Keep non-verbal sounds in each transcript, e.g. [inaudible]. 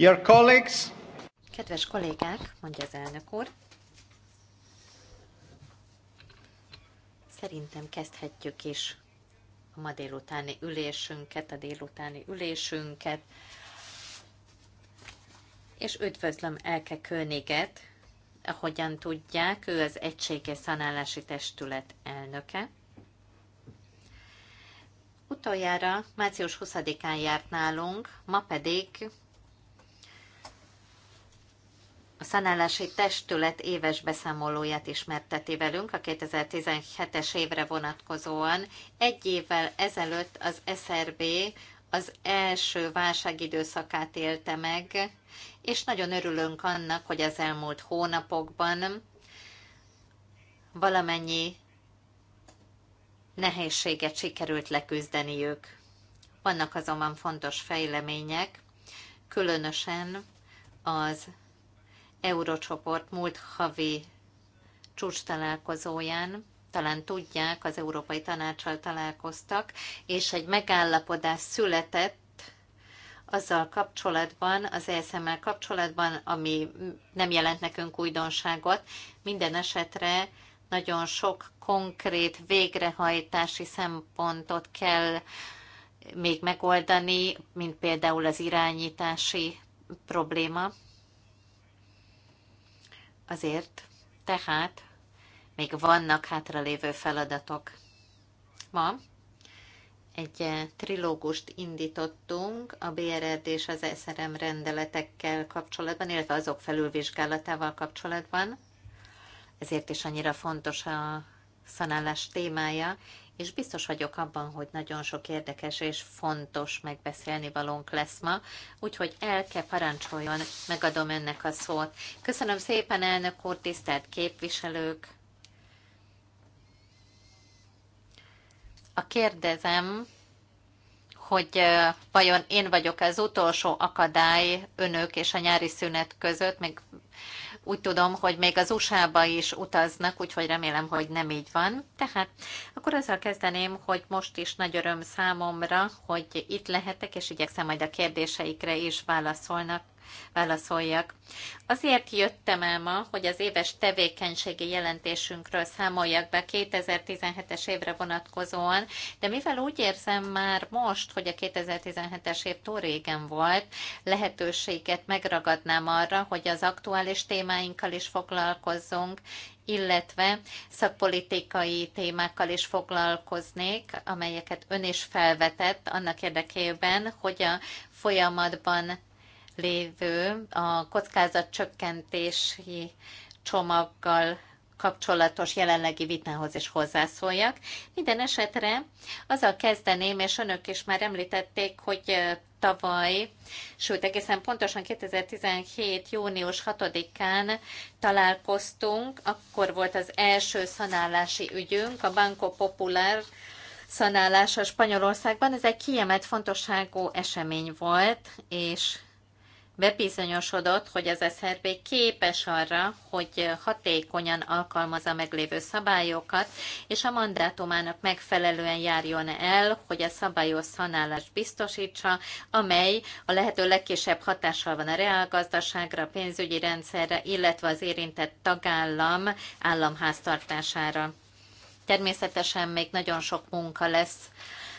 Your colleagues. Kedves kollégák, mondja az elnök úr. Szerintem kezdhetjük is a ma délutáni ülésünket, a délutáni ülésünket. És üdvözlöm Elke Königet, ahogyan tudják, ő az Egységes Szanálási Testület elnöke. Utoljára március 20-án járt nálunk, ma pedig a szanálási testület éves beszámolóját ismerteti velünk a 2017-es évre vonatkozóan. Egy évvel ezelőtt az SRB az első válságidőszakát élte meg, és nagyon örülünk annak, hogy az elmúlt hónapokban valamennyi nehézséget sikerült leküzdeniük. Vannak azonban fontos fejlemények, különösen az Eurocsoport múlt havi csúcs találkozóján, talán tudják, az Európai Tanácssal találkoztak, és egy megállapodás született azzal kapcsolatban, az ESM-mel kapcsolatban, ami nem jelent nekünk újdonságot, minden esetre nagyon sok konkrét végrehajtási szempontot kell még megoldani, mint például az irányítási probléma. Azért, tehát még vannak hátralévő feladatok. Ma egy eh, trilógust indítottunk a BRRD és az SRM rendeletekkel kapcsolatban, illetve azok felülvizsgálatával kapcsolatban. Ezért is annyira fontos a szanálás témája, és biztos vagyok abban, hogy nagyon sok érdekes és fontos megbeszélni valónk lesz ma, úgyhogy kell parancsoljon, megadom ennek a szót. Köszönöm szépen, elnök úr, tisztelt képviselők! A kérdezem, hogy vajon én vagyok az utolsó akadály önök és a nyári szünet között, még úgy tudom, hogy még az USA-ba is utaznak, úgyhogy remélem, hogy nem így van. Tehát akkor azzal kezdeném, hogy most is nagy öröm számomra, hogy itt lehetek, és igyekszem majd a kérdéseikre is válaszolnak válaszoljak. Azért jöttem el ma, hogy az éves tevékenységi jelentésünkről számoljak be 2017-es évre vonatkozóan, de mivel úgy érzem már most, hogy a 2017-es év túl régen volt, lehetőséget megragadnám arra, hogy az aktuális témáinkkal is foglalkozzunk, illetve szakpolitikai témákkal is foglalkoznék, amelyeket ön is felvetett annak érdekében, hogy a folyamatban lévő a kockázatcsökkentési csomaggal kapcsolatos jelenlegi vitához is hozzászóljak. Minden esetre azzal kezdeném, és önök is már említették, hogy tavaly, sőt egészen pontosan 2017. június 6-án találkoztunk, akkor volt az első szanálási ügyünk, a Banco Popular szanálása Spanyolországban. Ez egy kiemelt fontosságú esemény volt, és bebizonyosodott, hogy az SZRB képes arra, hogy hatékonyan alkalmazza meglévő szabályokat, és a mandátumának megfelelően járjon el, hogy a szabályos szanálást biztosítsa, amely a lehető legkisebb hatással van a reálgazdaságra, a pénzügyi rendszerre, illetve az érintett tagállam államháztartására. Természetesen még nagyon sok munka lesz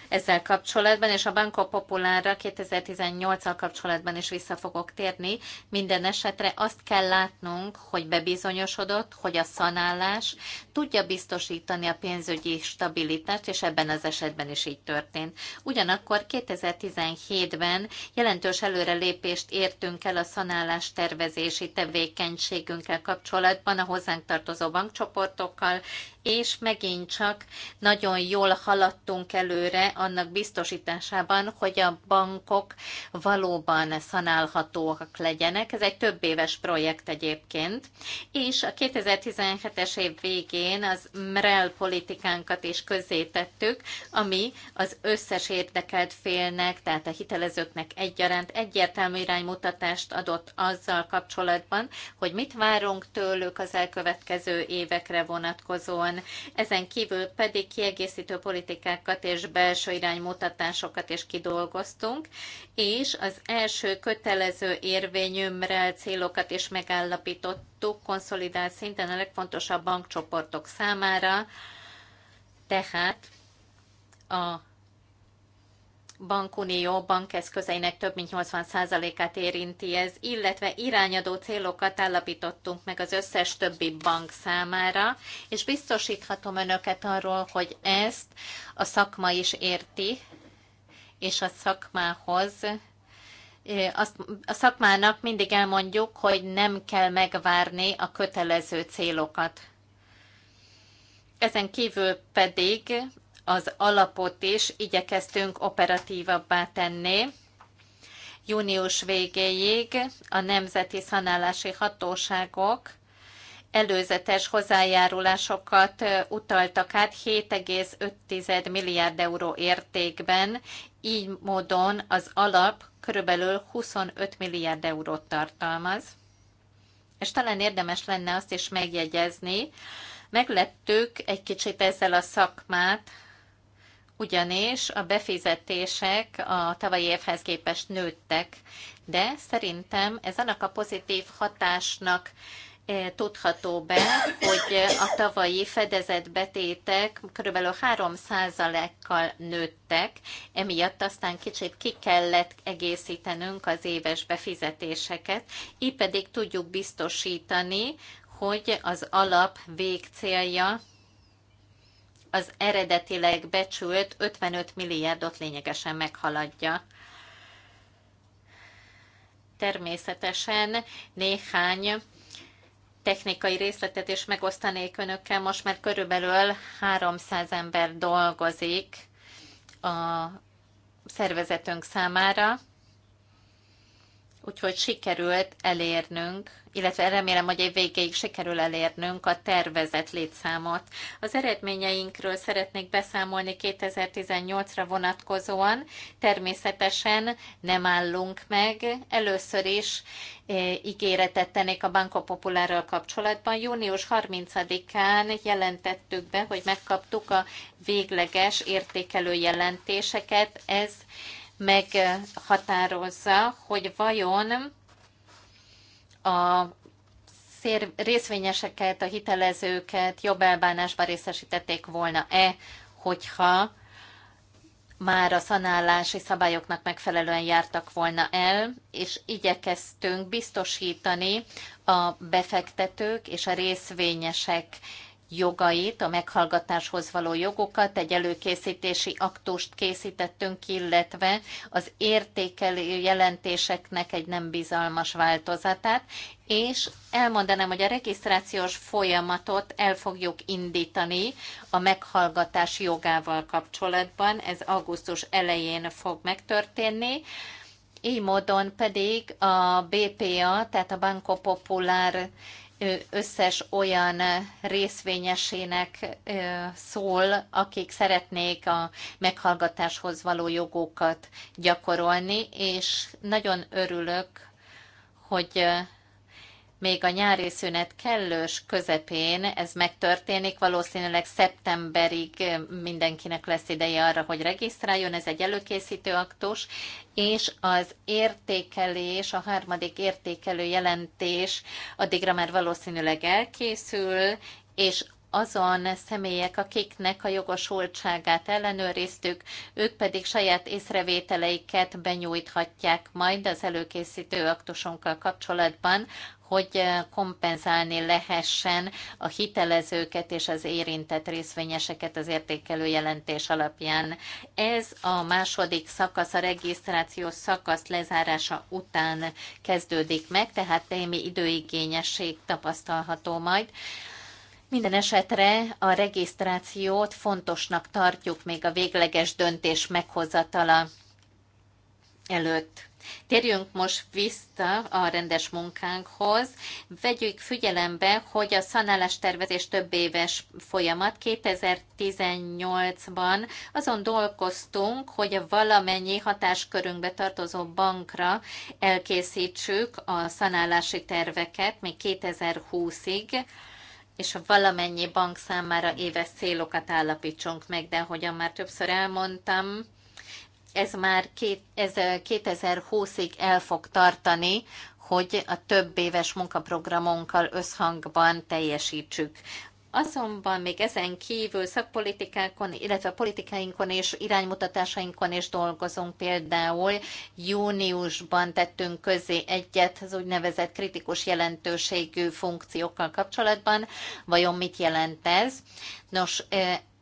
ezzel kapcsolatban, és a Banco Populárra 2018-al kapcsolatban is vissza fogok térni. Minden esetre azt kell látnunk, hogy bebizonyosodott, hogy a szanálás tudja biztosítani a pénzügyi stabilitást, és ebben az esetben is így történt. Ugyanakkor 2017-ben jelentős előrelépést értünk el a szanálás tervezési tevékenységünkkel kapcsolatban a hozzánk tartozó bankcsoportokkal és megint csak nagyon jól haladtunk előre annak biztosításában, hogy a bankok valóban szanálhatóak legyenek. Ez egy több éves projekt egyébként, és a 2017-es év végén az MREL politikánkat is közzétettük, ami az összes érdekelt félnek, tehát a hitelezőknek egyaránt egyértelmű iránymutatást adott azzal kapcsolatban, hogy mit várunk tőlük az elkövetkező évekre vonatkozóan, ezen kívül pedig kiegészítő politikákat és belső iránymutatásokat is kidolgoztunk, és az első kötelező érvényű MREL célokat is megállapítottuk konszolidált szinten a legfontosabb bankcsoportok számára, tehát a bankunió bankeszközeinek több mint 80%-át érinti ez, illetve irányadó célokat állapítottunk meg az összes többi bank számára, és biztosíthatom önöket arról, hogy ezt a szakma is érti, és a szakmához azt, a szakmának mindig elmondjuk, hogy nem kell megvárni a kötelező célokat. Ezen kívül pedig az alapot is igyekeztünk operatívabbá tenni. Június végéig a Nemzeti Szanálási Hatóságok előzetes hozzájárulásokat utaltak át 7,5 milliárd euró értékben, így módon az alap körülbelül 25 milliárd eurót tartalmaz. És talán érdemes lenne azt is megjegyezni, meglettük egy kicsit ezzel a szakmát, ugyanis a befizetések a tavalyi évhez képest nőttek, de szerintem ez annak a pozitív hatásnak eh, tudható be, hogy a tavalyi fedezett betétek kb. 3%-kal nőttek, emiatt aztán kicsit ki kellett egészítenünk az éves befizetéseket, így pedig tudjuk biztosítani, hogy az alap végcélja az eredetileg becsült 55 milliárdot lényegesen meghaladja. Természetesen néhány technikai részletet is megosztanék önökkel. Most már körülbelül 300 ember dolgozik a szervezetünk számára úgyhogy sikerült elérnünk, illetve remélem, hogy egy végéig sikerül elérnünk a tervezett létszámot. Az eredményeinkről szeretnék beszámolni 2018-ra vonatkozóan. Természetesen nem állunk meg. Először is e, ígéretet tennék a Banco Populárral kapcsolatban. Június 30-án jelentettük be, hogy megkaptuk a végleges értékelő jelentéseket. Ez meghatározza, hogy vajon a részvényeseket, a hitelezőket jobb elbánásba részesítették volna-e, hogyha már a szanálási szabályoknak megfelelően jártak volna el, és igyekeztünk biztosítani a befektetők és a részvényesek jogait, a meghallgatáshoz való jogokat, egy előkészítési aktust készítettünk, illetve az értékelő jelentéseknek egy nem bizalmas változatát, és elmondanám, hogy a regisztrációs folyamatot el fogjuk indítani a meghallgatás jogával kapcsolatban, ez augusztus elején fog megtörténni, így módon pedig a BPA, tehát a Banco Popular összes olyan részvényesének szól, akik szeretnék a meghallgatáshoz való jogokat gyakorolni, és nagyon örülök, hogy még a nyári szünet kellős közepén ez megtörténik, valószínűleg szeptemberig eh, mindenkinek lesz ideje arra, hogy regisztráljon, ez egy előkészítő aktus, és az értékelés, a harmadik értékelő jelentés addigra már valószínűleg elkészül, és azon személyek, akiknek a jogosultságát ellenőriztük, ők pedig saját észrevételeiket benyújthatják majd az előkészítő aktusunkkal kapcsolatban, hogy eh, kompenzálni lehessen a hitelezőket és az érintett részvényeseket az értékelő jelentés alapján. Ez a második szakasz, a regisztrációs szakasz lezárása után kezdődik meg, tehát némi időigényesség tapasztalható majd. Minden esetre a regisztrációt fontosnak tartjuk még a végleges döntés meghozatala előtt. Térjünk most vissza a rendes munkánkhoz. Vegyük figyelembe, hogy a szanálás tervezés több éves folyamat. 2018-ban azon dolgoztunk, hogy a valamennyi hatáskörünkbe tartozó bankra elkészítsük a szanálási terveket még 2020-ig és a valamennyi bank számára éves célokat állapítsunk meg, de ahogyan már többször elmondtam, ez már két, ez 2020-ig el fog tartani, hogy a több éves munkaprogramunkkal összhangban teljesítsük. Azonban még ezen kívül szakpolitikákon, illetve a politikáinkon és iránymutatásainkon is dolgozunk. Például júniusban tettünk közé egyet az úgynevezett kritikus jelentőségű funkciókkal kapcsolatban. Vajon mit jelent ez? Nos,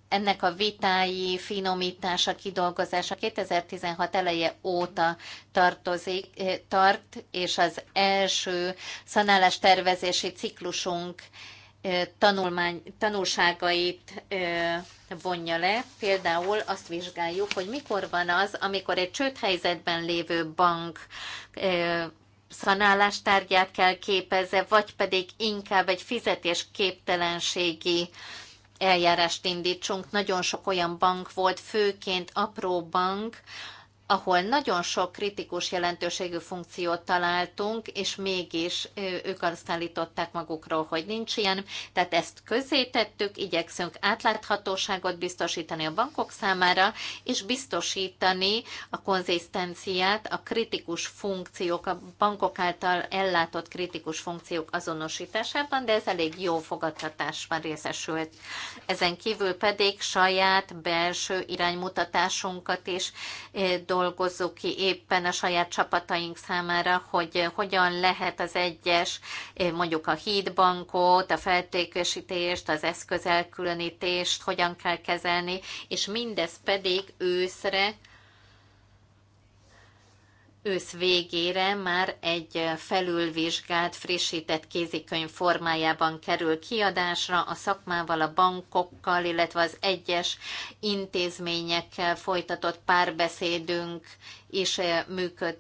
ennek a vitái, finomítása, kidolgozása 2016 eleje óta tartozik, eh, tart, és az első szanálás tervezési ciklusunk eh, tanulmány, tanulságait eh, vonja le. Például azt vizsgáljuk, hogy mikor van az, amikor egy csődhelyzetben lévő bank szanálás kell képezze, vagy pedig inkább egy fizetésképtelenségi eljárást indítsunk. Nagyon sok olyan bank volt, főként apró bank, ahol nagyon sok kritikus jelentőségű funkciót találtunk, és mégis ők azt állították magukról, hogy nincs ilyen. Tehát ezt közzé tettük, igyekszünk átláthatóságot biztosítani a bankok számára, és biztosítani a konzisztenciát, a kritikus funkciók, a bankok által ellátott kritikus funkciók azonosításában, de ez elég jó fogadtatásban részesült. Ezen kívül pedig saját belső iránymutatásunkat is dolgozunk, dolgozzuk ki éppen a saját csapataink számára, hogy hogyan lehet az egyes, eh, mondjuk a hídbankot, a feltékesítést, az eszközelkülönítést, hogyan kell kezelni, és mindez pedig őszre ősz végére már egy felülvizsgált, frissített kézikönyv formájában kerül kiadásra a szakmával, a bankokkal, illetve az egyes intézményekkel folytatott párbeszédünk is eh, működ,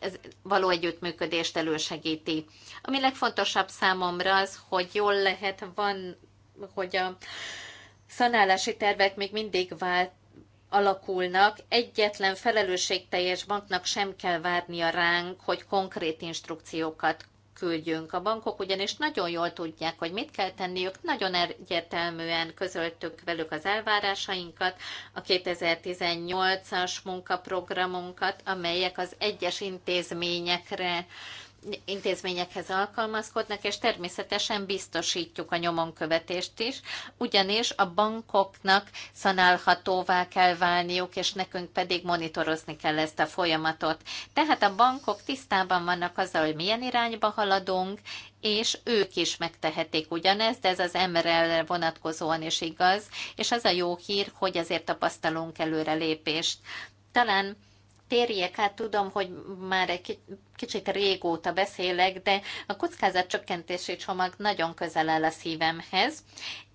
ez való együttműködést elősegíti. Ami legfontosabb számomra az, hogy jól lehet, van, hogy a szanálási tervek még mindig vált alakulnak, egyetlen felelősségteljes banknak sem kell várnia ránk, hogy konkrét instrukciókat küldjünk. A bankok ugyanis nagyon jól tudják, hogy mit kell tenniük, nagyon egyértelműen közöltük velük az elvárásainkat, a 2018-as munkaprogramunkat, amelyek az egyes intézményekre intézményekhez alkalmazkodnak, és természetesen biztosítjuk a nyomonkövetést is, ugyanis a bankoknak szanálhatóvá kell válniuk, és nekünk pedig monitorozni kell ezt a folyamatot. Tehát a bankok tisztában vannak azzal, hogy milyen irányba haladunk, és ők is megtehetik ugyanezt, de ez az mrl vonatkozóan is igaz, és az a jó hír, hogy azért tapasztalunk előrelépést. Talán térjek át, tudom, hogy már egy kicsit régóta beszélek, de a kockázatcsökkentési csomag nagyon közel áll a szívemhez,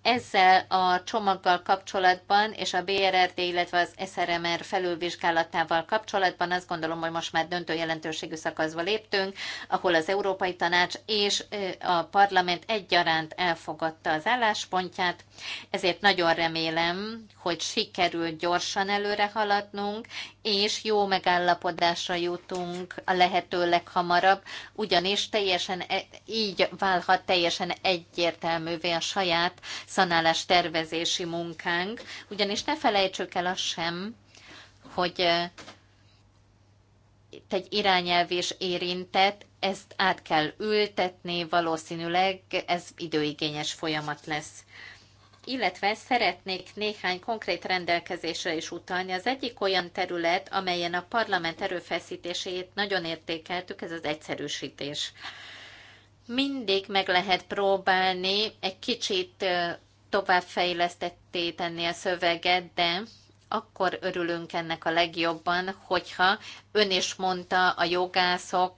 ezzel a csomaggal kapcsolatban és a BRRD, illetve az SRMR felülvizsgálatával kapcsolatban azt gondolom, hogy most már döntő jelentőségű szakaszba léptünk, ahol az Európai Tanács és a parlament egyaránt elfogadta az álláspontját, ezért nagyon remélem, hogy sikerül gyorsan előre haladnunk, és jó megállapodásra jutunk a lehető leghamarabb, ugyanis teljesen e, így válhat teljesen egyértelművé a saját szanálás tervezési munkánk, ugyanis ne felejtsük el azt sem, hogy eh, itt egy irányelv is érintett, ezt át kell ültetni, valószínűleg ez időigényes folyamat lesz. Illetve szeretnék néhány konkrét rendelkezésre is utalni. Az egyik olyan terület, amelyen a parlament erőfeszítését nagyon értékeltük, ez az egyszerűsítés mindig meg lehet próbálni egy kicsit továbbfejlesztetté tenni a szöveget, de akkor örülünk ennek a legjobban, hogyha ön is mondta, a jogászok,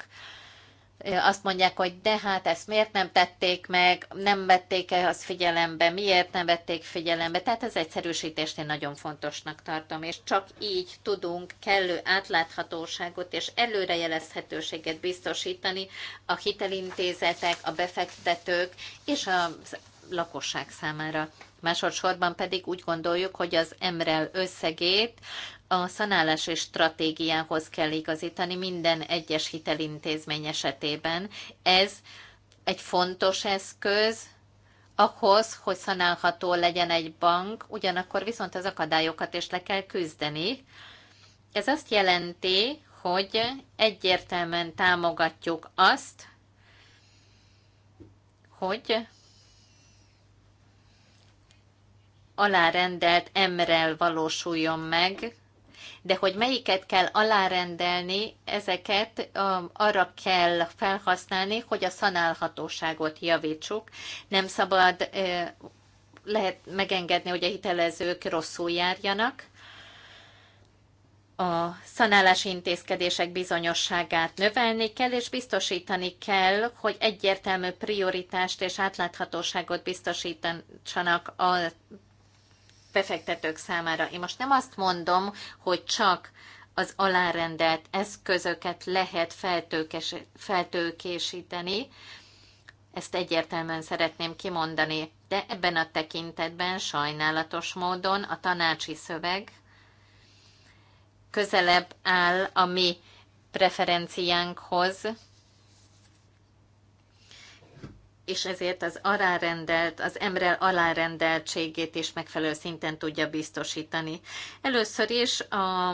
azt mondják, hogy de hát ezt miért nem tették meg, nem vették-e azt figyelembe, miért nem vették figyelembe. Tehát az egyszerűsítést én nagyon fontosnak tartom, és csak így tudunk kellő átláthatóságot és előrejelezhetőséget biztosítani a hitelintézetek, a befektetők és a lakosság számára. Másodszorban pedig úgy gondoljuk, hogy az MREL összegét a és stratégiához kell igazítani minden egyes hitelintézmény esetében. Ez egy fontos eszköz ahhoz, hogy szanálható legyen egy bank, ugyanakkor viszont az akadályokat is le kell küzdeni. Ez azt jelenti, hogy egyértelműen támogatjuk azt, hogy alárendelt emrel valósuljon meg, de hogy melyiket kell alárendelni, ezeket arra kell felhasználni, hogy a szanálhatóságot javítsuk. Nem szabad lehet megengedni, hogy a hitelezők rosszul járjanak. A szanálási intézkedések bizonyosságát növelni kell, és biztosítani kell, hogy egyértelmű prioritást és átláthatóságot biztosítsanak a befektetők számára. Én most nem azt mondom, hogy csak az alárendelt eszközöket lehet feltőkes, feltőkésíteni, ezt egyértelműen szeretném kimondani, de ebben a tekintetben sajnálatos módon a tanácsi szöveg közelebb áll a mi preferenciánkhoz, és ezért az arárendelt, az emre alárendeltségét is megfelelő szinten tudja biztosítani. Először is a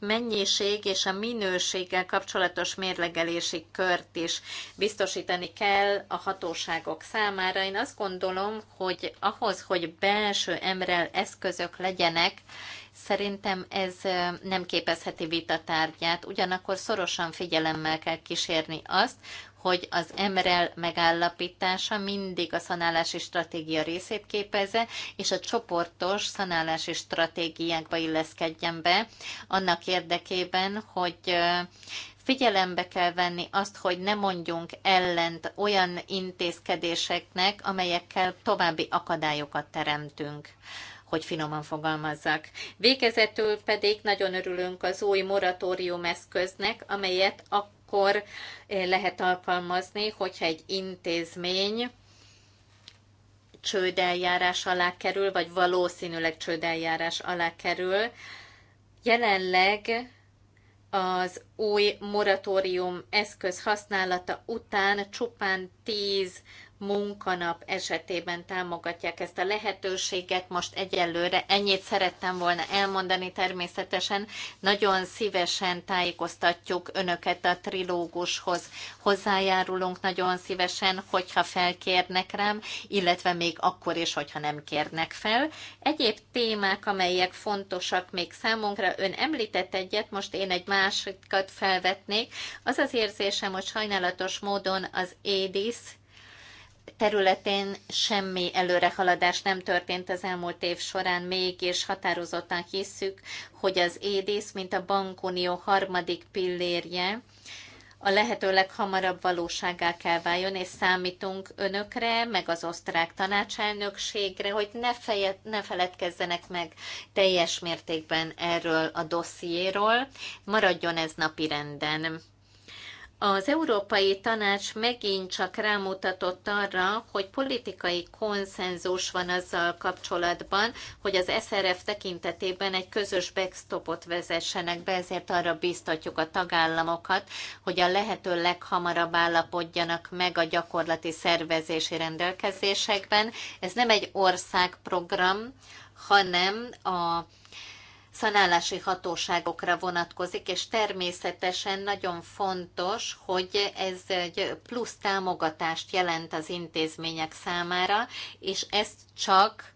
mennyiség és a minőséggel kapcsolatos mérlegelési kört is biztosítani kell a hatóságok számára. Én azt gondolom, hogy ahhoz, hogy belső emrel eszközök legyenek, Szerintem ez nem képezheti vitatárgyát, ugyanakkor szorosan figyelemmel kell kísérni azt, hogy az MREL megállapítása mindig a szanálási stratégia részét képeze, és a csoportos szanálási stratégiákba illeszkedjen be, annak érdekében, hogy figyelembe kell venni azt, hogy ne mondjunk ellent olyan intézkedéseknek, amelyekkel további akadályokat teremtünk hogy finoman fogalmazzak. Végezetül pedig nagyon örülünk az új moratórium eszköznek, amelyet a akkor eh, lehet alkalmazni, hogyha egy intézmény csődeljárás alá kerül, vagy valószínűleg csődeljárás alá kerül. Jelenleg az új moratórium eszköz használata után csupán 10 munkanap esetében támogatják ezt a lehetőséget. Most egyelőre ennyit szerettem volna elmondani természetesen. Nagyon szívesen tájékoztatjuk önöket a trilógushoz. Hozzájárulunk nagyon szívesen, hogyha felkérnek rám, illetve még akkor is, hogyha nem kérnek fel. Egyéb témák, amelyek fontosak még számunkra, ön említett egyet, most én egy másikat felvetnék. Az az érzésem, hogy sajnálatos módon az Édis területén semmi előrehaladás nem történt az elmúlt év során, mégis határozottan hiszük, hogy az EDIS, mint a bankunió harmadik pillérje, a lehető leghamarabb valóságá kell váljon, és számítunk önökre, meg az osztrák tanácselnökségre, hogy ne, feje, ne feledkezzenek meg teljes mértékben erről a dossziéról, maradjon ez napi renden. Az Európai Tanács megint csak rámutatott arra, hogy politikai konszenzus van azzal kapcsolatban, hogy az SRF tekintetében egy közös backstopot vezessenek be, ezért arra biztatjuk a tagállamokat, hogy a lehető leghamarabb állapodjanak meg a gyakorlati szervezési rendelkezésekben. Ez nem egy országprogram, hanem a szanálási hatóságokra vonatkozik, és természetesen nagyon fontos, hogy ez egy plusz támogatást jelent az intézmények számára, és ezt csak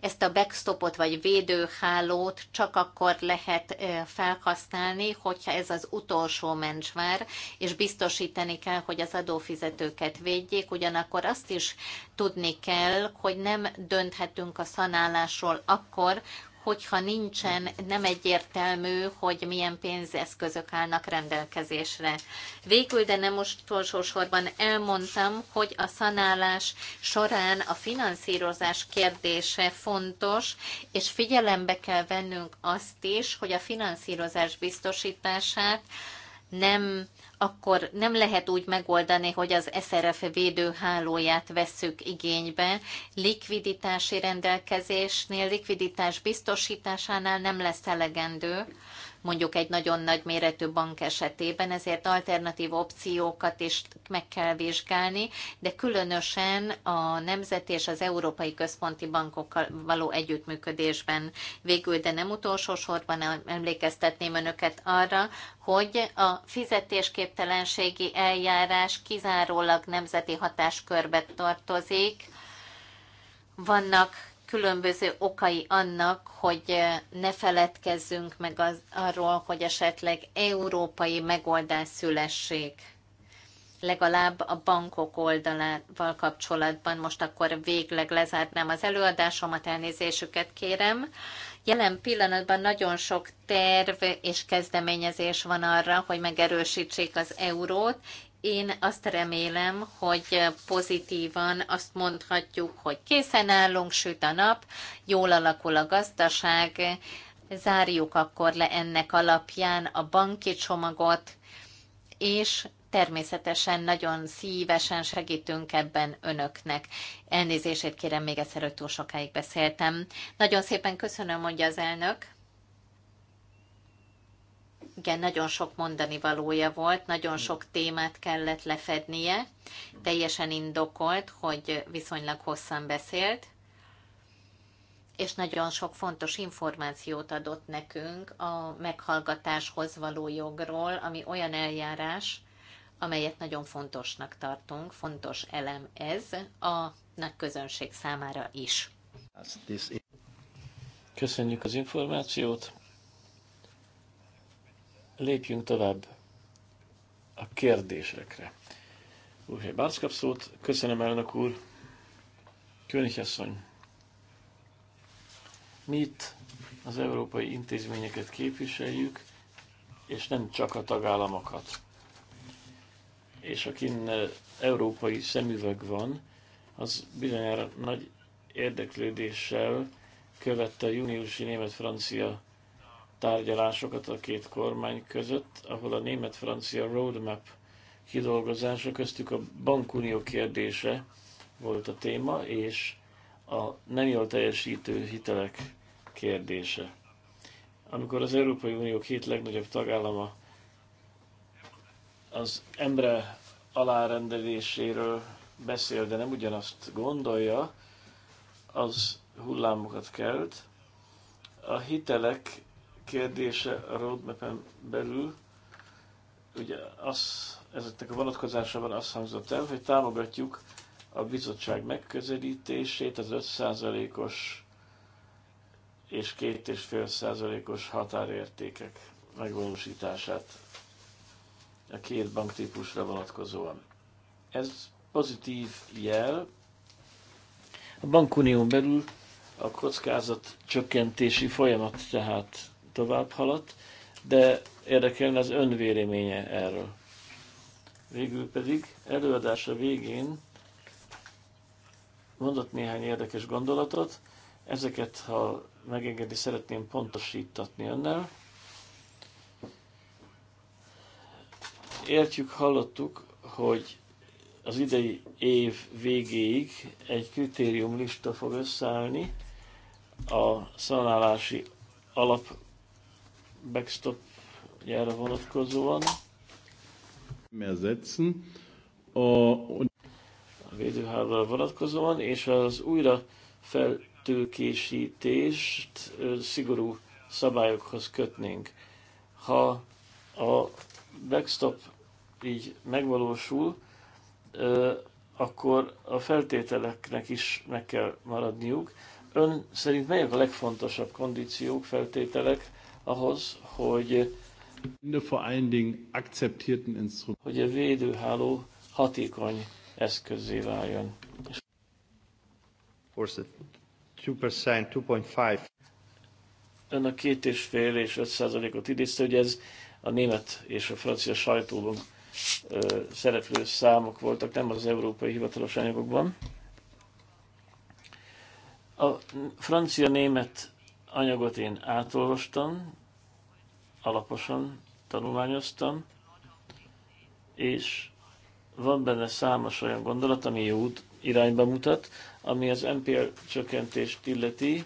ezt a backstopot vagy védőhálót csak akkor lehet felhasználni, hogyha ez az utolsó mencsvár, és biztosítani kell, hogy az adófizetőket védjék, ugyanakkor azt is tudni kell, hogy nem dönthetünk a szanálásról akkor, hogyha nincsen, nem egyértelmű, hogy milyen pénzeszközök állnak rendelkezésre. Végül, de nem most utolsó sorban elmondtam, hogy a szanálás során a finanszírozás kérdése fontos, és figyelembe kell vennünk azt is, hogy a finanszírozás biztosítását nem akkor nem lehet úgy megoldani, hogy az SRF védőhálóját vesszük igénybe. Likviditási rendelkezésnél, likviditás biztosításánál nem lesz elegendő, mondjuk egy nagyon nagy méretű bank esetében, ezért alternatív opciókat is meg kell vizsgálni, de különösen a nemzeti és az európai központi bankokkal való együttműködésben végül, de nem utolsó sorban emlékeztetném önöket arra, hogy a fizetésképtelenségi eljárás kizárólag nemzeti hatáskörbe tartozik, vannak különböző okai annak, hogy eh, ne feledkezzünk meg az, arról, hogy esetleg európai megoldás szülessék. Legalább a bankok oldalával kapcsolatban most akkor végleg lezárnám az előadásomat, elnézésüket kérem. Jelen pillanatban nagyon sok terv és kezdeményezés van arra, hogy megerősítsék az eurót, én azt remélem, hogy pozitívan azt mondhatjuk, hogy készen állunk, süt a nap, jól alakul a gazdaság, zárjuk akkor le ennek alapján a banki csomagot, és természetesen nagyon szívesen segítünk ebben önöknek. Elnézését kérem még egyszer, hogy túl sokáig beszéltem. Nagyon szépen köszönöm, mondja az elnök. Igen, nagyon sok mondani valója volt, nagyon sok témát kellett lefednie, teljesen indokolt, hogy viszonylag hosszan beszélt, és nagyon sok fontos információt adott nekünk a meghallgatáshoz való jogról, ami olyan eljárás, amelyet nagyon fontosnak tartunk, fontos elem ez a nagy közönség számára is. Köszönjük az információt! Lépjünk tovább a kérdésekre. Úgyhogy Bárc szót. Köszönöm, elnök úr. Königasszony. Mi itt az európai intézményeket képviseljük, és nem csak a tagállamokat. És akin e, európai szemüveg van, az bizonyára nagy érdeklődéssel követte a júniusi német-francia tárgyalásokat a két kormány között, ahol a német-francia roadmap kidolgozása köztük a bankunió kérdése volt a téma, és a nem jól teljesítő hitelek kérdése. Amikor az Európai Unió két legnagyobb tagállama az embre alárendeléséről beszél, de nem ugyanazt gondolja, az hullámokat kelt. A hitelek kérdése a roadmap-en belül, ugye az, ezeknek a vonatkozásában azt hangzott el, hogy támogatjuk a bizottság megközelítését, az 5%-os és 2,5%-os határértékek megvalósítását a két banktípusra vonatkozóan. Ez pozitív jel. A bankunión belül a kockázat csökkentési folyamat tehát tovább haladt, de érdekelne az ön véleménye erről. Végül pedig előadása végén mondott néhány érdekes gondolatot, ezeket, ha megengedi, szeretném pontosítatni önnel. Értjük, hallottuk, hogy az idei év végéig egy kritériumlista fog összeállni a szanálási alap jára vonatkozóan. Mehr setzen. a védőhálóra vonatkozóan, és az újra feltőkésítést szigorú szabályokhoz kötnénk. Ha a backstop így megvalósul, akkor a feltételeknek is meg kell maradniuk. Ön szerint melyek a legfontosabb kondíciók, feltételek ahhoz, hogy hogy a védőháló hatékony eszközé váljon. Ön a két és fél és öt százalékot idézte, hogy ez a német és a francia sajtóban ö, szereplő számok voltak, nem az európai hivatalos anyagokban. A francia-német anyagot én átolvastam, alaposan tanulmányoztam, és van benne számos olyan gondolat, ami jó irányba mutat, ami az MPL csökkentést illeti.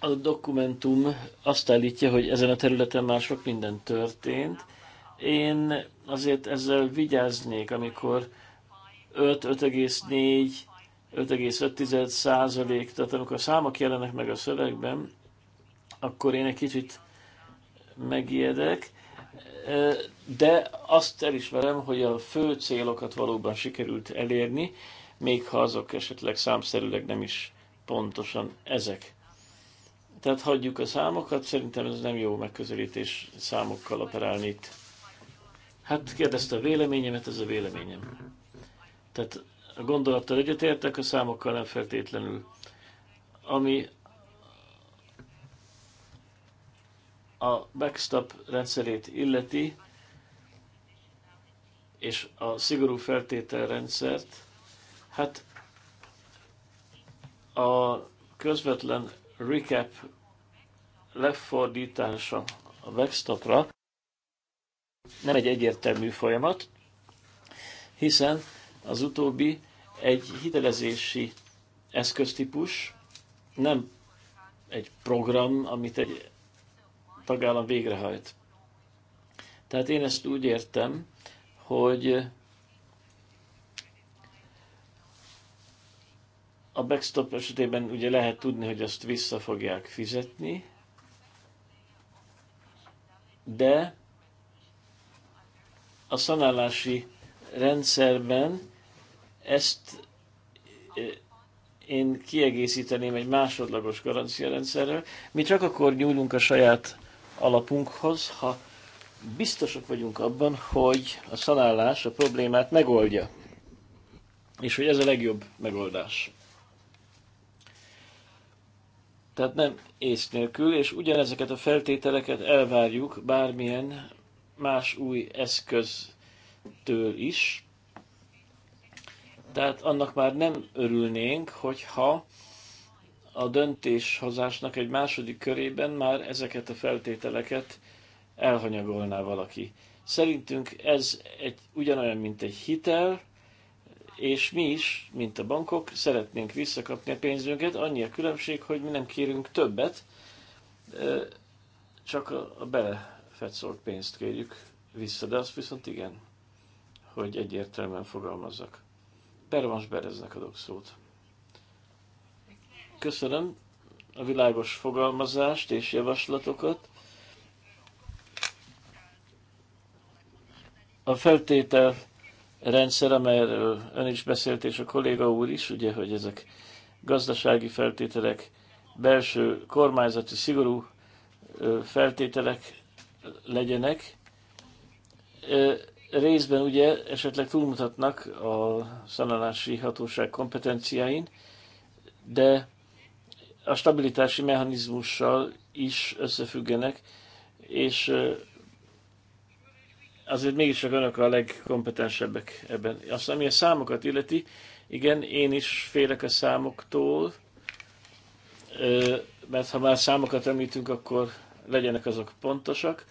A dokumentum azt állítja, hogy ezen a területen már sok minden történt. Én azért ezzel vigyáznék, amikor 5, 5,4 5,5 tehát amikor a számok jelennek meg a szövegben, akkor én egy kicsit megijedek, de azt elismerem, hogy a fő célokat valóban sikerült elérni, még ha azok esetleg számszerűleg nem is pontosan ezek. Tehát hagyjuk a számokat, szerintem ez nem jó megközelítés számokkal operálni itt. Hát kérdezte a véleményemet, ez a véleményem. Tehát a gondolattal egyetértek, a számokkal nem feltétlenül. Ami a backstop rendszerét illeti, és a szigorú feltételrendszert, hát a közvetlen recap lefordítása a backstopra nem egy egyértelmű folyamat, hiszen az utóbbi egy hitelezési eszköztípus, nem egy program, amit egy tagállam végrehajt. Tehát én ezt úgy értem, hogy a backstop esetében ugye lehet tudni, hogy azt vissza fogják fizetni, de a szanálási rendszerben ezt én kiegészíteném egy másodlagos garanciarendszerrel. Mi csak akkor nyúlunk a saját alapunkhoz, ha biztosak vagyunk abban, hogy a szanálás a problémát megoldja, és hogy ez a legjobb megoldás. Tehát nem ész nélkül, és ugyanezeket a feltételeket elvárjuk bármilyen más új eszköztől is, de hát annak már nem örülnénk, hogyha a döntéshozásnak egy második körében már ezeket a feltételeket elhanyagolná valaki. Szerintünk ez egy, ugyanolyan, mint egy hitel, és mi is, mint a bankok, szeretnénk visszakapni a pénzünket. Annyi a különbség, hogy mi nem kérünk többet, csak a belefetszolt pénzt kérjük vissza, de azt viszont igen, hogy egyértelműen fogalmazzak. Pervans Bereznek adok szót. Köszönöm a világos fogalmazást és javaslatokat. A feltétel rendszer, amelyről ön is beszélt, és a kolléga úr is, ugye, hogy ezek gazdasági feltételek, belső kormányzati szigorú feltételek legyenek részben ugye esetleg túlmutatnak a szanálási hatóság kompetenciáin, de a stabilitási mechanizmussal is összefüggenek, és azért mégiscsak önök a legkompetensebbek ebben. Azt, ami a számokat illeti, igen, én is félek a számoktól, mert ha már számokat említünk, akkor legyenek azok pontosak.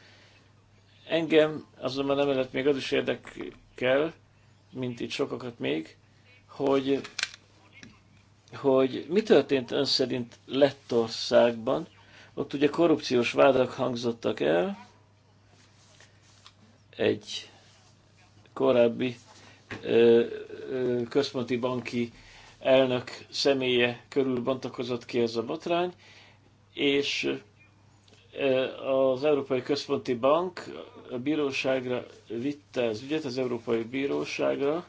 Engem azonban emellett még az is érdekel, mint itt sokakat még, hogy, hogy mi történt ön szerint Lettországban, ott ugye korrupciós vádak hangzottak el, egy korábbi ö, ö, központi banki elnök személye körül bontakozott ki ez a botrány, és az Európai Központi Bank a bíróságra vitte az ügyet, az Európai Bíróságra,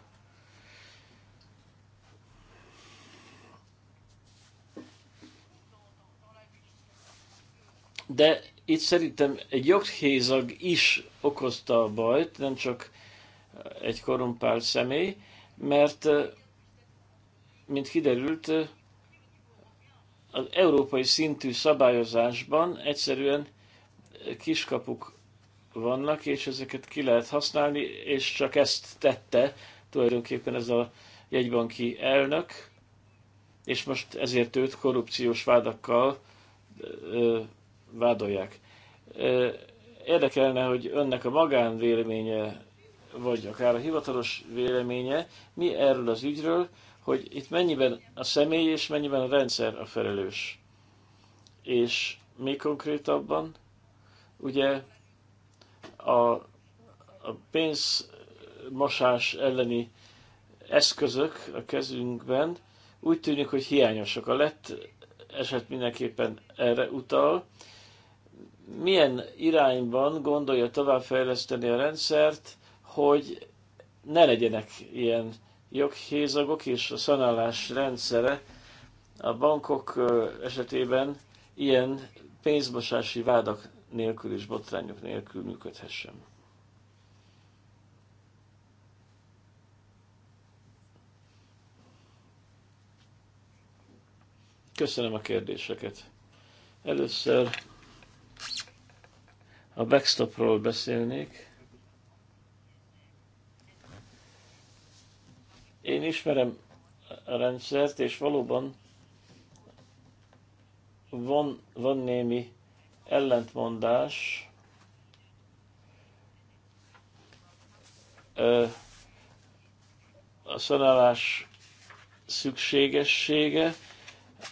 de itt szerintem egy joghézag is okozta a bajt, nem csak egy korumpált személy, mert, eh, mint kiderült, eh, az európai szintű szabályozásban egyszerűen kiskapuk vannak, és ezeket ki lehet használni, és csak ezt tette tulajdonképpen ez a jegybanki elnök, és most ezért őt korrupciós vádakkal ö, vádolják. Ö, érdekelne, hogy önnek a magán véleménye, vagy akár a hivatalos véleménye, mi erről az ügyről, hogy itt mennyiben a személy és mennyiben a rendszer a felelős. És még konkrétabban, ugye a, a pénzmosás elleni eszközök a kezünkben úgy tűnik, hogy hiányosak. A lett eset mindenképpen erre utal. Milyen irányban gondolja továbbfejleszteni a rendszert, hogy ne legyenek ilyen joghézagok és a szanálás rendszere a bankok esetében ilyen pénzmosási vádak nélkül és botrányok nélkül működhessen. Köszönöm a kérdéseket. Először a backstopról beszélnék. Én ismerem a rendszert, és valóban van, van némi ellentmondás. A szanálás szükségessége,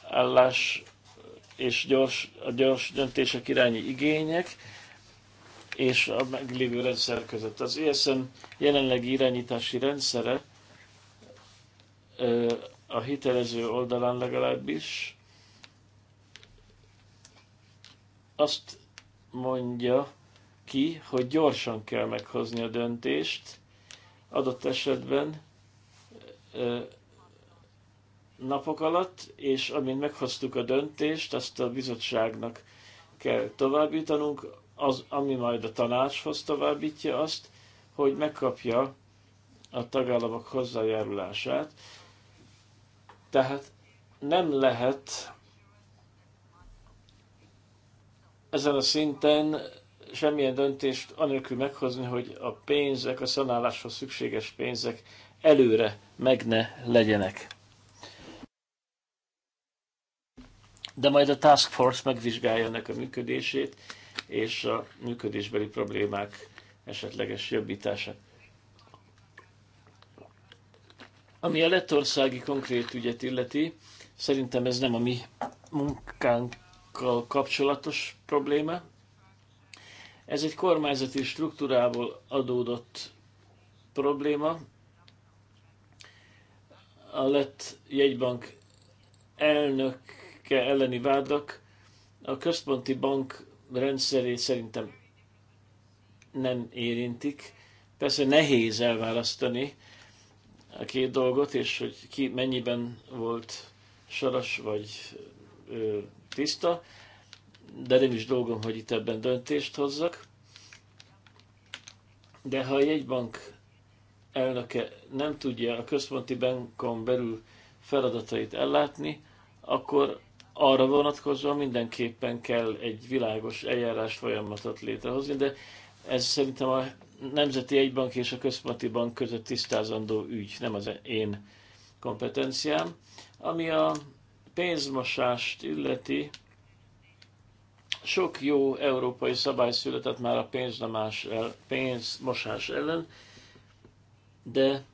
állás és gyors, a gyors döntések irányi igények, és a meglévő rendszer között. Az ESM jelenlegi irányítási rendszere a hitelező oldalán legalábbis, azt mondja ki, hogy gyorsan kell meghozni a döntést, adott esetben napok alatt, és amint meghoztuk a döntést, azt a bizottságnak kell továbbítanunk, az, ami majd a tanácshoz továbbítja azt, hogy megkapja a tagállamok hozzájárulását, tehát nem lehet ezen a szinten semmilyen döntést anélkül meghozni, hogy a pénzek, a szanáláshoz szükséges pénzek előre meg ne legyenek. De majd a Task Force megvizsgálja ennek a működését és a működésbeli problémák esetleges jobbítását. Ami a lettországi konkrét ügyet illeti, szerintem ez nem a mi munkánkkal kapcsolatos probléma. Ez egy kormányzati struktúrából adódott probléma. A lett jegybank elnöke elleni vádak a központi bank rendszerét szerintem nem érintik. Persze nehéz elválasztani a két dolgot, és hogy ki mennyiben volt saras vagy ö, tiszta, de nem is dolgom, hogy itt ebben döntést hozzak. De ha a jegybank elnöke nem tudja a központi bankon belül feladatait ellátni, akkor arra vonatkozóan mindenképpen kell egy világos eljárás folyamatot létrehozni, de ez szerintem a Nemzeti Egybank és a Központi Bank között tisztázandó ügy, nem az én kompetenciám. Ami a pénzmosást illeti, sok jó európai szabály született már a el, pénzmosás ellen, de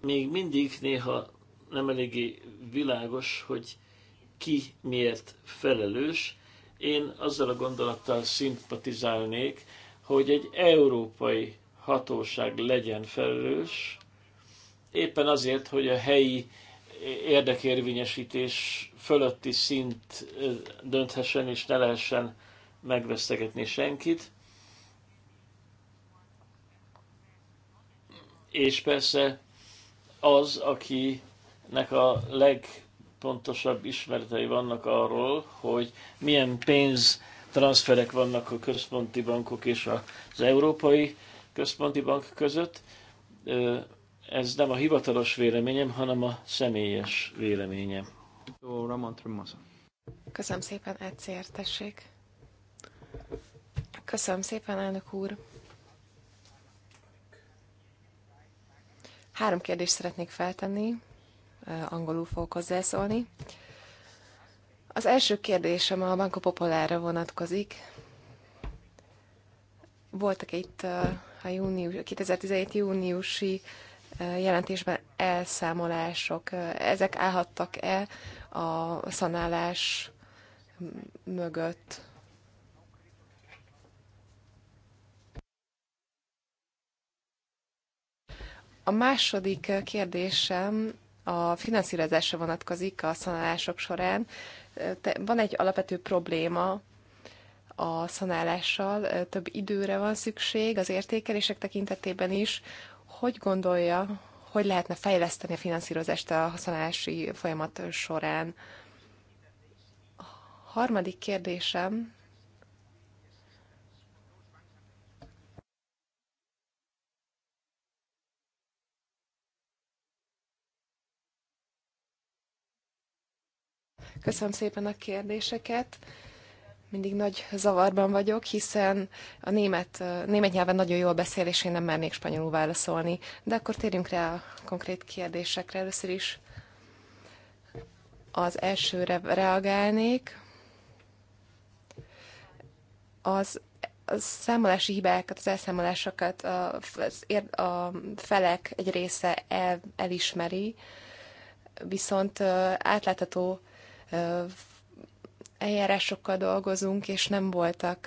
még mindig néha nem eléggé világos, hogy ki miért felelős. Én azzal a gondolattal szimpatizálnék, hogy egy európai hatóság legyen felelős, éppen azért, hogy a helyi érdekérvényesítés fölötti szint dönthessen, és ne lehessen megvesztegetni senkit. És persze az, akinek a legpontosabb ismeretei vannak arról, hogy milyen pénz transferek vannak a központi bankok és az Európai Központi Bank között. Ez nem a hivatalos véleményem, hanem a személyes véleményem. Köszönöm szépen, egyszer tessék. Köszönöm szépen, elnök úr. Három kérdést szeretnék feltenni, angolul fogok hozzászólni. Az első kérdésem a Banco Populára vonatkozik. Voltak itt a június, 2017 júniusi jelentésben elszámolások. Ezek állhattak-e a szanálás mögött? A második kérdésem a finanszírozásra vonatkozik a szanálások során van egy alapvető probléma a szanálással, több időre van szükség az értékelések tekintetében is. Hogy gondolja, hogy lehetne fejleszteni a finanszírozást a szanálási folyamat során? A harmadik kérdésem Köszönöm szépen a kérdéseket. Mindig nagy zavarban vagyok, hiszen a német, német nyelven nagyon jól beszél, és én nem mernék spanyolul válaszolni. De akkor térjünk rá a konkrét kérdésekre. Először is az elsőre reagálnék. Az a számolási hibákat, az elszámolásokat a, a felek egy része el, elismeri, viszont átlátható eljárásokkal dolgozunk, és nem voltak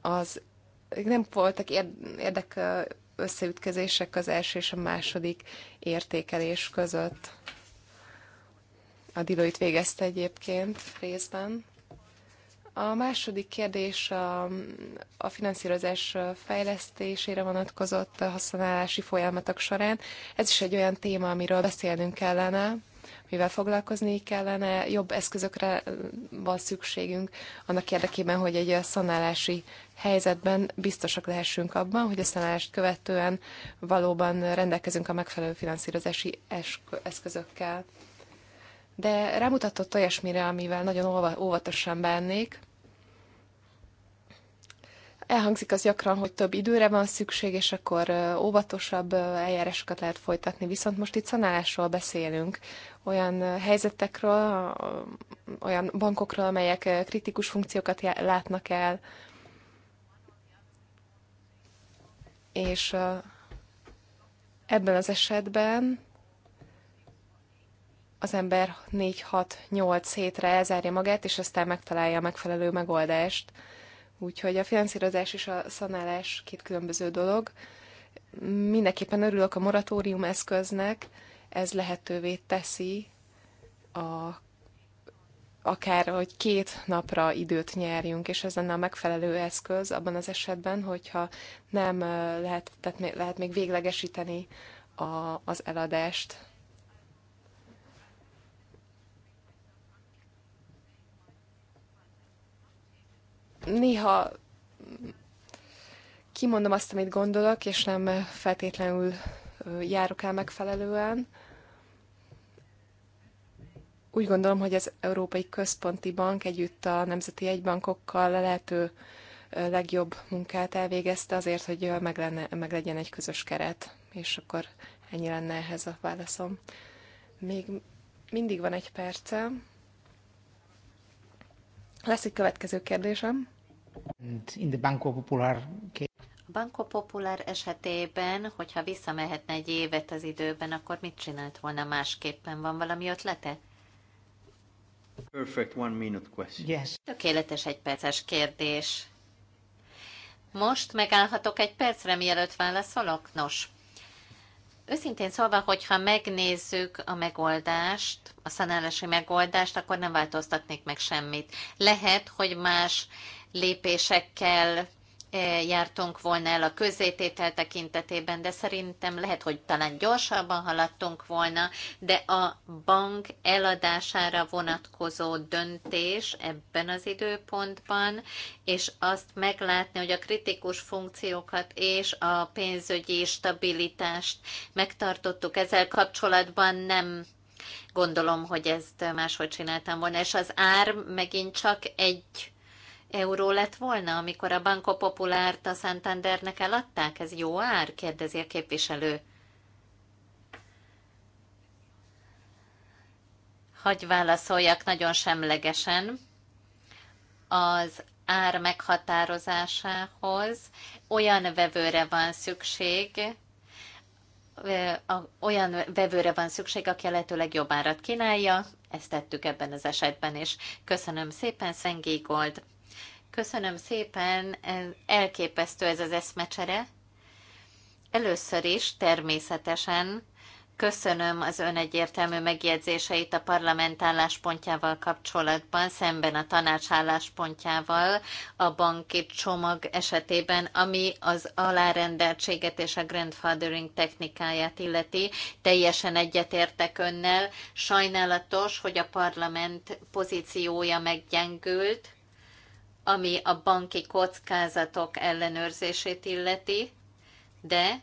az nem voltak érdek összeütközések az első és a második értékelés között. A Diloit végezte egyébként részben. A második kérdés a, a finanszírozás fejlesztésére vonatkozott a használási folyamatok során. Ez is egy olyan téma, amiről beszélnünk kellene, mivel foglalkozni kellene, jobb eszközökre van szükségünk annak érdekében, hogy egy szanálási helyzetben biztosak lehessünk abban, hogy a szanálást követően valóban rendelkezünk a megfelelő finanszírozási eszközökkel. De rámutatott olyasmire, amivel nagyon óvatosan bánnék, Elhangzik az gyakran, hogy több időre van szükség, és akkor óvatosabb eljárásokat lehet folytatni. Viszont most itt szanálásról beszélünk, olyan helyzetekről, olyan bankokról, amelyek kritikus funkciókat látnak el, és ebben az esetben az ember 4-6-8 hétre elzárja magát, és aztán megtalálja a megfelelő megoldást Úgyhogy a finanszírozás és a szanálás két különböző dolog. Mindenképpen örülök a moratórium eszköznek, ez lehetővé teszi a akár, hogy két napra időt nyerjünk, és ez lenne a megfelelő eszköz abban az esetben, hogyha nem lehet, tehát lehet még véglegesíteni a, az eladást. néha kimondom azt, amit gondolok, és nem feltétlenül járok el megfelelően. Úgy gondolom, hogy az Európai Központi Bank együtt a nemzeti egybankokkal a lehető legjobb munkát elvégezte azért, hogy meg, lenne, meg legyen egy közös keret. És akkor ennyi lenne ehhez a válaszom. Még mindig van egy percem. Lesz egy következő kérdésem a Banco Popular esetében, hogyha visszamehetne egy évet az időben, akkor mit csinált volna másképpen? Van valami ötlete? Perfect one minute question. Yes. Tökéletes egy perces kérdés. Most megállhatok egy percre, mielőtt válaszolok? Nos, őszintén szólva, hogyha megnézzük a megoldást, a szanálási megoldást, akkor nem változtatnék meg semmit. Lehet, hogy más lépésekkel eh, jártunk volna el a közzététel tekintetében, de szerintem lehet, hogy talán gyorsabban haladtunk volna, de a bank eladására vonatkozó döntés ebben az időpontban, és azt meglátni, hogy a kritikus funkciókat és a pénzügyi stabilitást megtartottuk, ezzel kapcsolatban nem gondolom, hogy ezt máshogy csináltam volna, és az ár megint csak egy euró lett volna, amikor a Banco Populárt a Santandernek eladták? Ez jó ár? kérdezi a képviselő. Hagy válaszoljak nagyon semlegesen. Az ár meghatározásához olyan vevőre van szükség, olyan vevőre van szükség, aki a lehető legjobb árat kínálja, ezt tettük ebben az esetben is. Köszönöm szépen, Szengi Gold! Köszönöm szépen, elképesztő ez az eszmecsere. Először is természetesen köszönöm az ön egyértelmű megjegyzéseit a parlament álláspontjával kapcsolatban, szemben a tanács álláspontjával a banki csomag esetében, ami az alárendeltséget és a grandfathering technikáját illeti. Teljesen egyetértek önnel. Sajnálatos, hogy a parlament pozíciója meggyengült, ami a banki kockázatok ellenőrzését illeti, de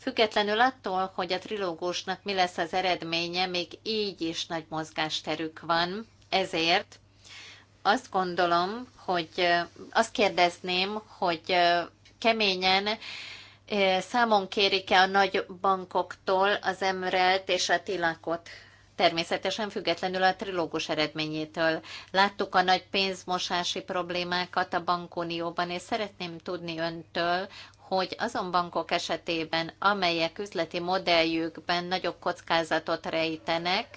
függetlenül attól, hogy a trilógusnak mi lesz az eredménye, még így is nagy mozgásterük van, ezért azt gondolom, hogy azt kérdezném, hogy keményen számon kérik-e a nagy bankoktól az Emrelt és a Tilakot természetesen függetlenül a trilógus eredményétől. Láttuk a nagy pénzmosási problémákat a bankunióban, és szeretném tudni öntől, hogy azon bankok esetében, amelyek üzleti modelljükben nagyobb kockázatot rejtenek,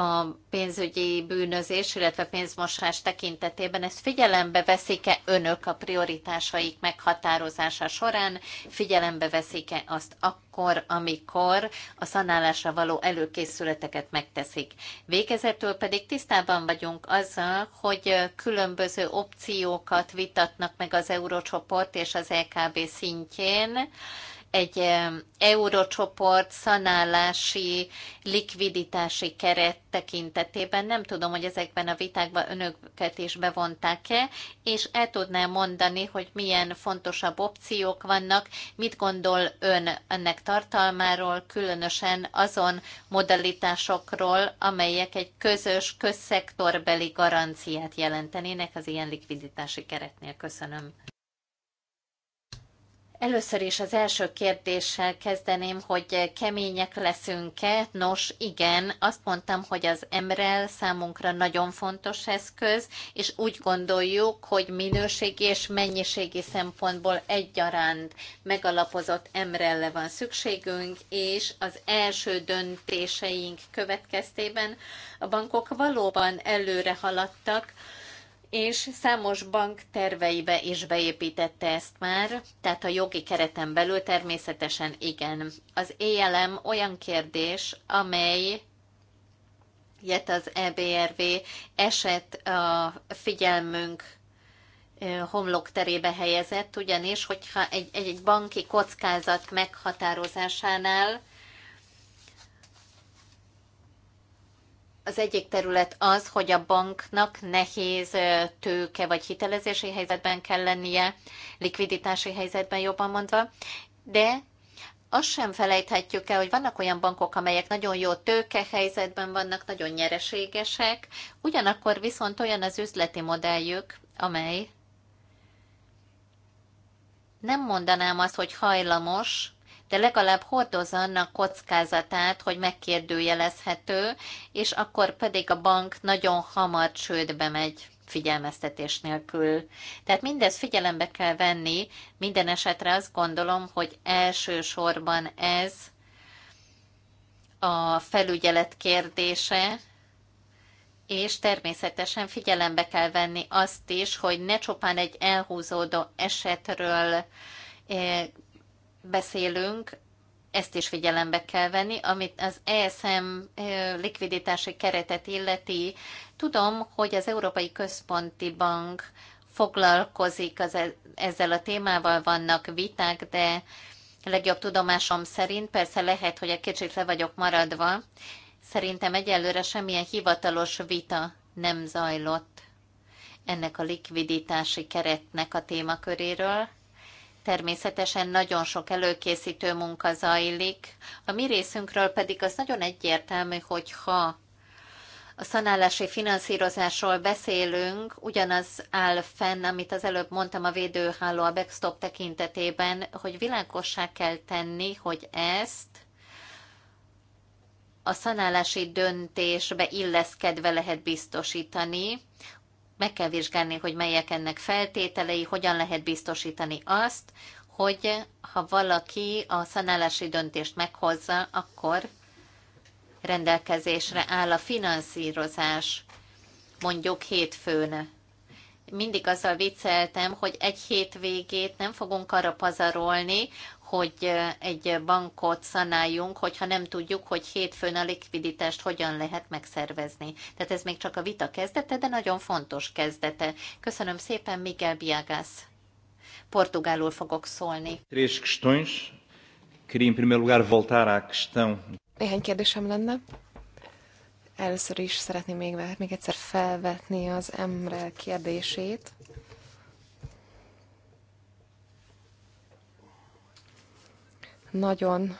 a pénzügyi bűnözés, illetve pénzmosás tekintetében ezt figyelembe veszik-e önök a prioritásaik meghatározása során, figyelembe veszik-e azt akkor, amikor a szanálásra való előkészületeket megteszik. Végezetül pedig tisztában vagyunk azzal, hogy különböző opciókat vitatnak meg az Eurócsoport és az LKB e szintjén, egy eurocsoport szanálási, likviditási keret tekintetében. Nem tudom, hogy ezekben a vitákban önöket is bevonták-e, és el tudnám mondani, hogy milyen fontosabb opciók vannak, mit gondol ön ennek tartalmáról, különösen azon modalitásokról, amelyek egy közös közszektorbeli garanciát jelentenének az ilyen likviditási keretnél. Köszönöm. Először is az első kérdéssel kezdeném, hogy kemények leszünk-e? Nos, igen, azt mondtam, hogy az MREL számunkra nagyon fontos eszköz, és úgy gondoljuk, hogy minőségi és mennyiségi szempontból egyaránt megalapozott MREL-le van szükségünk, és az első döntéseink következtében a bankok valóban előre haladtak, és számos bank terveibe is beépítette ezt már, tehát a jogi kereten belül természetesen igen. Az ELM olyan kérdés, amely ilyet az EBRV eset a figyelmünk homlokterébe helyezett, ugyanis hogyha egy, egy, egy banki kockázat meghatározásánál Az egyik terület az, hogy a banknak nehéz tőke vagy hitelezési helyzetben kell lennie, likviditási helyzetben jobban mondva, de azt sem felejthetjük el, hogy vannak olyan bankok, amelyek nagyon jó tőke helyzetben vannak, nagyon nyereségesek, ugyanakkor viszont olyan az üzleti modelljük, amely nem mondanám azt, hogy hajlamos de legalább hordoz annak kockázatát, hogy megkérdőjelezhető, és akkor pedig a bank nagyon hamar csődbe megy figyelmeztetés nélkül. Tehát mindez figyelembe kell venni, minden esetre azt gondolom, hogy elsősorban ez a felügyelet kérdése, és természetesen figyelembe kell venni azt is, hogy ne csupán egy elhúzódó esetről eh, beszélünk, ezt is figyelembe kell venni, amit az ESM likviditási keretet illeti. Tudom, hogy az Európai Központi Bank foglalkozik az, e- ezzel a témával, vannak viták, de legjobb tudomásom szerint, persze lehet, hogy egy kicsit le vagyok maradva, szerintem egyelőre semmilyen hivatalos vita nem zajlott ennek a likviditási keretnek a témaköréről. Természetesen nagyon sok előkészítő munka zajlik. A mi részünkről pedig az nagyon egyértelmű, hogy ha a szanálási finanszírozásról beszélünk, ugyanaz áll fenn, amit az előbb mondtam a védőháló a backstop tekintetében, hogy világossá kell tenni, hogy ezt a szanálási döntésbe illeszkedve lehet biztosítani, meg kell vizsgálni, hogy melyek ennek feltételei, hogyan lehet biztosítani azt, hogy ha valaki a szanálási döntést meghozza, akkor rendelkezésre áll a finanszírozás, mondjuk hétfőn. Mindig azzal vicceltem, hogy egy hétvégét nem fogunk arra pazarolni, hogy egy bankot szanáljunk, hogyha nem tudjuk, hogy hétfőn a likviditást hogyan lehet megszervezni. Tehát ez még csak a vita kezdete, de nagyon fontos kezdete. Köszönöm szépen, Miguel Biagas. Portugálul fogok szólni. Três questões. Queria em primeiro lugar voltar à questão. Néhány kérdésem lenne. Először is szeretném még, még egyszer felvetni az Emre kérdését. Nagyon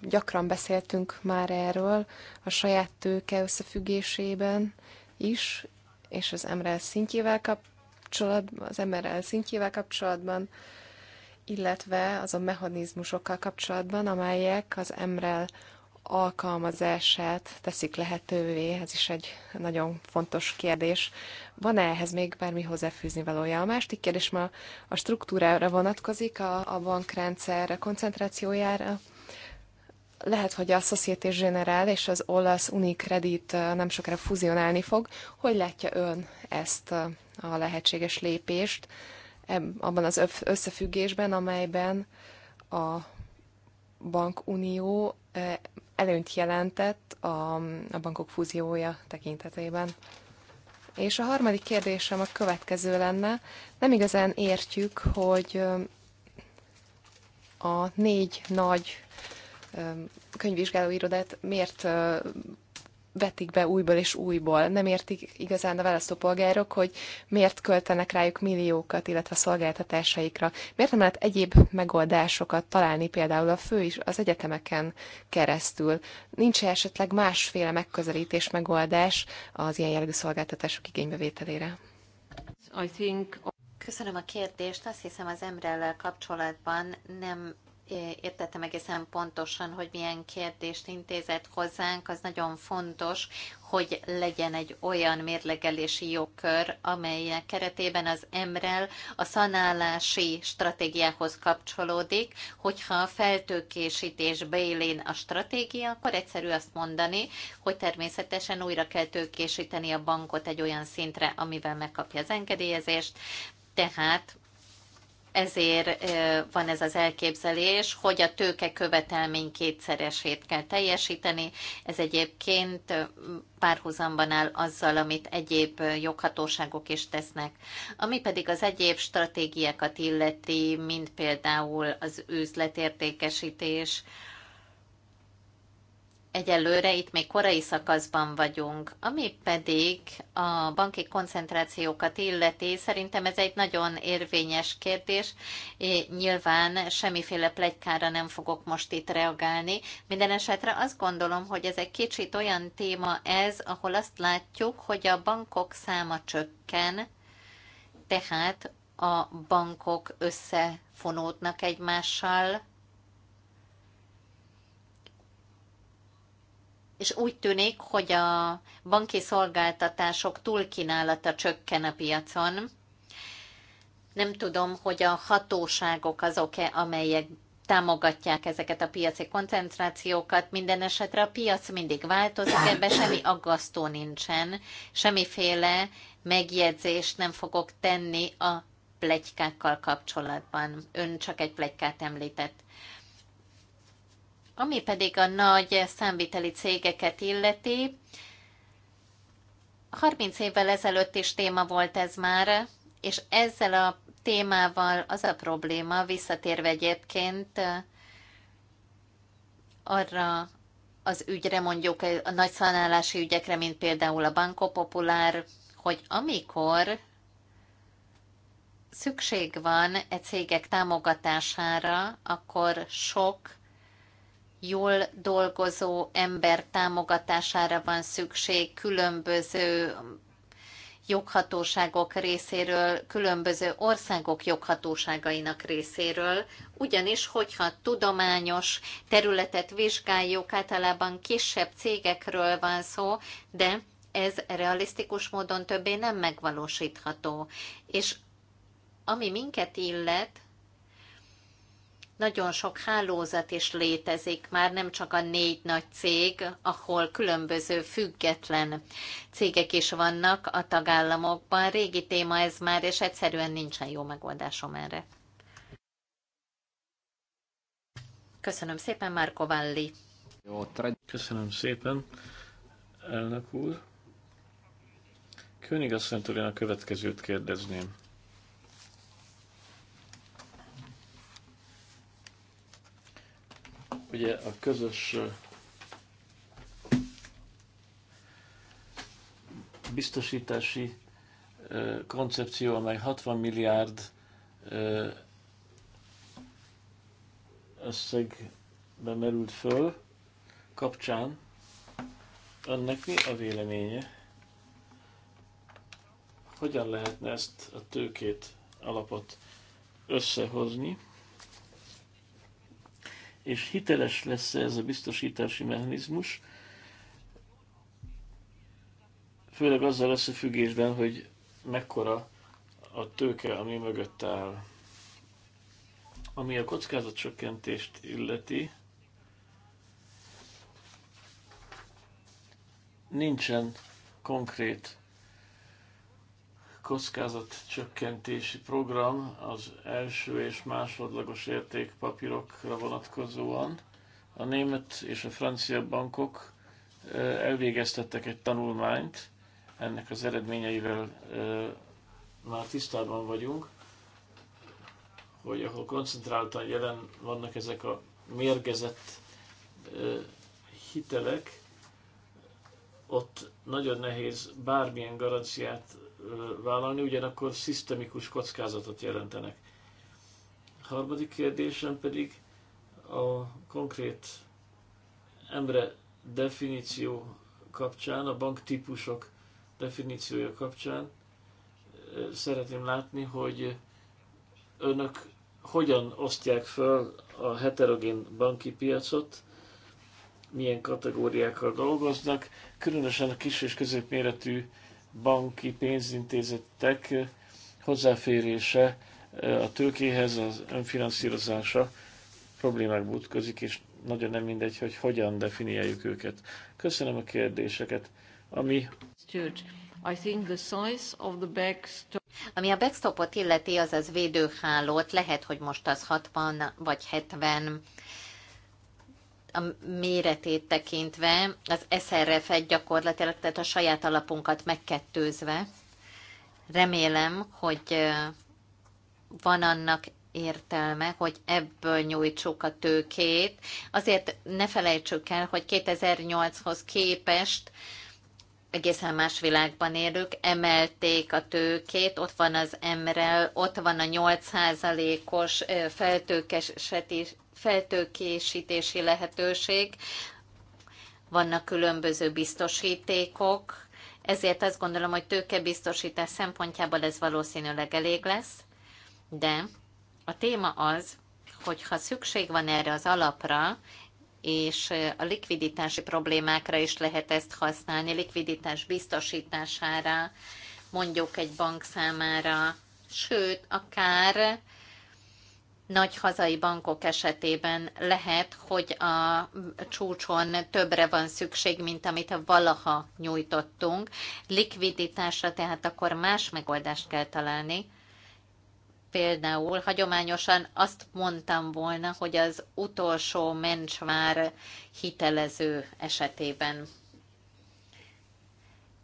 gyakran beszéltünk már erről a saját tőke összefüggésében is, és az EMREL szintjével kapcsolatban, az MRL szintjével kapcsolatban, illetve az a mechanizmusokkal kapcsolatban, amelyek az EMREL alkalmazását teszik lehetővé, ez is egy nagyon fontos kérdés. Van-e ehhez még bármi hozzáfűzni valója? A másik kérdés ma a struktúrára vonatkozik, a, a bankrendszer koncentrációjára. Lehet, hogy a Société General és az olasz Unicredit nem sokára fuzionálni fog. Hogy látja ön ezt a lehetséges lépést abban az összefüggésben, amelyben a bankunió eh, előnyt jelentett a, a bankok fúziója tekintetében. És a harmadik kérdésem a következő lenne. Nem igazán értjük, hogy eh, a négy nagy eh, könyvvizsgálóirodát miért vetik be újból és újból. Nem értik igazán a választópolgárok, hogy miért költenek rájuk milliókat, illetve szolgáltatásaikra. Miért nem lehet egyéb megoldásokat találni például a fő is az egyetemeken keresztül? Nincs -e esetleg másféle megközelítés, megoldás az ilyen jellegű szolgáltatások igénybevételére? I think... Köszönöm a kérdést. Azt hiszem az Emrellel kapcsolatban nem értettem egészen pontosan, hogy milyen kérdést intézett hozzánk, az nagyon fontos, hogy legyen egy olyan mérlegelési jogkör, amelyek keretében az MREL a szanálási stratégiához kapcsolódik, hogyha a feltőkésítés beélén a stratégia, akkor egyszerű azt mondani, hogy természetesen újra kell tőkésíteni a bankot egy olyan szintre, amivel megkapja az engedélyezést, tehát ezért van ez az elképzelés, hogy a tőke követelmény kétszeresét kell teljesíteni. Ez egyébként párhuzamban áll azzal, amit egyéb joghatóságok is tesznek. Ami pedig az egyéb stratégiákat illeti, mint például az üzletértékesítés, Egyelőre itt még korai szakaszban vagyunk, ami pedig a banki koncentrációkat illeti, szerintem ez egy nagyon érvényes kérdés. Nyilván semmiféle plegykára nem fogok most itt reagálni. Minden esetre azt gondolom, hogy ez egy kicsit olyan téma ez, ahol azt látjuk, hogy a bankok száma csökken, tehát a bankok összefonódnak egymással, és úgy tűnik, hogy a banki szolgáltatások túlkínálata csökken a piacon. Nem tudom, hogy a hatóságok azok-e, amelyek támogatják ezeket a piaci koncentrációkat. Minden esetre a piac mindig változik, ebben semmi aggasztó nincsen, semmiféle megjegyzést nem fogok tenni a plegykákkal kapcsolatban. Ön csak egy plegykát említett. Ami pedig a nagy számviteli cégeket illeti, 30 évvel ezelőtt is téma volt ez már, és ezzel a témával az a probléma, visszatérve egyébként arra az ügyre, mondjuk a nagy szanálási ügyekre, mint például a Banco Popular, hogy amikor szükség van egy cégek támogatására, akkor sok jól dolgozó ember támogatására van szükség különböző joghatóságok részéről, különböző országok joghatóságainak részéről, ugyanis hogyha tudományos területet vizsgáljuk, általában kisebb cégekről van szó, de ez realisztikus módon többé nem megvalósítható. És ami minket illet, nagyon sok hálózat is létezik, már nem csak a négy nagy cég, ahol különböző független cégek is vannak a tagállamokban. Régi téma ez már, és egyszerűen nincsen jó megoldásom erre. Köszönöm szépen, Márko Valli. Köszönöm szépen, elnök úr. Königasszonytól én a következőt kérdezném. Ugye a közös biztosítási koncepció, amely 60 milliárd összegbe merült föl kapcsán, önnek mi a véleménye? Hogyan lehetne ezt a tőkét, alapot összehozni? és hiteles lesz ez a biztosítási mechanizmus, főleg azzal összefüggésben, hogy mekkora a tőke, ami mögött áll. Ami a kockázatcsökkentést illeti, nincsen konkrét csökkentési program az első és másodlagos értékpapírokra vonatkozóan. A német és a francia bankok elvégeztettek egy tanulmányt, ennek az eredményeivel már tisztában vagyunk, hogy ahol koncentráltan jelen vannak ezek a mérgezett hitelek, ott nagyon nehéz bármilyen garanciát vállalni, ugyanakkor szisztemikus kockázatot jelentenek. A harmadik kérdésem pedig a konkrét embre definíció kapcsán, a banktípusok definíciója kapcsán szeretném látni, hogy önök hogyan osztják föl a heterogén banki piacot, milyen kategóriákkal dolgoznak, különösen a kis és középméretű banki pénzintézetek hozzáférése eh, a tőkéhez, az önfinanszírozása problémák ütközik, és nagyon nem mindegy, hogy hogyan definiáljuk őket. Köszönöm a kérdéseket. Ami... I think the size of the backstop... Ami a backstopot illeti, az védőhálót, lehet, hogy most az 60 vagy 70 a méretét tekintve az srf egy gyakorlatilag, tehát a saját alapunkat megkettőzve. Remélem, hogy van annak értelme, hogy ebből nyújtsuk a tőkét. Azért ne felejtsük el, hogy 2008-hoz képest egészen más világban élők, emelték a tőkét, ott van az emrel, ott van a 8%-os feltőkesetés, feltőkésítési lehetőség, vannak különböző biztosítékok, ezért azt gondolom, hogy tőkebiztosítás szempontjából ez valószínűleg elég lesz, de a téma az, hogy ha szükség van erre az alapra, és a likviditási problémákra is lehet ezt használni, likviditás biztosítására, mondjuk egy bank számára, sőt, akár nagy hazai bankok esetében lehet, hogy a csúcson többre van szükség, mint amit valaha nyújtottunk. Likviditásra tehát akkor más megoldást kell találni. Például hagyományosan azt mondtam volna, hogy az utolsó mencsvár hitelező esetében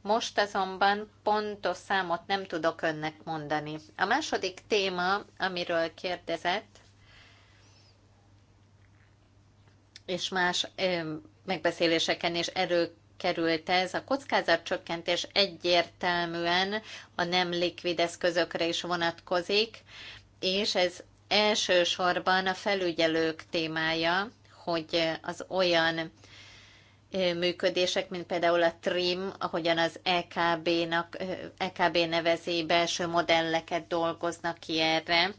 most azonban pontos számot nem tudok önnek mondani. A második téma, amiről kérdezett, és más megbeszéléseken is erő került ez. A kockázatcsökkentés egyértelműen a nem likvid eszközökre is vonatkozik, és ez elsősorban a felügyelők témája, hogy az olyan működések, mint például a TRIM, ahogyan az EKB-nak, EKB nevezi belső modelleket dolgoznak ki erre,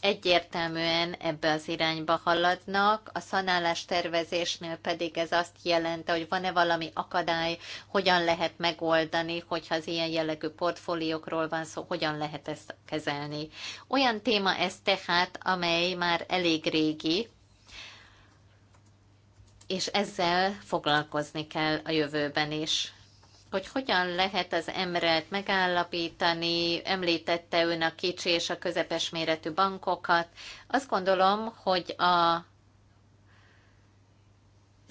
egyértelműen ebbe az irányba haladnak, a szanálás tervezésnél pedig ez azt jelenti, hogy van-e valami akadály, hogyan lehet megoldani, hogyha az ilyen jellegű portfóliókról van szó, hogyan lehet ezt kezelni. Olyan téma ez tehát, amely már elég régi, és ezzel foglalkozni kell a jövőben is. Hogy hogyan lehet az emrelt megállapítani, említette ön a kicsi és a közepes méretű bankokat. Azt gondolom, hogy a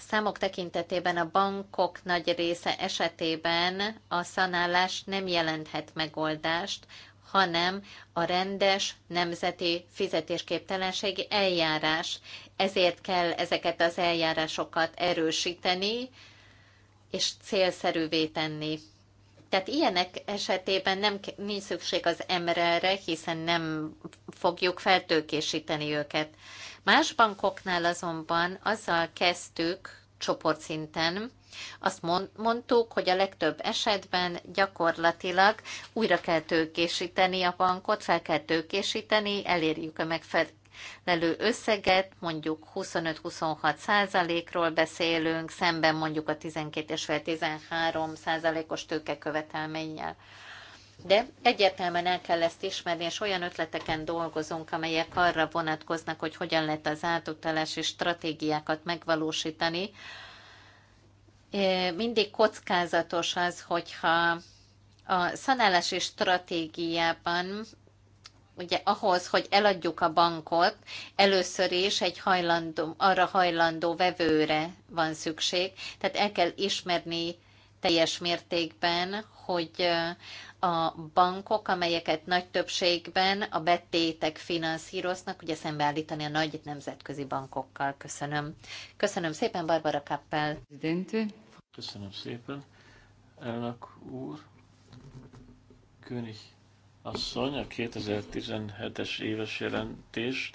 számok tekintetében a bankok nagy része esetében a szanálás nem jelenthet megoldást, hanem a rendes nemzeti fizetésképtelenségi eljárás. Ezért kell ezeket az eljárásokat erősíteni és célszerűvé tenni. Tehát ilyenek esetében nem, nincs szükség az MRL-re, hiszen nem fogjuk feltőkésíteni őket. Más bankoknál azonban azzal kezdtük csoportszinten, azt mondtuk, hogy a legtöbb esetben gyakorlatilag újra kell tőkésíteni a bankot, fel kell tőkésíteni, elérjük a megfelelő lelő összeget, mondjuk 25-26 százalékról beszélünk, szemben mondjuk a 12,5-13 százalékos tőkekövetelménnyel. De egyértelműen el kell ezt ismerni, és olyan ötleteken dolgozunk, amelyek arra vonatkoznak, hogy hogyan lehet az átutalási stratégiákat megvalósítani, mindig kockázatos az, hogyha a szanálási stratégiában ugye ahhoz, hogy eladjuk a bankot, először is egy hajlandó, arra hajlandó vevőre van szükség, tehát el kell ismerni teljes mértékben, hogy a bankok, amelyeket nagy többségben a betétek finanszíroznak, ugye szembeállítani a nagy nemzetközi bankokkal. Köszönöm. Köszönöm szépen, Barbara Kappel. Köszönöm szépen, elnök úr. König asszony, a 2017-es éves jelentés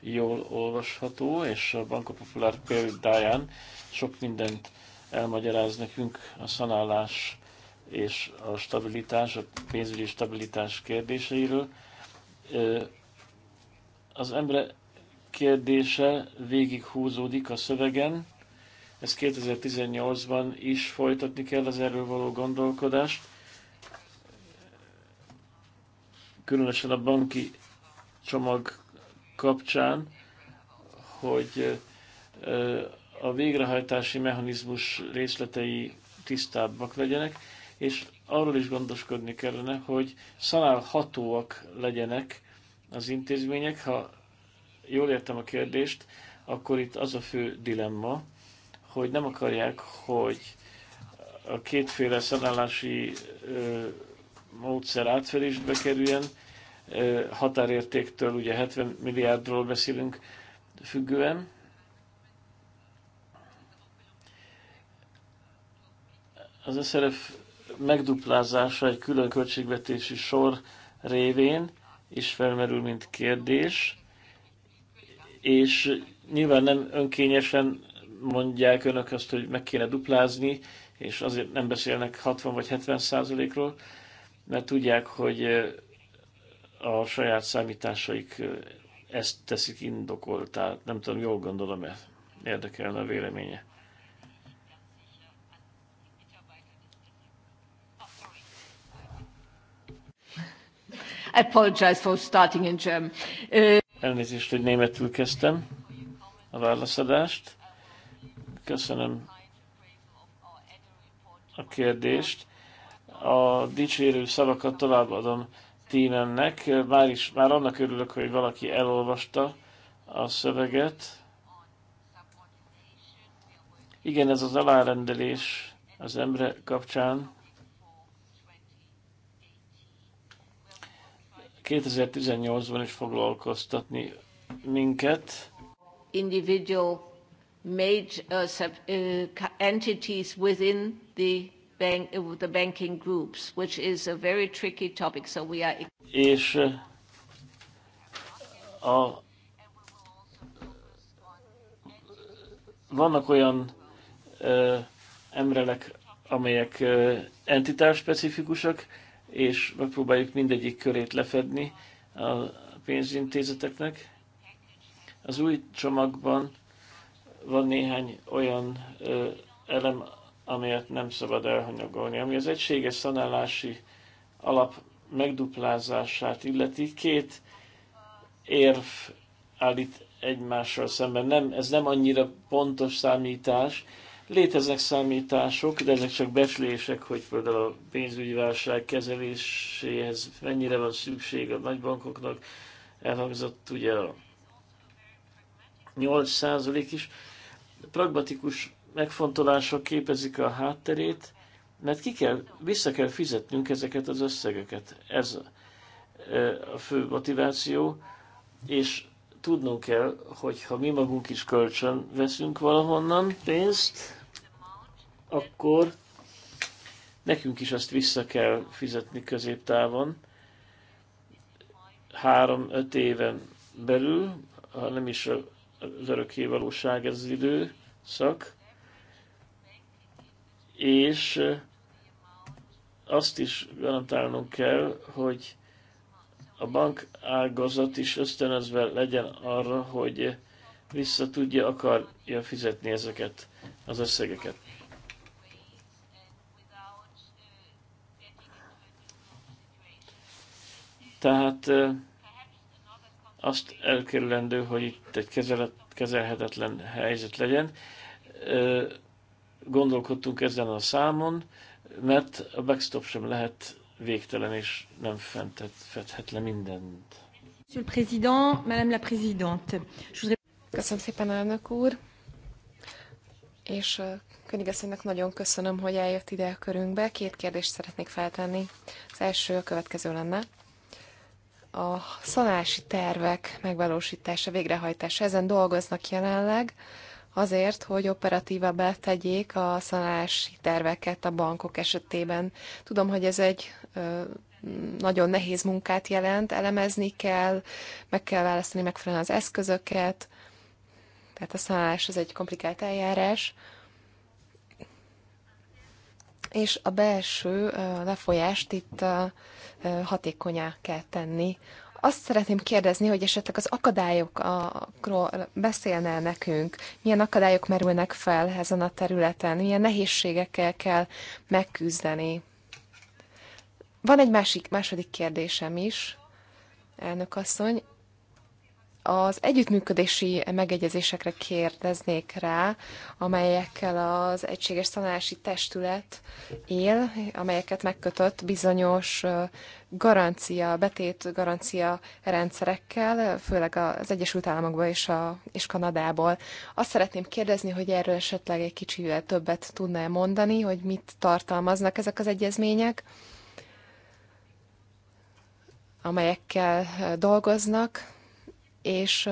jól olvasható, és a Banka Popular példáján sok mindent elmagyaráz nekünk a szanálás és a stabilitás, a pénzügyi stabilitás kérdéseiről. Az embre kérdése végig húzódik a szövegen, Ez 2018-ban is folytatni kell az erről való gondolkodást, különösen a banki csomag kapcsán, hogy a végrehajtási mechanizmus részletei tisztábbak legyenek és arról is gondoskodni kellene, hogy szanálhatóak legyenek az intézmények. Ha jól értem a kérdést, akkor itt az a fő dilemma, hogy nem akarják, hogy a kétféle szanálási ö, módszer átfelésbe kerüljen, ö, határértéktől ugye 70 milliárdról beszélünk függően, az SRF megduplázása egy külön költségvetési sor révén is felmerül, mint kérdés, és nyilván nem önkényesen mondják önök azt, hogy meg kéne duplázni, és azért nem beszélnek 60 vagy 70 százalékról, mert tudják, hogy a saját számításaik ezt teszik indokoltá. Nem tudom, jól gondolom-e? Érdekelne a véleménye. apologize for starting in German. Uh, Elnézést, hogy németül kezdtem a válaszadást. Köszönöm a kérdést. A dicsérő szavakat továbbadom tímemnek. Már, is, már annak örülök, hogy valaki elolvasta a szöveget. Igen, ez az alárendelés az emberek kapcsán 2018-ban is foglalkoztatni minket. Individual major uh, uh entities within the bank, uh, the banking groups, which is a very tricky topic. So we are. És uh, a, vannak olyan emrelek, amelyek entitás specifikusak, és megpróbáljuk mindegyik körét lefedni a pénzintézeteknek. Az új csomagban van néhány olyan ö, elem, amelyet nem szabad elhanyagolni. Ami az egységes szanálási alap megduplázását illeti, két érv állít egymással szemben. Nem, ez nem annyira pontos számítás, Léteznek számítások, de ezek csak becslések, hogy például a pénzügyi válság kezeléséhez mennyire van szükség a nagybankoknak. Elhangzott ugye a 8% is. Pragmatikus megfontolások képezik a hátterét, mert ki kell, vissza kell fizetnünk ezeket az összegeket. Ez a fő motiváció, és tudnunk kell, hogy ha mi magunk is kölcsön veszünk valahonnan pénzt, akkor nekünk is azt vissza kell fizetni középtávon, három-öt éven belül, ha nem is az örökké valóság ez az időszak, és azt is garantálnunk kell, hogy a bank ágazat is ösztönözve legyen arra, hogy vissza tudja, akarja fizetni ezeket az összegeket. Tehát azt elkerülendő, hogy itt egy kezelet, kezelhetetlen helyzet legyen. Gondolkodtunk ezen a számon, mert a backstop sem lehet végtelen és nem fentet, fedhet le mindent. Monsieur le Président, Madame la Présidente. Köszönöm szépen, elnök úr, és Könyvesszének nagyon köszönöm, hogy eljött ide a körünkbe. Két kérdést szeretnék feltenni. Az első a következő lenne a szanási tervek megvalósítása, végrehajtása. Ezen dolgoznak jelenleg azért, hogy operatívabbá tegyék a szanási terveket a bankok esetében. Tudom, hogy ez egy nagyon nehéz munkát jelent, elemezni kell, meg kell választani megfelelően az eszközöket, tehát a szanás az egy komplikált eljárás, és a belső lefolyást itt hatékonyá kell tenni. Azt szeretném kérdezni, hogy esetleg az akadályokról beszélne nekünk, milyen akadályok merülnek fel ezen a területen, milyen nehézségekkel kell megküzdeni. Van egy másik, második kérdésem is, elnök asszony az együttműködési megegyezésekre kérdeznék rá, amelyekkel az Egységes Tanulási Testület él, amelyeket megkötött bizonyos garancia, betét garancia rendszerekkel, főleg az Egyesült Államokból és, a, és Kanadából. Azt szeretném kérdezni, hogy erről esetleg egy kicsivel többet tudná mondani, hogy mit tartalmaznak ezek az egyezmények, amelyekkel dolgoznak, és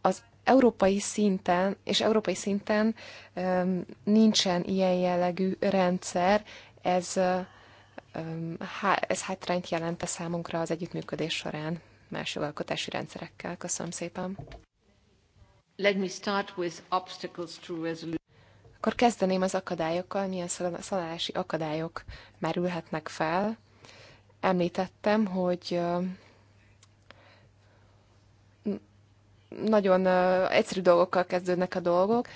az európai szinten, és európai szinten nincsen ilyen jellegű rendszer, ez, ez hátrányt jelent a számunkra az együttműködés során más jogalkotási rendszerekkel. Köszönöm szépen. Let me start with obstacles to resolution. Akkor kezdeném az akadályokkal, milyen szalálási akadályok merülhetnek fel. Említettem, hogy nagyon egyszerű dolgokkal kezdődnek a dolgok,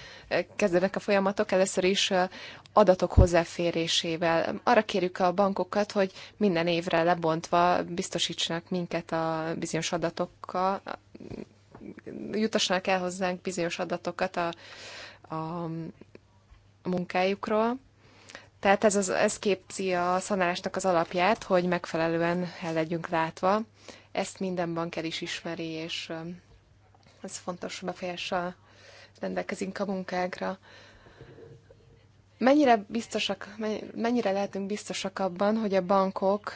kezdődnek a folyamatok, először is adatok hozzáférésével. Arra kérjük a bankokat, hogy minden évre lebontva biztosítsanak minket a bizonyos adatokkal, jutassanak el hozzánk bizonyos adatokat a, a munkájukról. Tehát ez, az, ez képzi a szanálásnak az alapját, hogy megfelelően el legyünk látva. Ezt minden bank el is ismeri, és ez fontos befolyással rendelkezünk a munkánkra. Mennyire, biztosak, mennyire lehetünk biztosak abban, hogy a bankok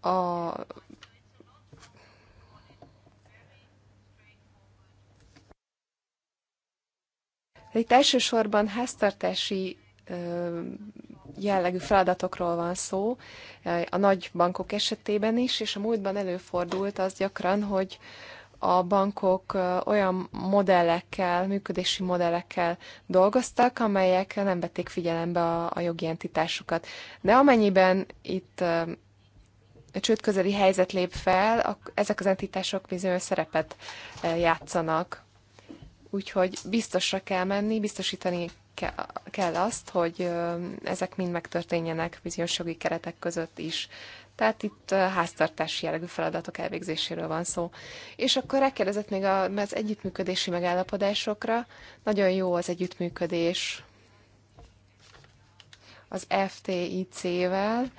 a Itt elsősorban háztartási jellegű feladatokról van szó, eh, a nagy bankok esetében is, és a múltban előfordult az gyakran, hogy a bankok eh, olyan modellekkel, működési modellekkel dolgoztak, amelyek nem vették figyelembe a, a jogi entitásukat. De amennyiben itt a eh, csődközeli helyzet lép fel, a, ezek az entitások bizonyos szerepet játszanak. Úgyhogy biztosra kell menni, biztosítani kell azt, hogy ezek mind megtörténjenek bizonyos jogi keretek között is. Tehát itt háztartási jellegű feladatok elvégzéséről van szó. És akkor rákérdezett még az együttműködési megállapodásokra. Nagyon jó az együttműködés az FTIC-vel,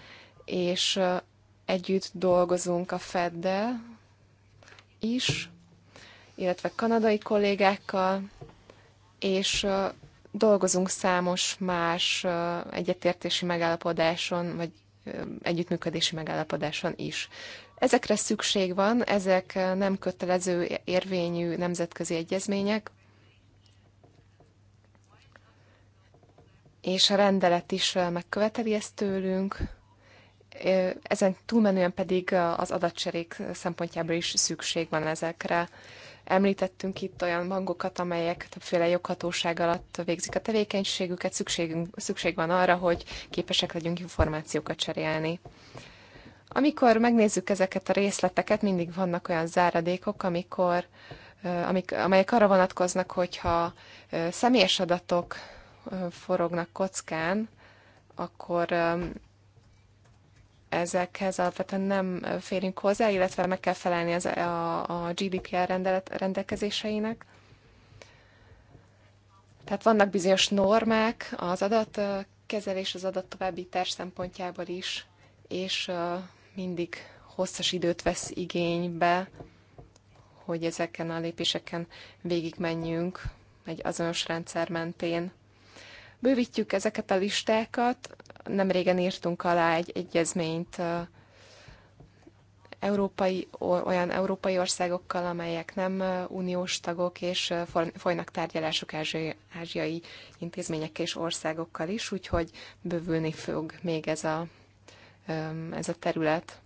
és együtt dolgozunk a Feddel is, illetve kanadai kollégákkal, és Dolgozunk számos más egyetértési megállapodáson, vagy együttműködési megállapodáson is. Ezekre szükség van, ezek nem kötelező érvényű nemzetközi egyezmények, és a rendelet is megköveteli ezt tőlünk, ezen túlmenően pedig az adatcserék szempontjából is szükség van ezekre. Említettünk itt olyan bankokat, amelyek többféle joghatóság alatt végzik a tevékenységüket, szükségünk, szükség van arra, hogy képesek legyünk információkat cserélni. Amikor megnézzük ezeket a részleteket, mindig vannak olyan záradékok, amikor, amik, amelyek arra vonatkoznak, hogyha személyes adatok forognak kockán, akkor ezekhez alapvetően nem férünk hozzá, illetve meg kell felelni az, a, a GDPR rendelet, rendelkezéseinek. Tehát vannak bizonyos normák az adatkezelés, az adattovábbítás szempontjából is, és mindig hosszas időt vesz igénybe, hogy ezeken a lépéseken végigmenjünk egy azonos rendszer mentén bővítjük ezeket a listákat. Nem régen írtunk alá egy egyezményt európai, olyan európai országokkal, amelyek nem uniós tagok, és folynak tárgyalások ázsiai intézményekkel és országokkal is, úgyhogy bővülni fog még ez a, ez a terület.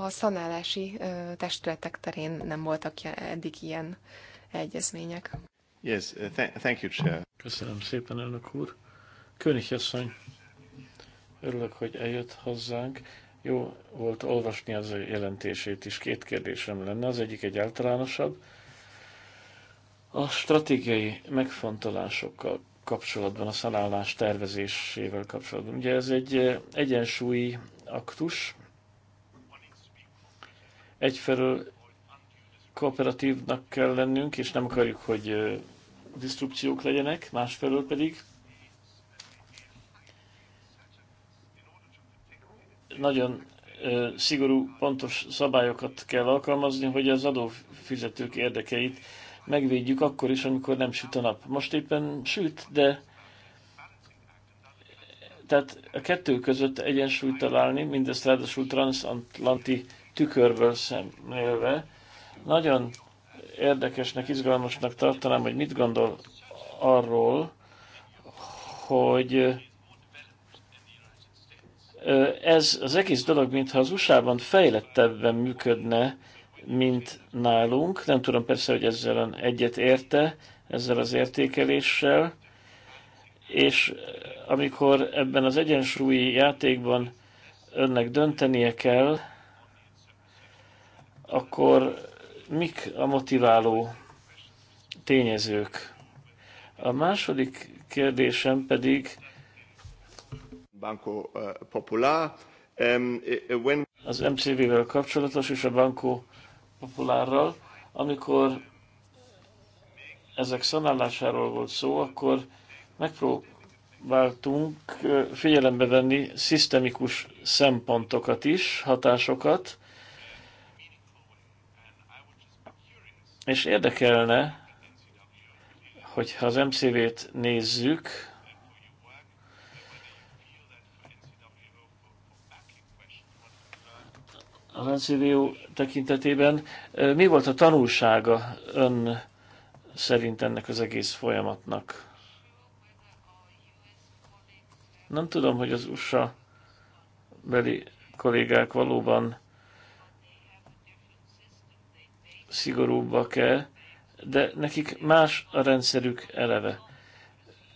a szanálási testületek terén nem voltak eddig ilyen egyezmények. Yes, uh, th- thank you, Chair. Köszönöm szépen, elnök úr. König asszony, örülök, hogy eljött hozzánk. Jó volt olvasni az jelentését is. Két kérdésem lenne. Az egyik egy általánosabb. A stratégiai megfontolásokkal kapcsolatban, a szalállás tervezésével kapcsolatban. Ugye ez egy egyensúlyi aktus, Egyfelől kooperatívnak kell lennünk, és nem akarjuk, hogy disztrupciók legyenek, másfelől pedig nagyon szigorú, pontos szabályokat kell alkalmazni, hogy az adófizetők érdekeit megvédjük akkor is, amikor nem süt a nap. Most éppen süt, de tehát a kettő között egyensúlyt találni, mindezt ráadásul transatlanti tükörből szemlélve, nagyon érdekesnek, izgalmasnak tartanám, hogy mit gondol arról, hogy ez az egész dolog, mintha az USA-ban fejlettebben működne, mint nálunk. Nem tudom persze, hogy ezzel egyet érte, ezzel az értékeléssel. És amikor ebben az egyensúlyi játékban önnek döntenie kell, akkor mik a motiváló tényezők? A második kérdésem pedig Banco eh, Popular, eh, when... az MCV-vel kapcsolatos és a Banco Popularral, amikor ezek szanálásáról volt szó, akkor megpróbáltunk eh, figyelembe venni szisztemikus szempontokat is, hatásokat, És érdekelne, hogyha az MCV-t nézzük, az NCVO tekintetében mi volt a tanulsága ön szerint ennek az egész folyamatnak? Nem tudom, hogy az USA beli kollégák valóban szigorúbbak-e, de nekik más a rendszerük eleve.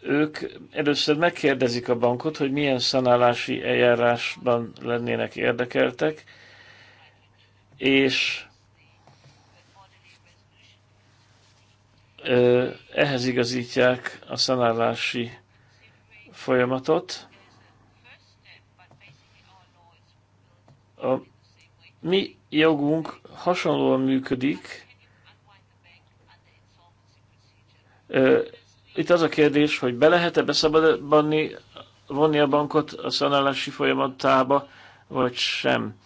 Ők először megkérdezik a bankot, hogy milyen szanálási eljárásban lennének érdekeltek, és ehhez igazítják a szanálási folyamatot. A mi jogunk hasonlóan működik. Itt az a kérdés, hogy be lehet-e beszabadítani vonni a bankot a szanálási folyamatába, vagy sem.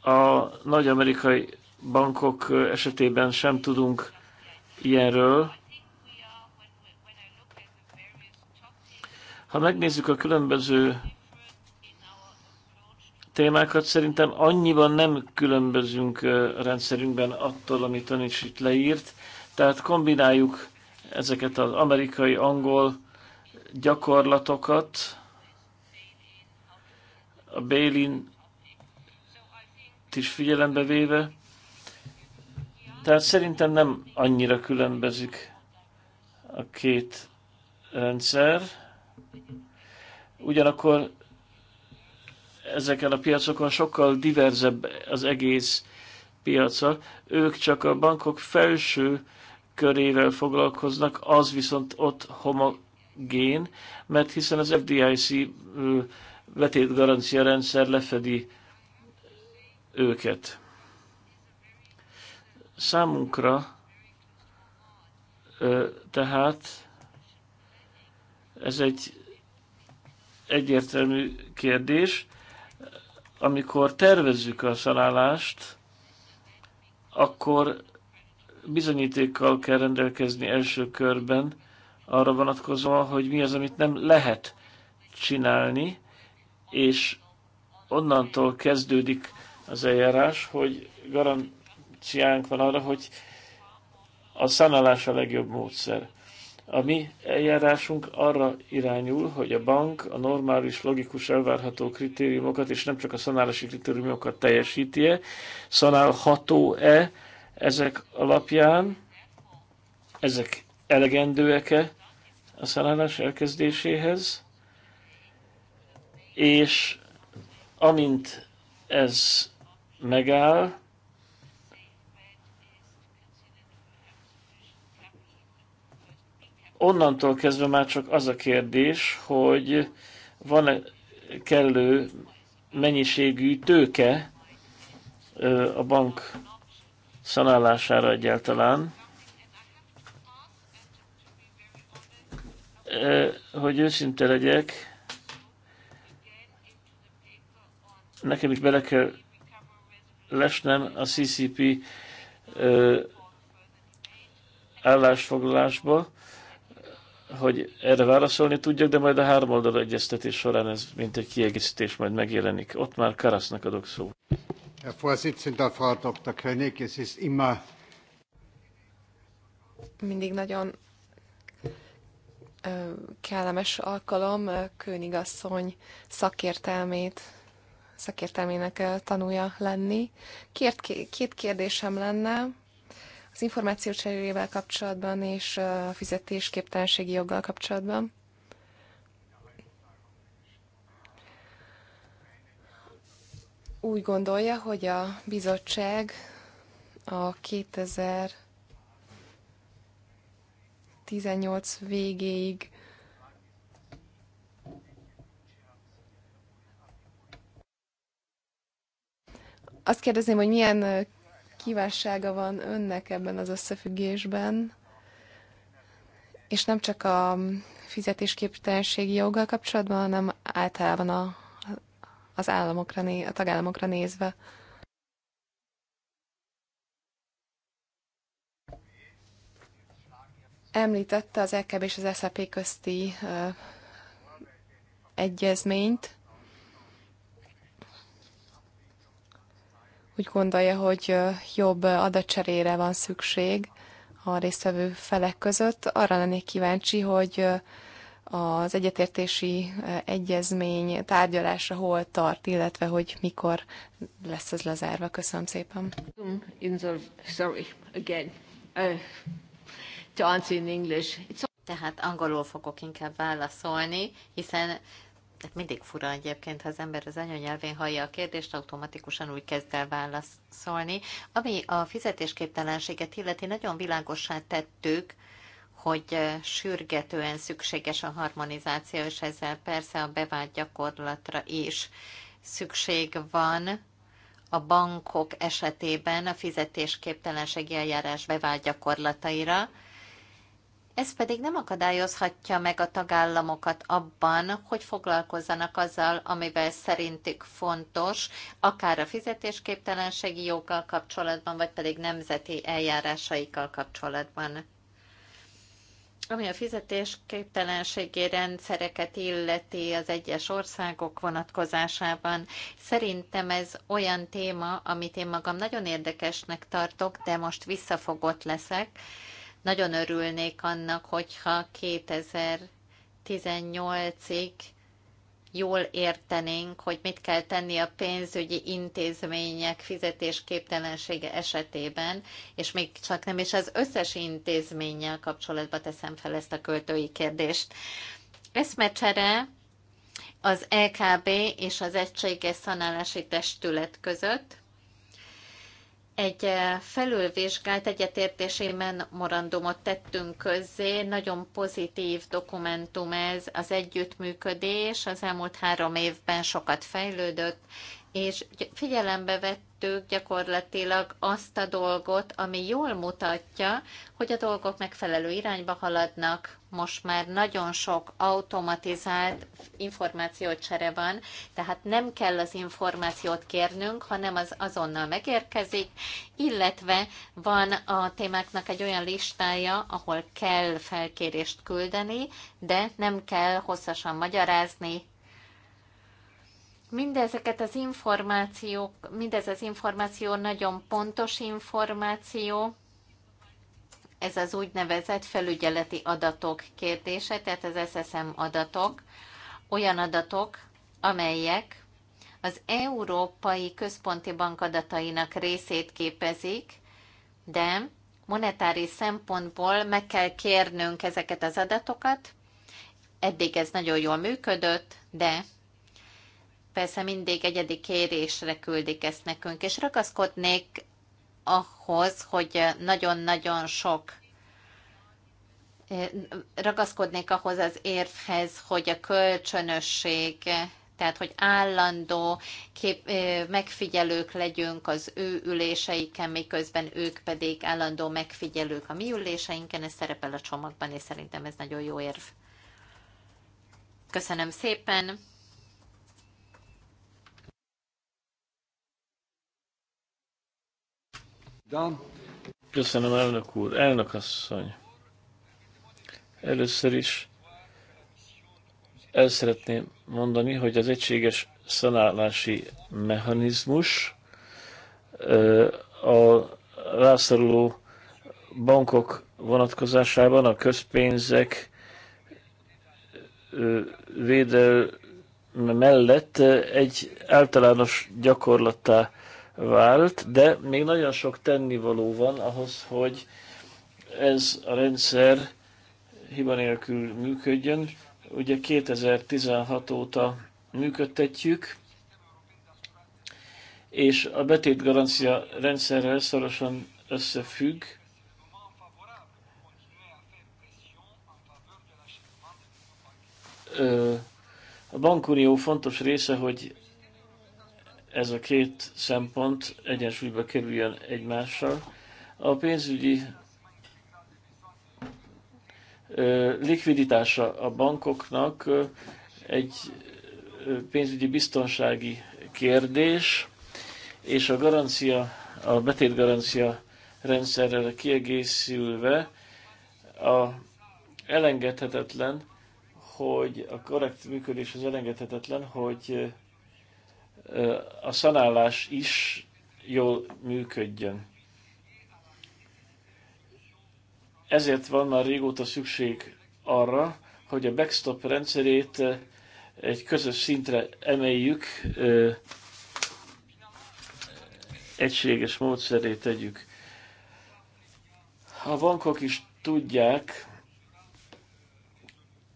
A nagy amerikai bankok esetében sem tudunk ilyenről. Ha megnézzük a különböző témákat. Szerintem annyiban nem különbözünk a rendszerünkben attól, amit ön is itt leírt. Tehát kombináljuk ezeket az amerikai, angol gyakorlatokat, a Bélin is figyelembe véve. Tehát szerintem nem annyira különbözik a két rendszer. Ugyanakkor ezeken a piacokon sokkal diverzebb az egész piaca. Ők csak a bankok felső körével foglalkoznak, az viszont ott homogén, mert hiszen az FDIC vetétgarancia rendszer lefedi őket. Számunkra tehát ez egy egyértelmű kérdés amikor tervezzük a szalállást, akkor bizonyítékkal kell rendelkezni első körben arra vonatkozóan, hogy mi az, amit nem lehet csinálni, és onnantól kezdődik az eljárás, hogy garanciánk van arra, hogy a szanálás a legjobb módszer. A mi eljárásunk arra irányul, hogy a bank a normális, logikus, elvárható kritériumokat, és nem csak a szanálási kritériumokat teljesíti-e, szanálható-e ezek alapján, ezek elegendőek-e a szanálás elkezdéséhez, és amint ez megáll, onnantól kezdve már csak az a kérdés, hogy van-e kellő mennyiségű tőke a bank szanálására egyáltalán, hogy őszinte legyek, nekem is bele kell lesnem a CCP állásfoglalásba, hogy erre válaszolni tudjak, de majd a háromoldal egyeztetés során ez mint egy kiegészítés majd megjelenik. Ott már Karasznak adok szót. Herr Vorsitzender, Frau Dr. König, es ist immer... Mindig nagyon kellemes alkalom König asszony szakértelmét szakértelmének tanulja lenni. Két, két kérdésem lenne az információ cseréjével kapcsolatban és a fizetésképtelenségi joggal kapcsolatban. Úgy gondolja, hogy a bizottság a 2018 végéig azt kérdezném, hogy milyen kívánsága van önnek ebben az összefüggésben, és nem csak a fizetésképtelenségi joggal kapcsolatban, hanem általában a, az államokra, a tagállamokra nézve. Említette az EKB és az SAP közti uh, egyezményt, úgy gondolja, hogy jobb adatcserére van szükség a résztvevő felek között. Arra lennék kíváncsi, hogy az egyetértési egyezmény tárgyalása hol tart, illetve hogy mikor lesz ez lezárva. Köszönöm szépen. Sorry, again. to answer in English. It's... Tehát angolul fogok inkább válaszolni, hiszen tehát mindig fura egyébként, ha az ember az anyanyelvén hallja a kérdést, automatikusan úgy kezd el válaszolni. Ami a fizetésképtelenséget illeti, nagyon világosá tettük, hogy eh, sürgetően szükséges a harmonizáció, és ezzel persze a bevált gyakorlatra is szükség van. A bankok esetében a fizetésképtelenségi eljárás bevált gyakorlataira, ez pedig nem akadályozhatja meg a tagállamokat abban, hogy foglalkozzanak azzal, amivel szerintük fontos, akár a fizetésképtelenségi joggal kapcsolatban, vagy pedig nemzeti eljárásaikkal kapcsolatban. Ami a fizetésképtelenségi rendszereket illeti az egyes országok vonatkozásában, szerintem ez olyan téma, amit én magam nagyon érdekesnek tartok, de most visszafogott leszek, nagyon örülnék annak, hogyha 2018-ig jól értenénk, hogy mit kell tenni a pénzügyi intézmények fizetésképtelensége esetében, és még csak nem is az összes intézménnyel kapcsolatban teszem fel ezt a költői kérdést. Eszmecsere az EKB és az Egységes Szanálási Testület között egy eh, felülvizsgált egyetértésében morandumot tettünk közzé. Nagyon pozitív dokumentum ez, az együttműködés az elmúlt három évben sokat fejlődött, és figyelembe vettük gyakorlatilag azt a dolgot, ami jól mutatja, hogy a dolgok megfelelő irányba haladnak. Most már nagyon sok automatizált információcsere van, tehát nem kell az információt kérnünk, hanem az azonnal megérkezik, illetve van a témáknak egy olyan listája, ahol kell felkérést küldeni, de nem kell hosszasan magyarázni, Mindezeket az információk, mindez az információ nagyon pontos információ, ez az úgynevezett felügyeleti adatok kérdése, tehát az SSM adatok, olyan adatok, amelyek az Európai Központi Bank adatainak részét képezik, de monetári szempontból meg kell kérnünk ezeket az adatokat. Eddig ez nagyon jól működött, de persze mindig egyedi kérésre küldik ezt nekünk, és ragaszkodnék ahhoz, hogy nagyon-nagyon sok ragaszkodnék ahhoz az érvhez, hogy a kölcsönösség, tehát hogy állandó kép, megfigyelők legyünk az ő üléseiken, miközben ők pedig állandó megfigyelők a mi üléseinken, ez szerepel a csomagban, és szerintem ez nagyon jó érv. Köszönöm szépen! Köszönöm, elnök úr. Elnök asszony. Először is el szeretném mondani, hogy az egységes szanálási mechanizmus a rászoruló bankok vonatkozásában a közpénzek védelme mellett egy általános gyakorlattá vált, de még nagyon sok tennivaló van ahhoz, hogy ez a rendszer hiba nélkül működjön. Ugye 2016 óta működtetjük, és a betét garancia rendszerrel szorosan összefügg. A bankunió fontos része, hogy ez a két szempont egyensúlyba kerüljön egymással. A pénzügyi likviditása a bankoknak egy pénzügyi biztonsági kérdés, és a garancia, a betétgarancia rendszerrel kiegészülve a elengedhetetlen, hogy a korrekt működés az elengedhetetlen, hogy a szanálás is jól működjön. Ezért van már régóta szükség arra, hogy a backstop rendszerét egy közös szintre emeljük, egységes módszeré tegyük. A bankok is tudják,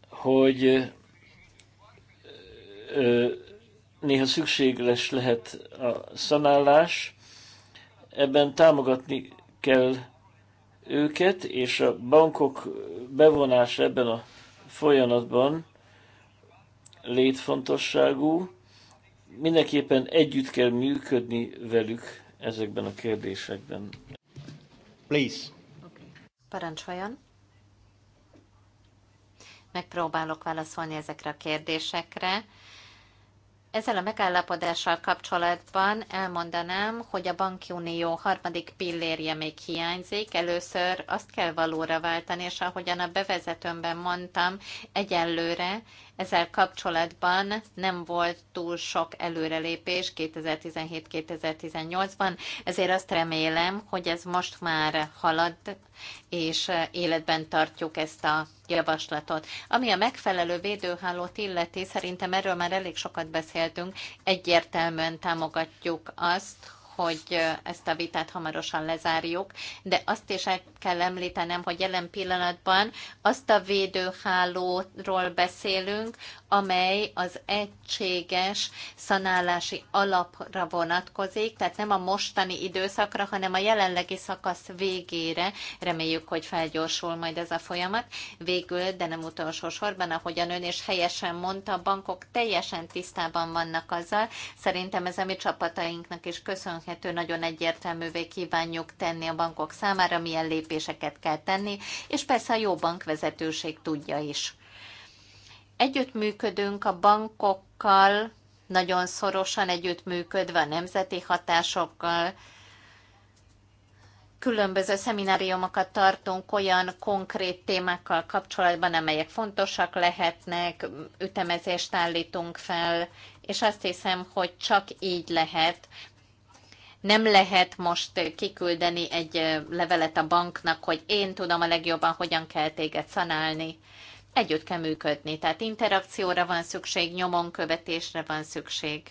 hogy néha szükséges lehet a szanálás, ebben támogatni kell őket, és a bankok bevonása ebben a folyamatban létfontosságú. Mindenképpen együtt kell működni velük ezekben a kérdésekben. Please. Okay. Parancsoljon. Megpróbálok válaszolni ezekre a kérdésekre ezzel a megállapodással kapcsolatban elmondanám, hogy a banki unió harmadik pillérje még hiányzik. Először azt kell valóra váltani, és ahogyan a bevezetőmben mondtam, egyelőre ezzel kapcsolatban nem volt túl sok előrelépés 2017-2018-ban, ezért azt remélem, hogy ez most már halad, és életben tartjuk ezt a javaslatot. Ami a megfelelő védőhálót illeti, szerintem erről már elég sokat beszéltünk, egyértelműen támogatjuk azt, hogy ezt a vitát hamarosan lezárjuk, de azt is el kell említenem, hogy jelen pillanatban azt a védőhálóról beszélünk, amely az egységes szanálási alapra vonatkozik, tehát nem a mostani időszakra, hanem a jelenlegi szakasz végére. Reméljük, hogy felgyorsul majd ez a folyamat. Végül, de nem utolsó sorban, ahogyan ön is helyesen mondta, a bankok teljesen tisztában vannak azzal. Szerintem ez a mi csapatainknak is köszönhető, 2022 nagyon egyértelművé kívánjuk tenni a bankok számára, milyen lépéseket kell tenni, és persze a jó bankvezetőség tudja is. Együttműködünk a bankokkal, nagyon szorosan együttműködve a nemzeti hatásokkal, különböző szemináriumokat tartunk olyan konkrét témákkal kapcsolatban, amelyek fontosak lehetnek, ütemezést állítunk fel, és azt hiszem, hogy csak így lehet nem lehet most kiküldeni egy levelet a banknak, hogy én tudom a legjobban, hogyan kell téged szanálni. Együtt kell működni, tehát interakcióra van szükség, nyomon követésre van szükség.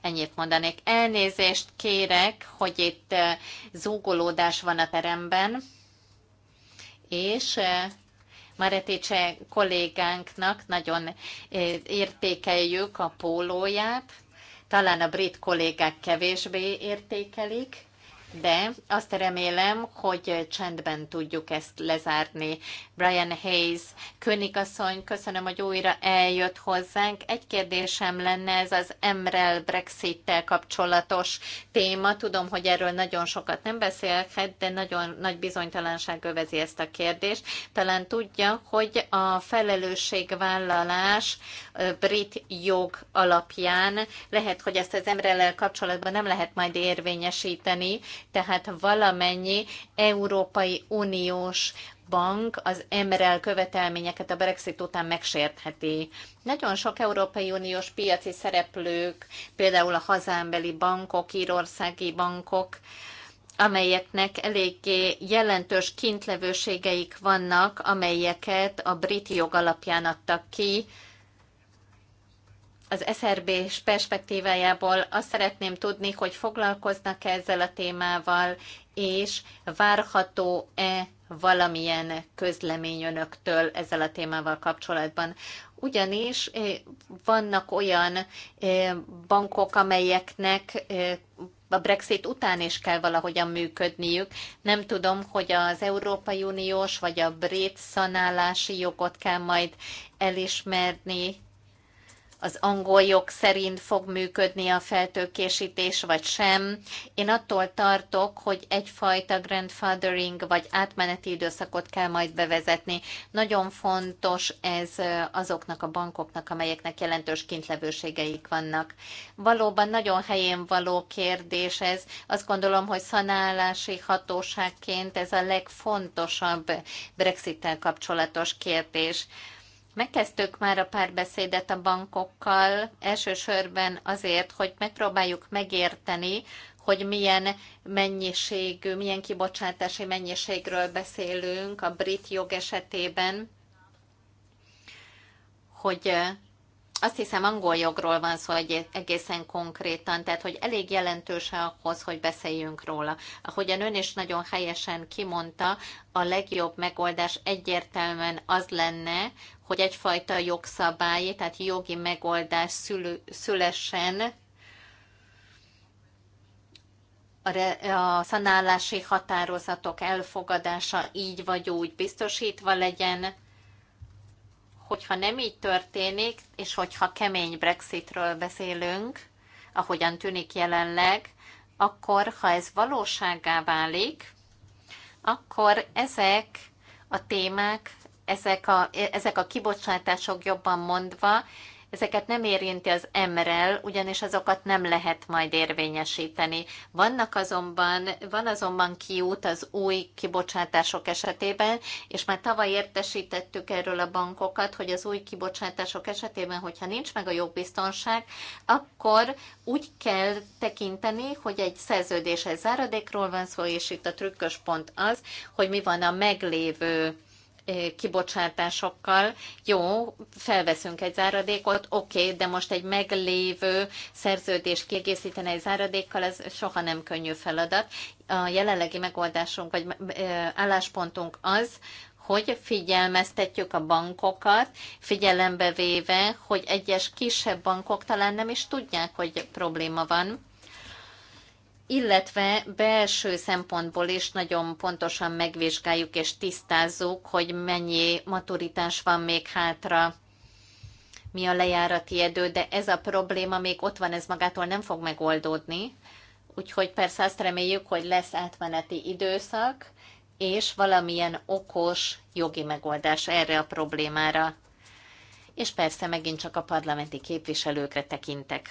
Ennyit mondanék. Elnézést kérek, hogy itt zúgolódás van a teremben, és Maretice kollégánknak nagyon értékeljük a pólóját, talán a brit kollégák kevésbé értékelik, de azt remélem, hogy csendben tudjuk ezt lezárni. Brian Hayes, Königasszony, köszönöm, hogy újra eljött hozzánk. Egy kérdésem lenne ez az Emrel Brexit-tel kapcsolatos téma. Tudom, hogy erről nagyon sokat nem beszélhet, de nagyon nagy bizonytalanság övezi ezt a kérdést. Talán tudja, hogy a felelősségvállalás brit jog alapján. Lehet, hogy ezt az emrellel kapcsolatban nem lehet majd érvényesíteni, tehát valamennyi Európai Uniós bank az MREL követelményeket a Brexit után megsértheti. Nagyon sok Európai Uniós piaci szereplők, például a hazámbeli bankok, írországi bankok, amelyeknek eléggé jelentős kintlevőségeik vannak, amelyeket a brit jog alapján adtak ki, az SRB perspektívájából azt szeretném tudni, hogy foglalkoznak -e ezzel a témával, és várható-e valamilyen közlemény önöktől ezzel a témával kapcsolatban. Ugyanis eh, vannak olyan eh, bankok, amelyeknek eh, a Brexit után is kell valahogyan működniük. Nem tudom, hogy az Európai Uniós vagy a brit szanálási jogot kell majd elismerni az angol jog szerint fog működni a feltőkésítés, vagy sem. Én attól tartok, hogy egyfajta grandfathering vagy átmeneti időszakot kell majd bevezetni. Nagyon fontos ez azoknak a bankoknak, amelyeknek jelentős kintlevőségeik vannak. Valóban nagyon helyén való kérdés ez. Azt gondolom, hogy szanálási hatóságként ez a legfontosabb Brexit-tel kapcsolatos kérdés. Megkezdtük már a párbeszédet a bankokkal, elsősorban azért, hogy megpróbáljuk megérteni, hogy milyen mennyiségű, milyen kibocsátási mennyiségről beszélünk a brit jog esetében, hogy azt hiszem angol jogról van szó egy, egészen konkrétan, tehát hogy elég jelentős ahhoz, hogy beszéljünk róla. Ahogyan ön is nagyon helyesen kimondta, a legjobb megoldás egyértelműen az lenne, hogy egyfajta jogszabály, tehát jogi megoldás szülő, szülessen a szanálási határozatok elfogadása így vagy úgy biztosítva legyen, hogyha nem így történik, és hogyha kemény Brexitről beszélünk, ahogyan tűnik jelenleg, akkor ha ez valóságá válik, akkor ezek a témák, ezek a, ezek a kibocsátások jobban mondva Ezeket nem érinti az MRL, ugyanis azokat nem lehet majd érvényesíteni. Vannak azonban, van azonban kiút az új kibocsátások esetében, és már tavaly értesítettük erről a bankokat, hogy az új kibocsátások esetében, hogyha nincs meg a jogbiztonság, akkor úgy kell tekinteni, hogy egy szerződéses záradékról van szó, és itt a trükkös pont az, hogy mi van a meglévő kibocsátásokkal, jó, felveszünk egy záradékot, oké, okay, de most egy meglévő szerződést kiegészíteni egy záradékkal, ez soha nem könnyű feladat. A jelenlegi megoldásunk, vagy álláspontunk az, hogy figyelmeztetjük a bankokat, figyelembe véve, hogy egyes kisebb bankok talán nem is tudják, hogy probléma van illetve belső szempontból is nagyon pontosan megvizsgáljuk és tisztázzuk, hogy mennyi maturitás van még hátra, mi a lejárati idő, de ez a probléma még ott van, ez magától nem fog megoldódni. Úgyhogy persze azt reméljük, hogy lesz átmeneti időszak, és valamilyen okos jogi megoldás erre a problémára. És persze megint csak a parlamenti képviselőkre tekintek.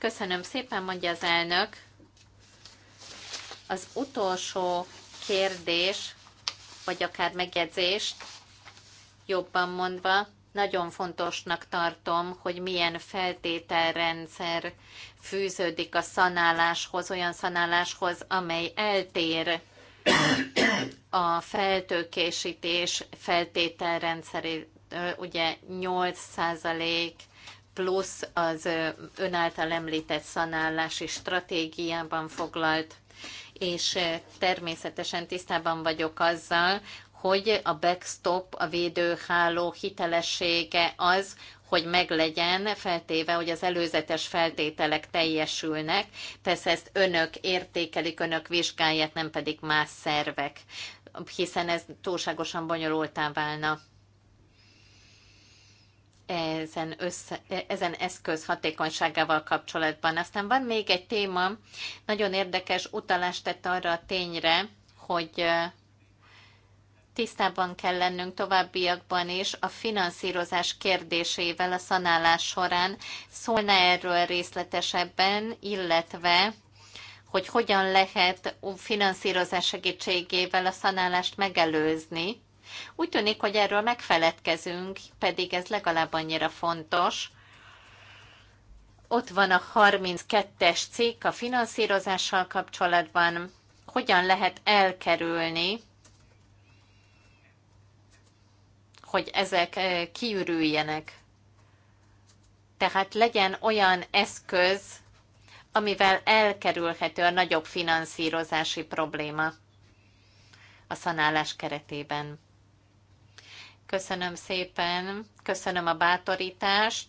Köszönöm szépen, mondja az elnök. Az utolsó kérdés, vagy akár megjegyzést, jobban mondva, nagyon fontosnak tartom, hogy milyen feltételrendszer fűződik a szanáláshoz, olyan szanáláshoz, amely eltér a feltőkésítés feltételrendszerét. Ugye 8 százalék plusz az ön által említett szanállási stratégiában foglalt, és természetesen tisztában vagyok azzal, hogy a backstop, a védőháló hitelessége az, hogy meglegyen, feltéve, hogy az előzetes feltételek teljesülnek. Persze ezt önök értékelik, önök vizsgálják, nem pedig más szervek, hiszen ez túlságosan bonyolultá válna ezen, össze, ezen eszköz hatékonyságával kapcsolatban. Aztán van még egy téma, nagyon érdekes utalást tett arra a tényre, hogy tisztában kell lennünk továbbiakban is a finanszírozás kérdésével a szanálás során. Szólna erről részletesebben, illetve hogy hogyan lehet finanszírozás segítségével a szanálást megelőzni, úgy tűnik, hogy erről megfeledkezünk, pedig ez legalább annyira fontos. Ott van a 32-es cikk a finanszírozással kapcsolatban. Hogyan lehet elkerülni, hogy ezek eh, kiürüljenek? Tehát legyen olyan eszköz, amivel elkerülhető a nagyobb finanszírozási probléma a szanálás keretében. Köszönöm szépen, köszönöm a bátorítást.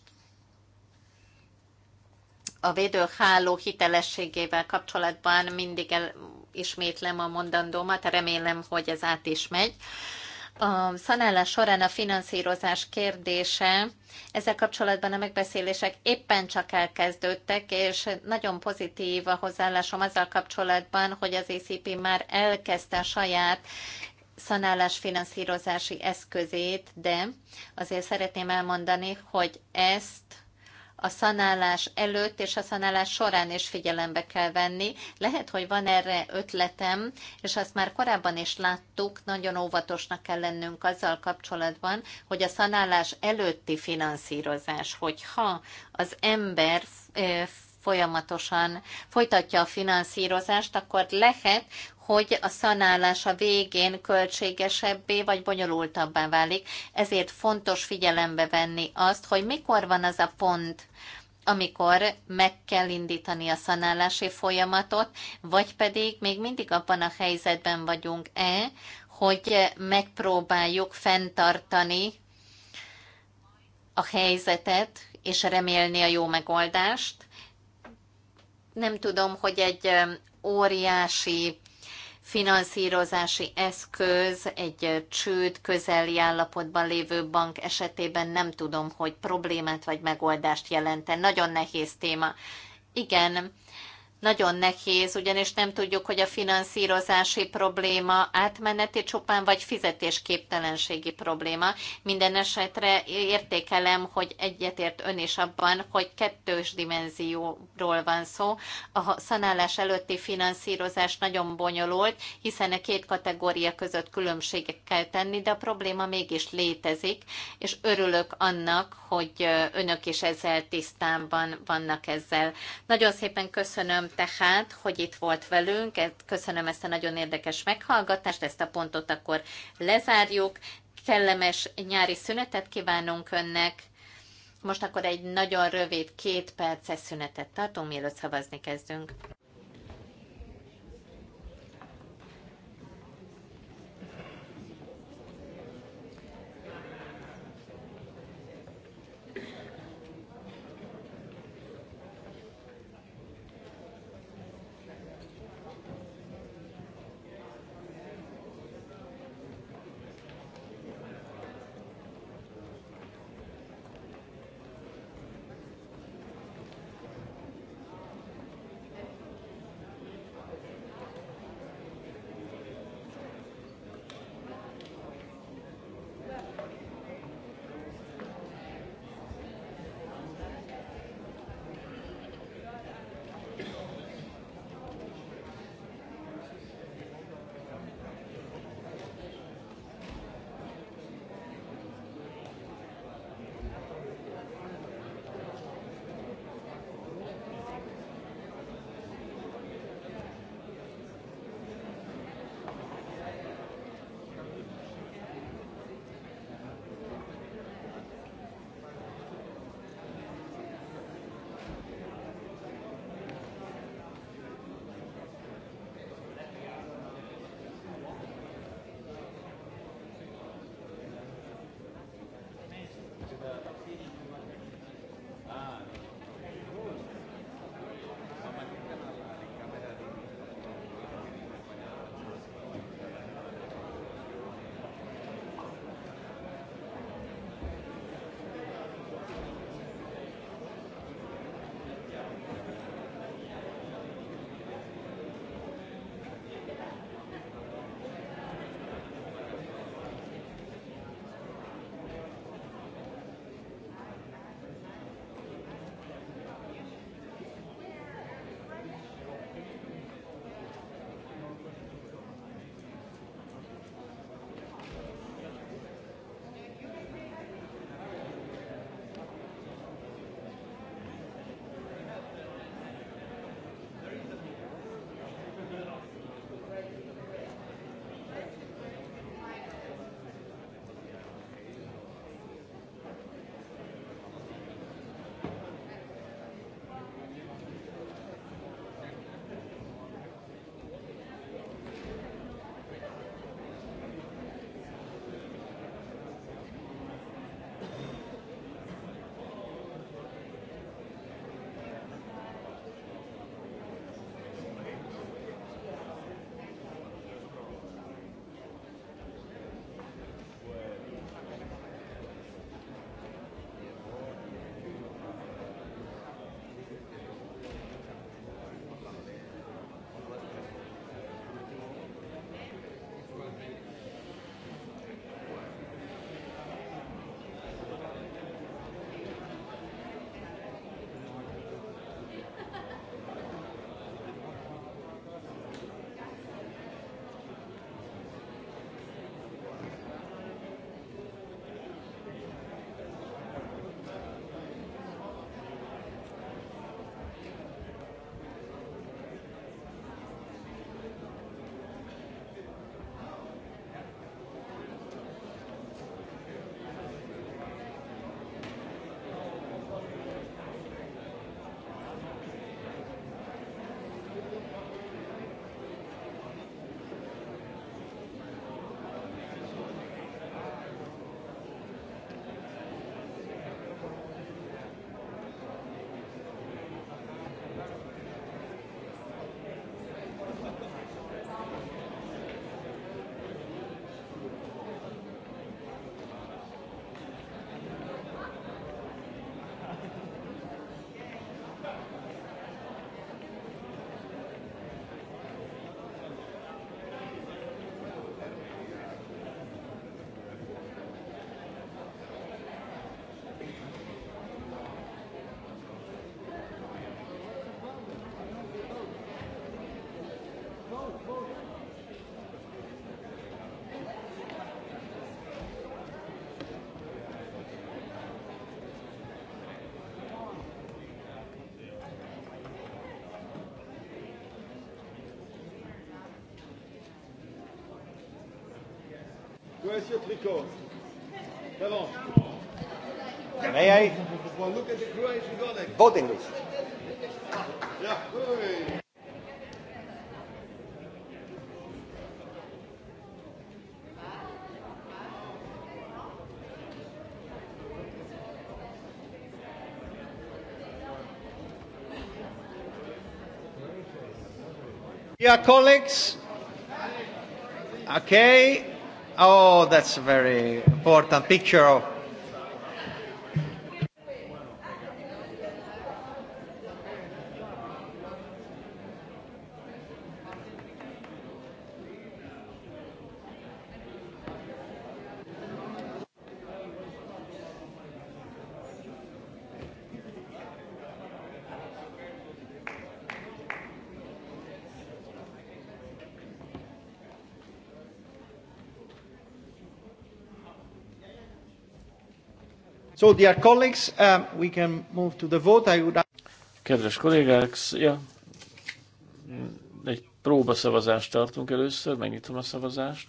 A védőháló hitelességével kapcsolatban mindig el, ismétlem a mondandómat, remélem, hogy ez át is megy. A szanállás során a finanszírozás kérdése, ezzel kapcsolatban a megbeszélések éppen csak elkezdődtek, és nagyon pozitív a hozzáállásom azzal kapcsolatban, hogy az ACP már elkezdte a saját szanálás finanszírozási eszközét, de azért szeretném elmondani, hogy ezt a szanálás előtt és a szanálás során is figyelembe kell venni. Lehet, hogy van erre ötletem, és azt már korábban is láttuk, nagyon óvatosnak kell lennünk azzal kapcsolatban, hogy a szanálás előtti finanszírozás, hogyha az ember folyamatosan folytatja a finanszírozást, akkor lehet, hogy a szanálás a végén költségesebbé vagy bonyolultabbá válik. Ezért fontos figyelembe venni azt, hogy mikor van az a pont, amikor meg kell indítani a szanálási folyamatot, vagy pedig még mindig abban a helyzetben vagyunk-e, hogy megpróbáljuk fenntartani a helyzetet, és remélni a jó megoldást. Nem tudom, hogy egy óriási finanszírozási eszköz egy csőd közeli állapotban lévő bank esetében nem tudom, hogy problémát vagy megoldást jelenten. Nagyon nehéz téma. Igen, nagyon nehéz, ugyanis nem tudjuk, hogy a finanszírozási probléma átmeneti csupán, vagy fizetésképtelenségi probléma. Minden esetre értékelem, hogy egyetért ön is abban, hogy kettős dimenzióról van szó. A szanálás előtti finanszírozás nagyon bonyolult, hiszen a két kategória között különbségek kell tenni, de a probléma mégis létezik, és örülök annak, hogy önök is ezzel tisztában vannak ezzel. Nagyon szépen köszönöm tehát, hogy itt volt velünk. Köszönöm ezt a nagyon érdekes meghallgatást, ezt a pontot akkor lezárjuk. Kellemes nyári szünetet kívánunk önnek. Most akkor egy nagyon rövid két perces szünetet tartunk, mielőtt szavazni kezdünk. May I? Both English. Yeah. Dear colleagues, okay, Oh, that's a very important picture of So, dear colleagues, um, we can move to the vote. I would... Kedves kollégák, ja, egy szavazást tartunk először, megnyitom a szavazást.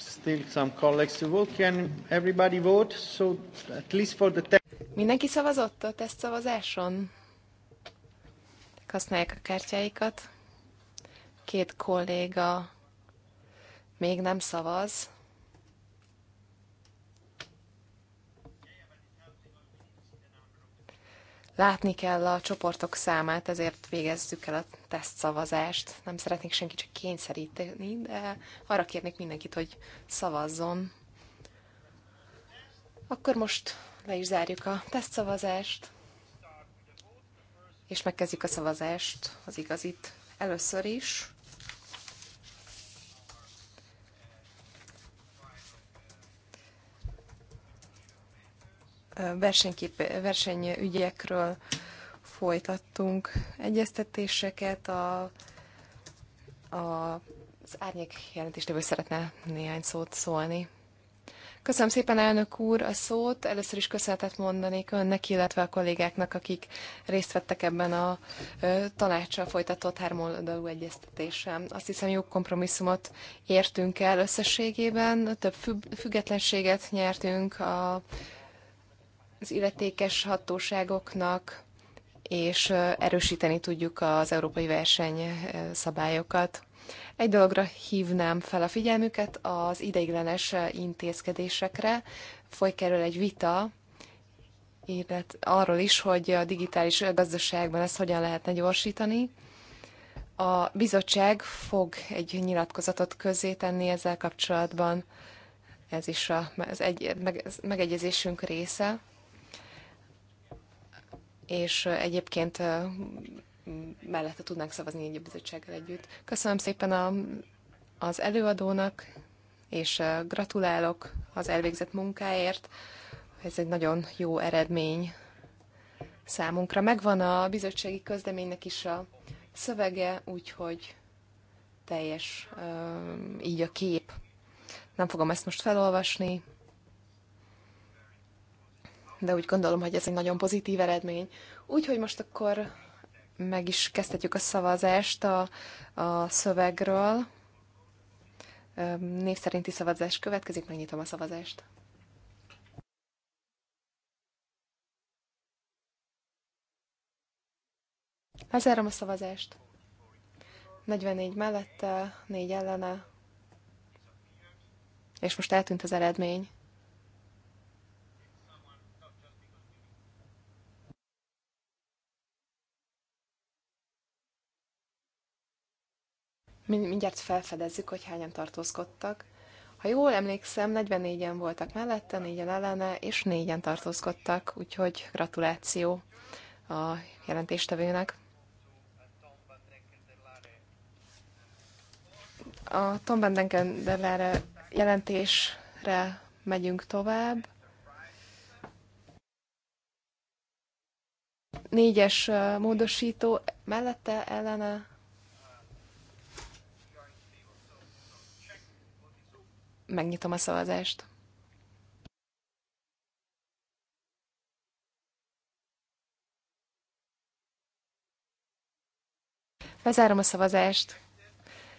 still some colleagues to vote. Can everybody vote? So at least for the test. Mindenki szavazott a tesztszavazáson? használják a kártyáikat. Két kolléga még nem szavaz. Látni kell a csoportok számát, ezért végezzük el a tesztszavazást. Nem szeretnék senkit csak kényszeríteni, de arra kérnék mindenkit, hogy szavazzon. Akkor most le is zárjuk a tesztszavazást és megkezdjük a szavazást, az igazit először is. Versenykép, versenyügyekről folytattunk egyeztetéseket, a, a, az árnyék jelentéstevő szeretne néhány szót szólni. Köszönöm szépen, elnök úr, a szót. Először is köszönetet mondanék önnek, illetve a kollégáknak, akik részt vettek ebben a tanácssal folytatott háromoldalú egyeztetésen. Azt hiszem, jó kompromisszumot értünk el összességében, több függetlenséget nyertünk a, az illetékes hatóságoknak, és erősíteni tudjuk az európai versenyszabályokat. Egy dologra hívnám fel a figyelmüket, az ideiglenes intézkedésekre. Folyik erről egy vita, illet arról is, hogy a digitális gazdaságban ezt hogyan lehetne gyorsítani. A bizottság fog egy nyilatkozatot tenni ezzel kapcsolatban. Ez is a, ez egy, meg, ez megegyezésünk része. És egyébként mellette tudnánk szavazni egy bizottsággal együtt. Köszönöm szépen a, az előadónak, és gratulálok az elvégzett munkáért. Ez egy nagyon jó eredmény számunkra. Megvan a bizottsági közleménynek is a szövege, úgyhogy teljes így a kép. Nem fogom ezt most felolvasni, de úgy gondolom, hogy ez egy nagyon pozitív eredmény. Úgyhogy most akkor meg is kezdhetjük a szavazást a, a szövegről. Név szerinti szavazás következik, megnyitom a szavazást. Lezárom a szavazást. 44 mellette, 4 ellene. És most eltűnt az eredmény. mindjárt felfedezzük, hogy hányan tartózkodtak. Ha jól emlékszem, 44-en voltak mellette, 4-en ellene, és 4-en tartózkodtak, úgyhogy gratuláció a jelentéstevőnek. A Tom Bendenkendelere jelentésre megyünk tovább. Négyes módosító mellette ellene Megnyitom a szavazást. Bezárom a szavazást.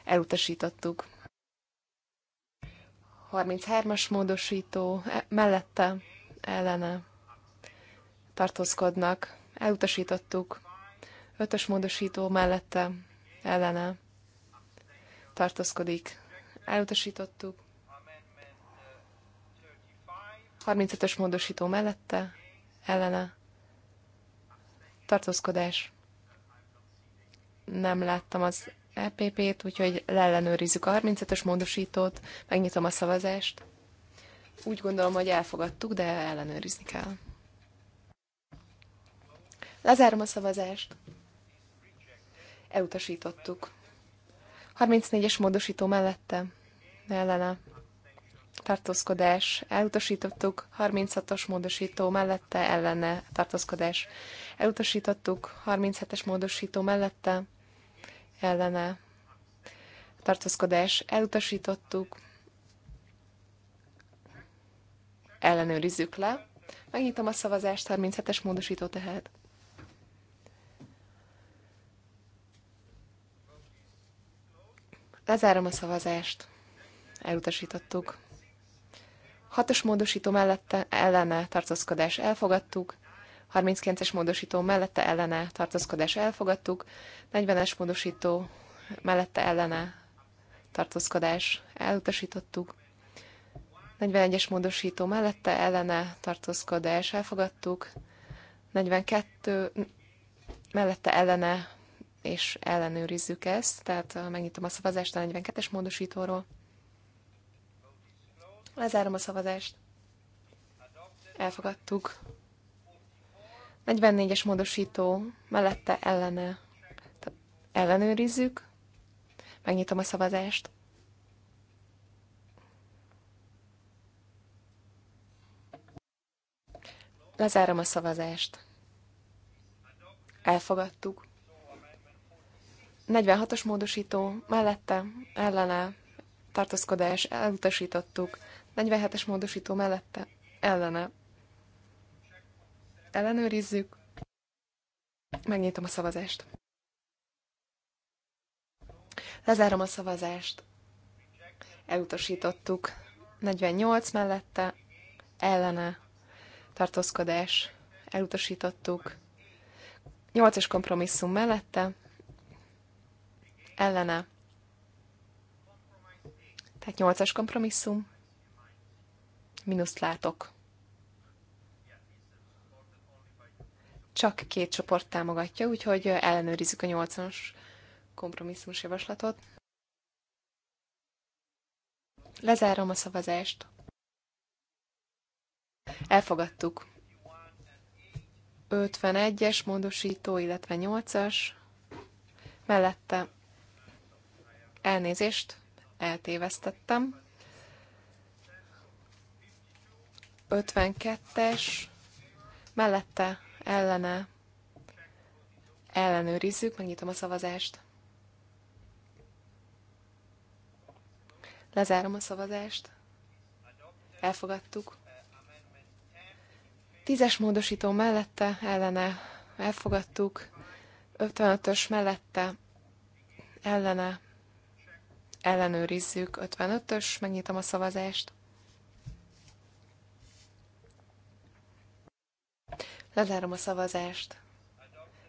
Elutasítottuk. 33-as módosító e, mellette, ellene tartózkodnak. Elutasítottuk. 5-ös módosító mellette, ellene tartózkodik. Elutasítottuk. 35-ös módosító mellette, ellene, tartózkodás. Nem láttam az EPP-t, úgyhogy leellenőrizzük a 35-ös módosítót, megnyitom a szavazást. Úgy gondolom, hogy elfogadtuk, de ellenőrizni kell. Lezárom a szavazást. Elutasítottuk. 34-es módosító mellette. Ellene tartózkodás, elutasítottuk, 36-os módosító mellette, ellene tartózkodás, elutasítottuk, 37-es módosító mellette, ellene tartózkodás, elutasítottuk, ellenőrizzük le. Megnyitom a szavazást, 37-es módosító tehát. Lezárom a szavazást. Elutasítottuk. Hatos módosító mellette ellene tartózkodás elfogadtuk. 39-es módosító mellette ellene tartózkodás elfogadtuk. 40-es módosító mellette ellene tartózkodás elutasítottuk. 41-es módosító mellette ellene tartózkodás elfogadtuk. 42 mellette ellene és ellenőrizzük ezt, tehát megnyitom a szavazást a 42-es módosítóról. Lezárom a szavazást. Elfogadtuk. 44-es módosító mellette ellene. Ellenőrizzük. Megnyitom a szavazást. Lezárom a szavazást. Elfogadtuk. 46-os módosító mellette ellene tartózkodás elutasítottuk. 47-es módosító mellette ellene. Ellenőrizzük. Megnyitom a szavazást. Lezárom a szavazást. Elutasítottuk. 48 mellette ellene tartózkodás. Elutasítottuk. 8 es kompromisszum mellette ellene. Tehát 8-as kompromisszum mínuszt látok. Csak két csoport támogatja, úgyhogy ellenőrizzük a 80-as kompromisszumos javaslatot. Lezárom a szavazást. Elfogadtuk. 51-es módosító, illetve 8-as. Mellette elnézést, eltévesztettem. 52-es, mellette, ellene, ellenőrizzük, megnyitom a szavazást. Lezárom a szavazást. Elfogadtuk. Tízes módosító mellette, ellene, elfogadtuk. 55-ös mellette, ellene, ellenőrizzük. 55-ös, megnyitom a szavazást. Lezárom a szavazást.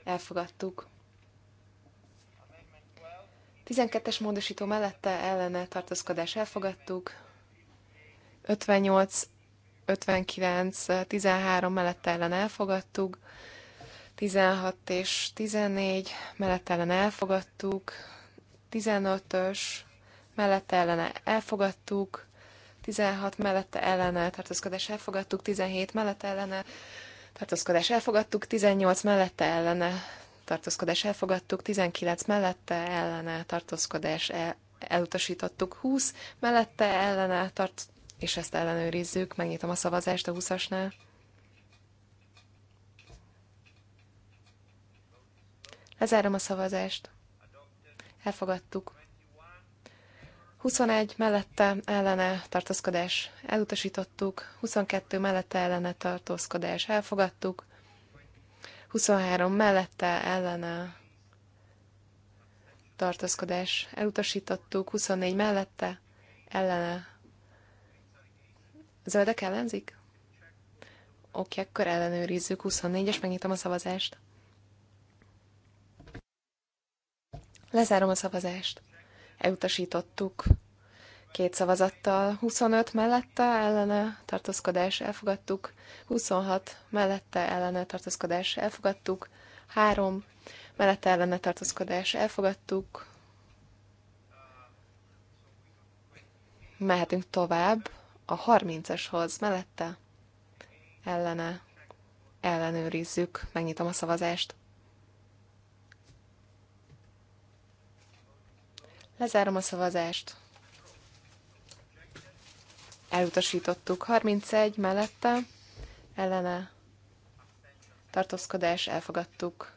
Elfogadtuk. 12-es módosító mellette ellene tartózkodás elfogadtuk. 58, 59, 13 mellette ellen elfogadtuk. 16 és 14 mellette ellen elfogadtuk. 15-ös mellette ellene elfogadtuk. 16 mellette ellene tartózkodás elfogadtuk. 17 mellette ellene tartózkodás elfogadtuk, 18 mellette ellene tartózkodás elfogadtuk, 19 mellette ellene tartózkodás el, elutasítottuk, 20 mellette ellene tart, és ezt ellenőrizzük, megnyitom a szavazást a 20-asnál. Lezárom a szavazást. Elfogadtuk. 21 mellette ellene tartózkodás elutasítottuk, 22 mellette ellene tartózkodás elfogadtuk, 23 mellette ellene tartózkodás elutasítottuk, 24 mellette ellene. Zöldek ellenzik? Oké, okay, akkor ellenőrizzük 24-es, megnyitom a szavazást. Lezárom a szavazást elutasítottuk két szavazattal, 25 mellette ellene tartózkodás elfogadtuk, 26 mellette ellene tartózkodás elfogadtuk, 3 mellette ellene tartózkodás elfogadtuk, mehetünk tovább a 30-eshoz mellette ellene ellenőrizzük, megnyitom a szavazást. Lezárom a szavazást. Elutasítottuk. 31 mellette, ellene tartózkodás, elfogadtuk.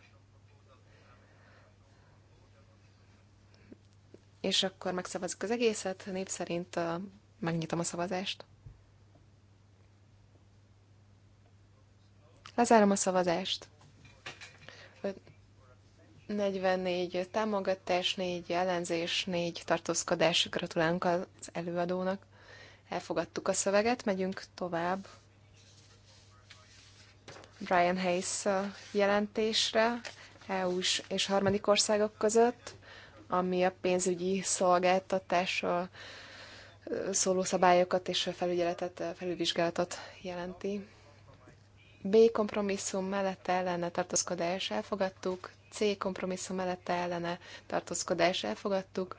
És akkor megszavazzuk az egészet, név szerint a, megnyitom a szavazást. Lezárom a szavazást. 44 támogatás, 4 ellenzés, 4 tartózkodás. Gratulálunk az előadónak. Elfogadtuk a szöveget, megyünk tovább. Brian Hayes jelentésre, eu és harmadik országok között, ami a pénzügyi szolgáltatásról szóló szabályokat és felügyeletet, felülvizsgálatot jelenti. B kompromisszum mellett ellene tartózkodás elfogadtuk, C kompromisszum mellette ellene tartózkodás elfogadtuk.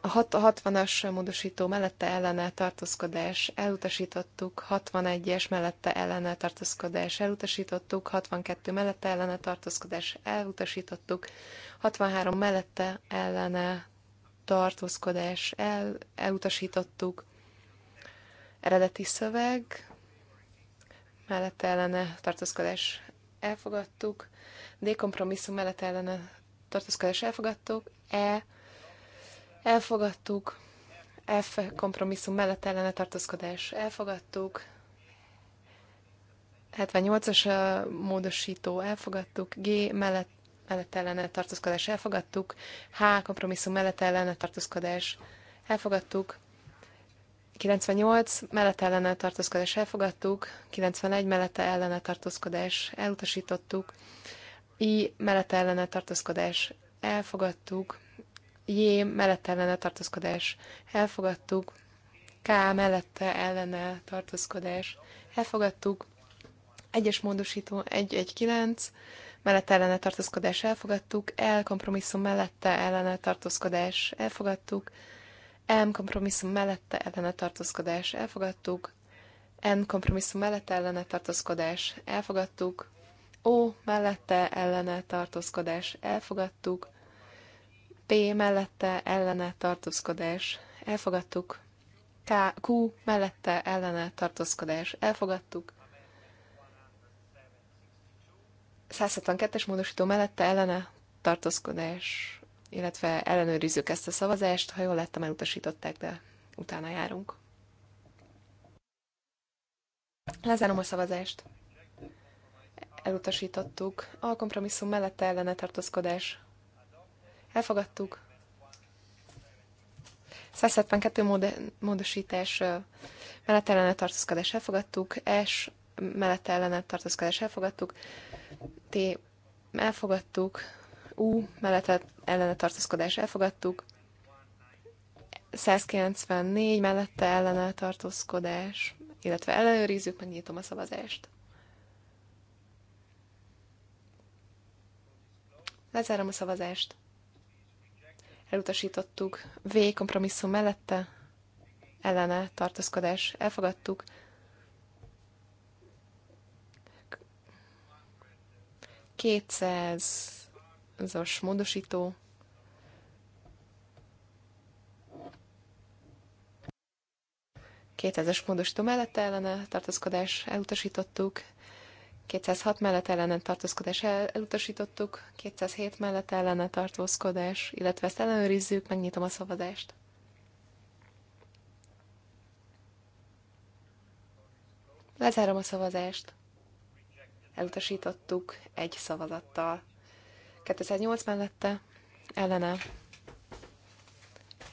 A 60-as módosító mellette ellene tartózkodás elutasítottuk, 61-es mellette ellene tartózkodás elutasítottuk, 62 mellette ellene tartózkodás elutasítottuk, 63 mellette ellene tartózkodás el, elutasítottuk. Eredeti szöveg mellette ellene tartózkodás elfogadtuk, D kompromisszum mellett ellene tartózkodás elfogadtuk, E elfogadtuk, F kompromisszum mellett ellene tartózkodás elfogadtuk, 78-as módosító elfogadtuk, G mellett, mellett ellene tartózkodás elfogadtuk, H kompromisszum mellett ellene tartózkodás elfogadtuk, 98 mellette ellene tartózkodás elfogadtuk, 91 mellette ellene tartózkodás elutasítottuk, I mellette ellene tartózkodás elfogadtuk, J mellette ellene tartózkodás elfogadtuk, K mellette ellene tartózkodás elfogadtuk, egyes módosító 119 mellette ellene tartózkodás elfogadtuk, L kompromisszum mellette ellene tartózkodás elfogadtuk, M kompromisszum mellette ellene tartózkodás elfogadtuk, N kompromisszum mellette ellene tartózkodás elfogadtuk, O mellette ellene tartózkodás elfogadtuk, P mellette ellene tartózkodás elfogadtuk, K, Q mellette ellene tartózkodás elfogadtuk, 172-es módosító mellette ellene tartózkodás illetve ellenőrizzük ezt a szavazást. Ha jól láttam, elutasították, de utána járunk. Lezárom a szavazást. Elutasítottuk. A kompromisszum mellette ellene tartózkodás. Elfogadtuk. 172 mód- módosítás mellette ellene tartózkodás elfogadtuk. S mellette ellene tartózkodás elfogadtuk. T elfogadtuk U mellette hát ellene tartózkodás elfogadtuk. 194 mellette ellene tartózkodás, illetve ellenőrizzük, megnyitom a szavazást. Lezárom a szavazást. Elutasítottuk. V kompromisszum mellette ellene tartózkodás elfogadtuk. 200 a smódosító. Kétezes módosító mellett ellene tartózkodás elutasítottuk. 206 mellett ellene tartózkodás elutasítottuk, 207 mellett ellene tartózkodás, illetve ezt ellenőrizzük, megnyitom a szavazást. Lezárom a szavazást. Elutasítottuk egy szavazattal. 208 mellette ellene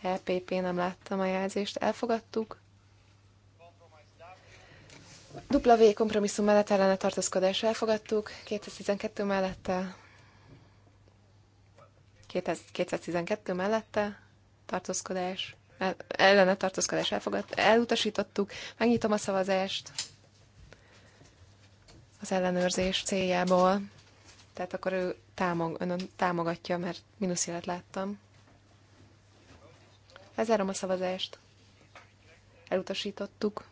LPP e nem láttam a jelzést, elfogadtuk. W kompromisszum mellett ellene tartózkodás elfogadtuk, 2012 mellette 2012 mellette tartózkodás, ellene tartózkodás elfogadt, elutasítottuk, megnyitom a szavazást az ellenőrzés céljából. Tehát akkor ő támog, önön támogatja, mert élet láttam. Lezárom a szavazást. Elutasítottuk.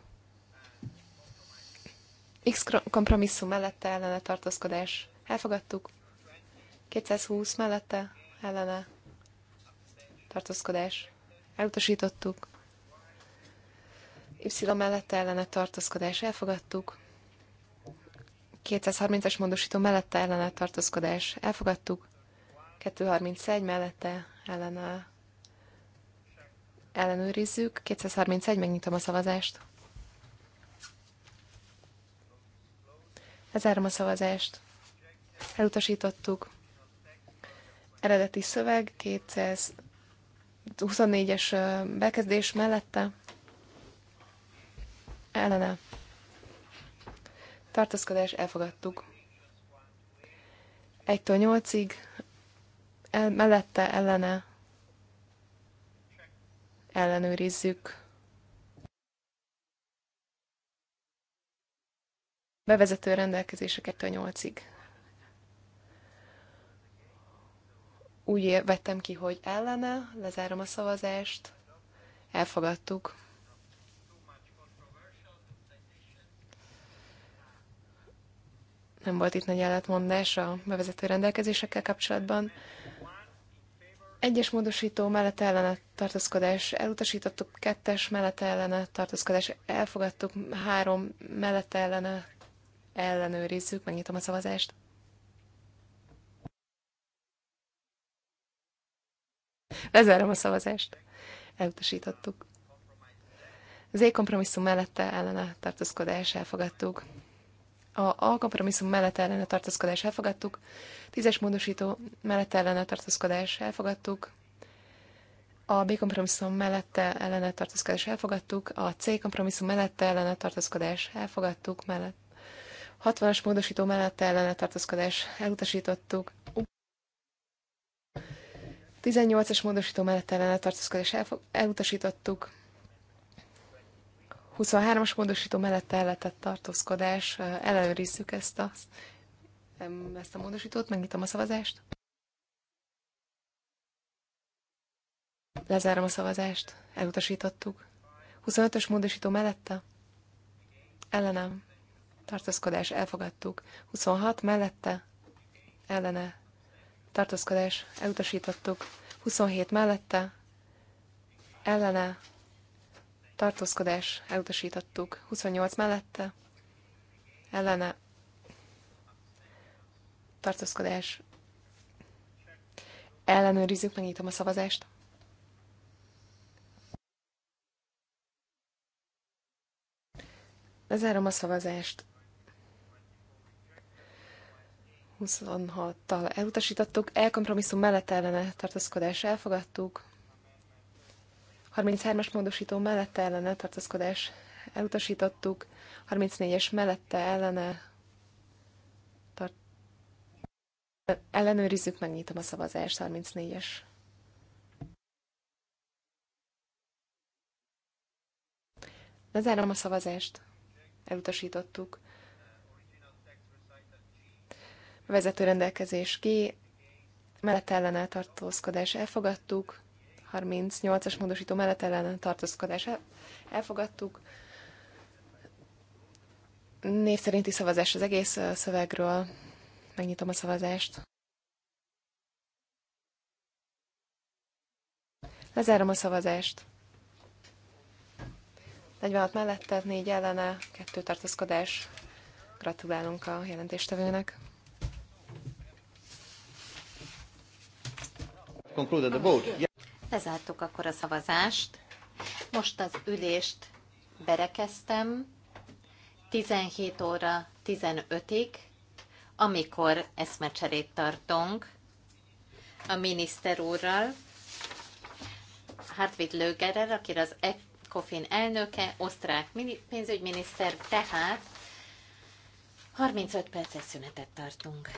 X kompromisszum mellette ellene tartózkodás. Elfogadtuk. 220 mellette ellene tartózkodás. Elutasítottuk. Y mellette ellene tartózkodás. Elfogadtuk. 230-as módosító mellette ellene tartózkodás. Elfogadtuk. 231 mellette ellene ellenőrizzük. 231, megnyitom a szavazást. Lezárom a szavazást. Elutasítottuk. Eredeti szöveg, 224-es bekezdés mellette. Ellene tartózkodás elfogadtuk. Egytől nyolcig, el, mellette, ellene, ellenőrizzük. Bevezető rendelkezések 1 nyolcig. Úgy vettem ki, hogy ellene, lezárom a szavazást, elfogadtuk. nem volt itt nagy ellentmondás a bevezető rendelkezésekkel kapcsolatban. Egyes módosító mellett ellene tartózkodás elutasítottuk, kettes mellett ellene tartózkodás elfogadtuk, három mellett ellene ellenőrizzük, megnyitom a szavazást. Lezárom a szavazást. Elutasítottuk. Z kompromisszum mellette ellene tartózkodás elfogadtuk a, a kompromisszum mellett ellene tartózkodás elfogadtuk, tízes módosító mellett ellene tartózkodás elfogadtuk, a B kompromisszum mellette ellene tartózkodás elfogadtuk, a C kompromisszum mellette ellene tartózkodás elfogadtuk, mellett 60-as módosító mellette ellene tartózkodás elutasítottuk, 18-as módosító mellett ellene tartózkodás elutasítottuk, 23-as módosító mellett elletett tartózkodás, ellenőrizzük ezt a, ezt a módosítót, megnyitom a szavazást. Lezárom a szavazást, elutasítottuk. 25-ös módosító mellette? Ellenem. Tartózkodás, elfogadtuk. 26 mellette? Ellene. Tartózkodás, elutasítottuk. 27 mellette? Ellene tartózkodás elutasítottuk 28 mellette, ellene tartózkodás ellenőrizzük, megnyitom a szavazást. Lezárom a szavazást. 26-tal elutasítottuk, elkompromisszum mellett ellene tartózkodás elfogadtuk, 33-as módosító mellette ellene tartózkodás elutasítottuk, 34-es mellette ellene tart... ellenőrizzük, megnyitom a szavazást, 34-es. Lezárom a szavazást. Elutasítottuk. vezető rendelkezés G, mellett ellene tartózkodás elfogadtuk, 38-as módosító mellett ellen tartózkodás elfogadtuk. Név szerinti szavazás az egész szövegről. Megnyitom a szavazást. Lezárom a szavazást. 46 mellette, 4 ellene, 2 tartózkodás. Gratulálunk a jelentéstevőnek. Concluded the vote. Lezártuk akkor a szavazást. Most az ülést berekeztem 17 óra 15-ig, amikor eszmecserét tartunk a miniszter úrral, Hartwig Lögerrel, aki az ECOFIN elnöke, osztrák pénzügyminiszter, tehát 35 perces szünetet tartunk.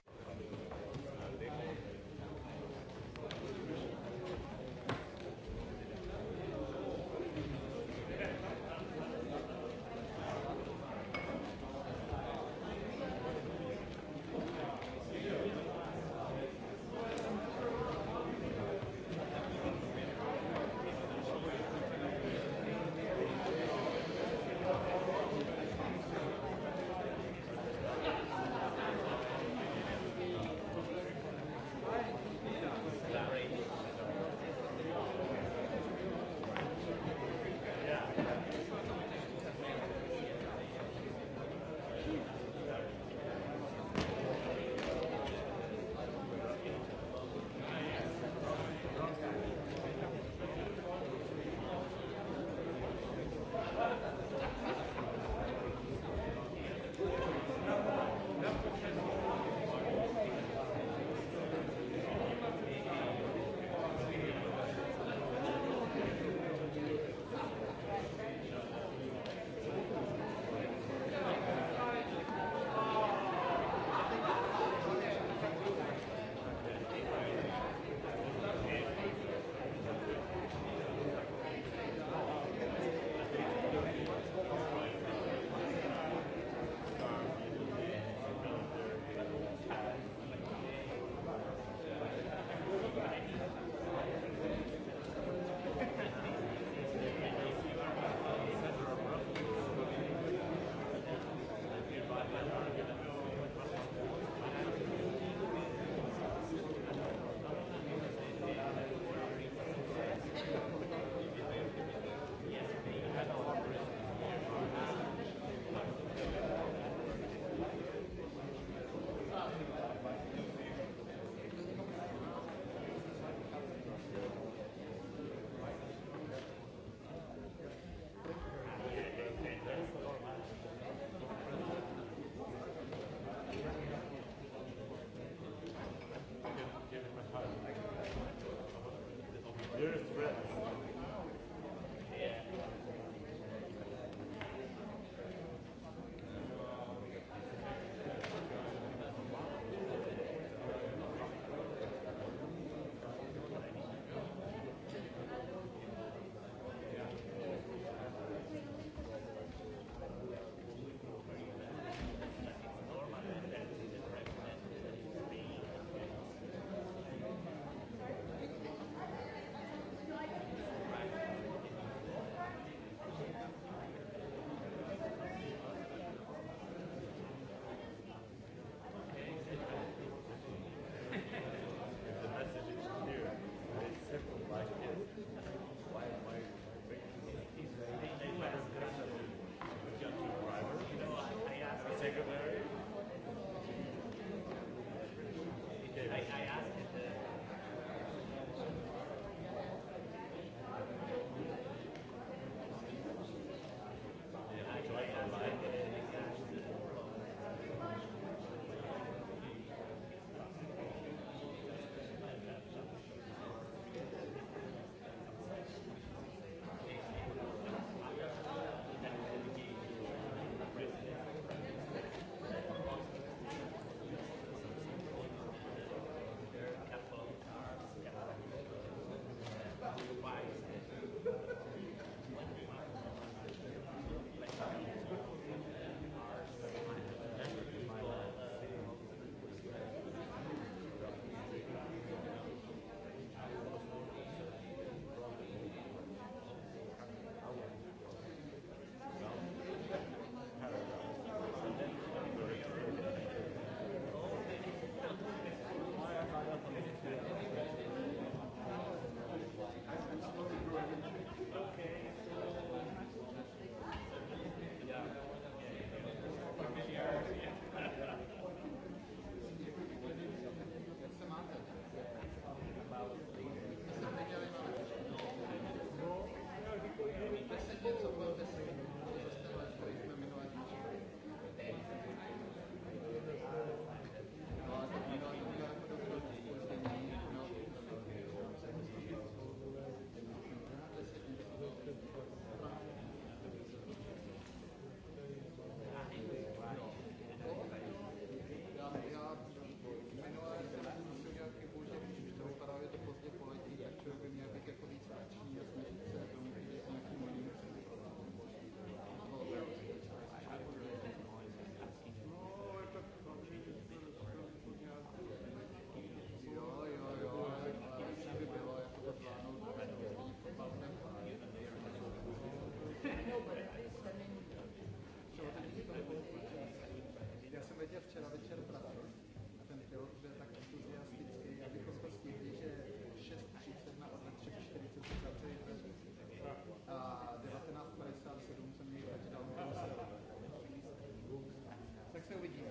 все увидим.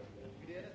Где этот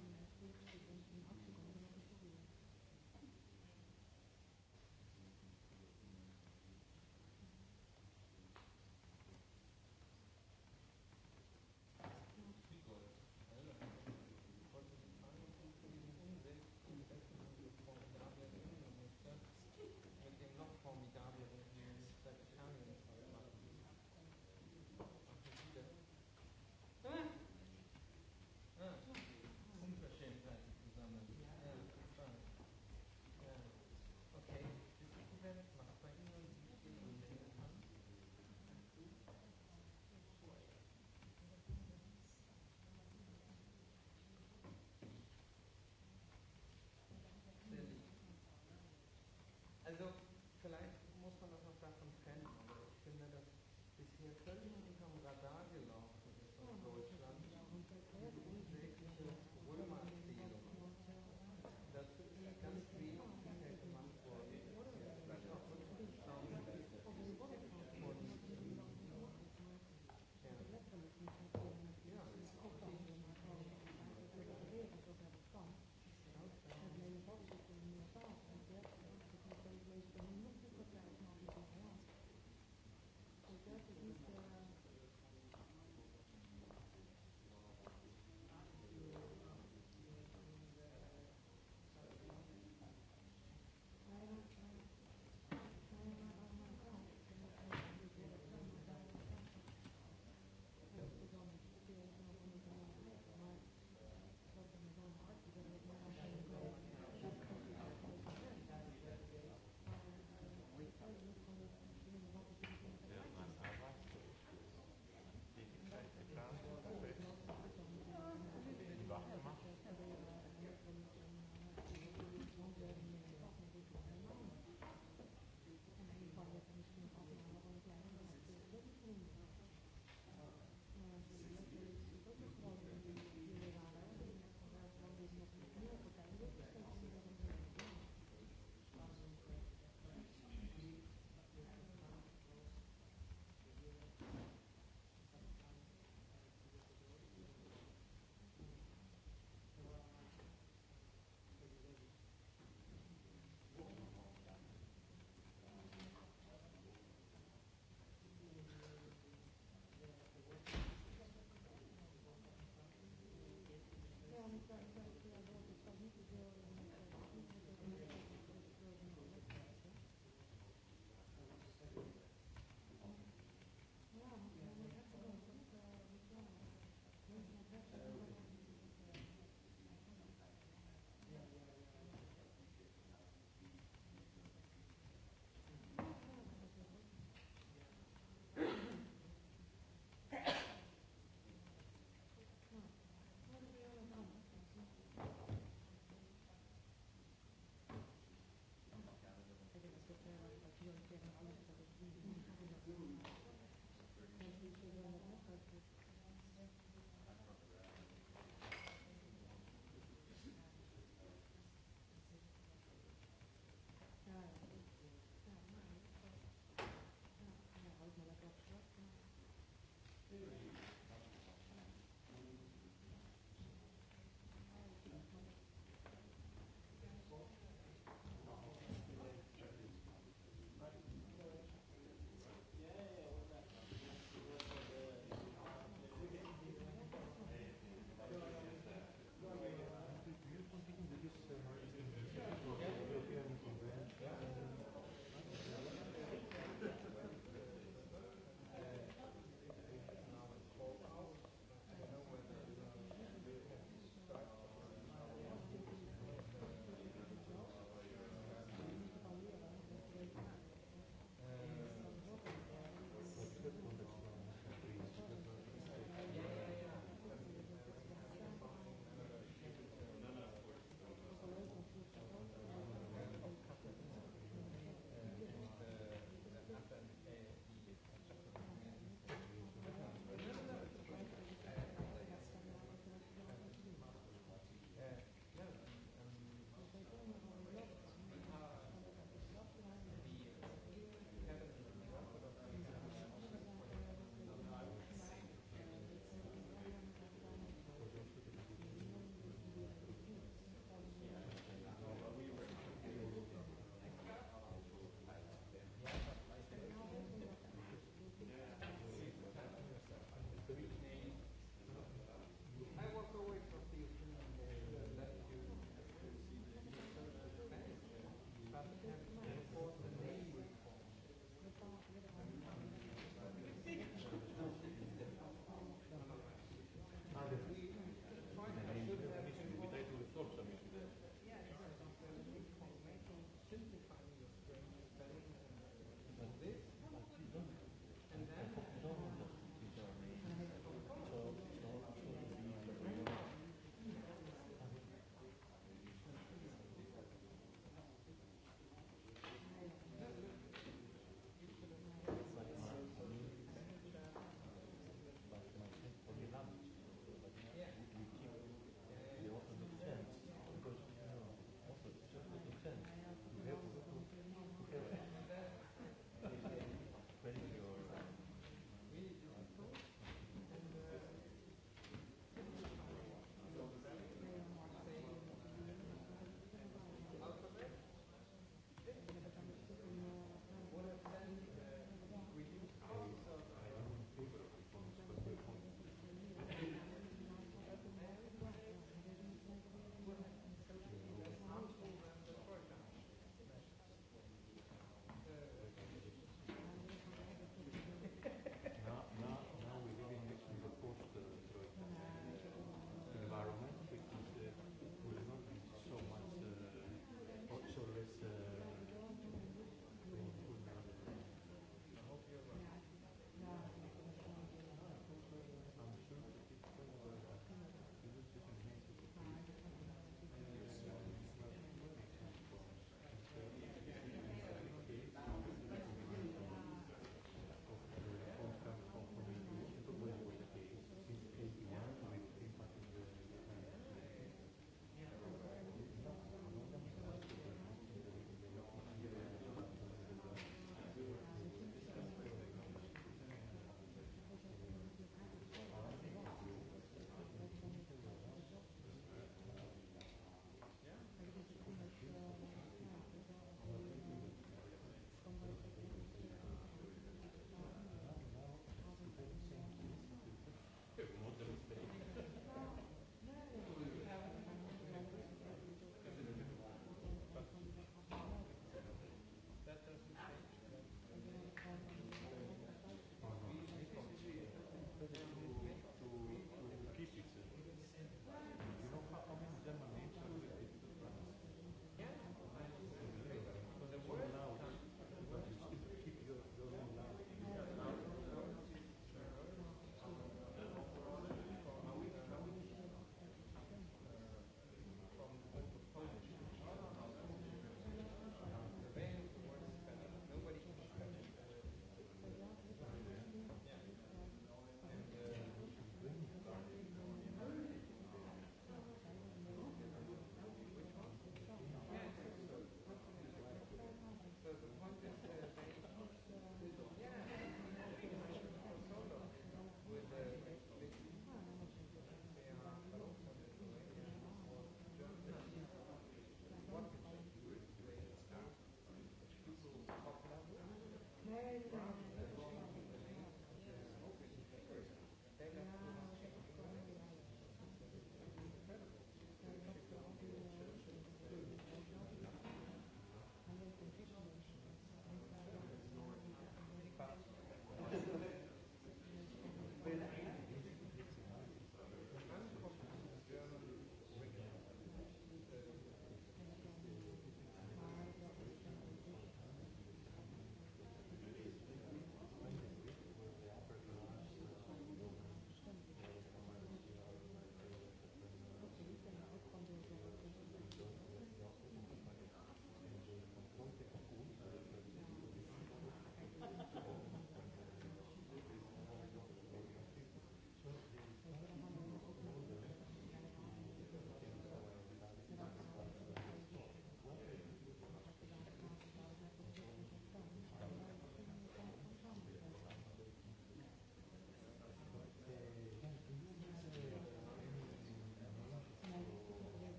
Also vielleicht muss man das noch davon trennen. Also ich finde, das bisher völlig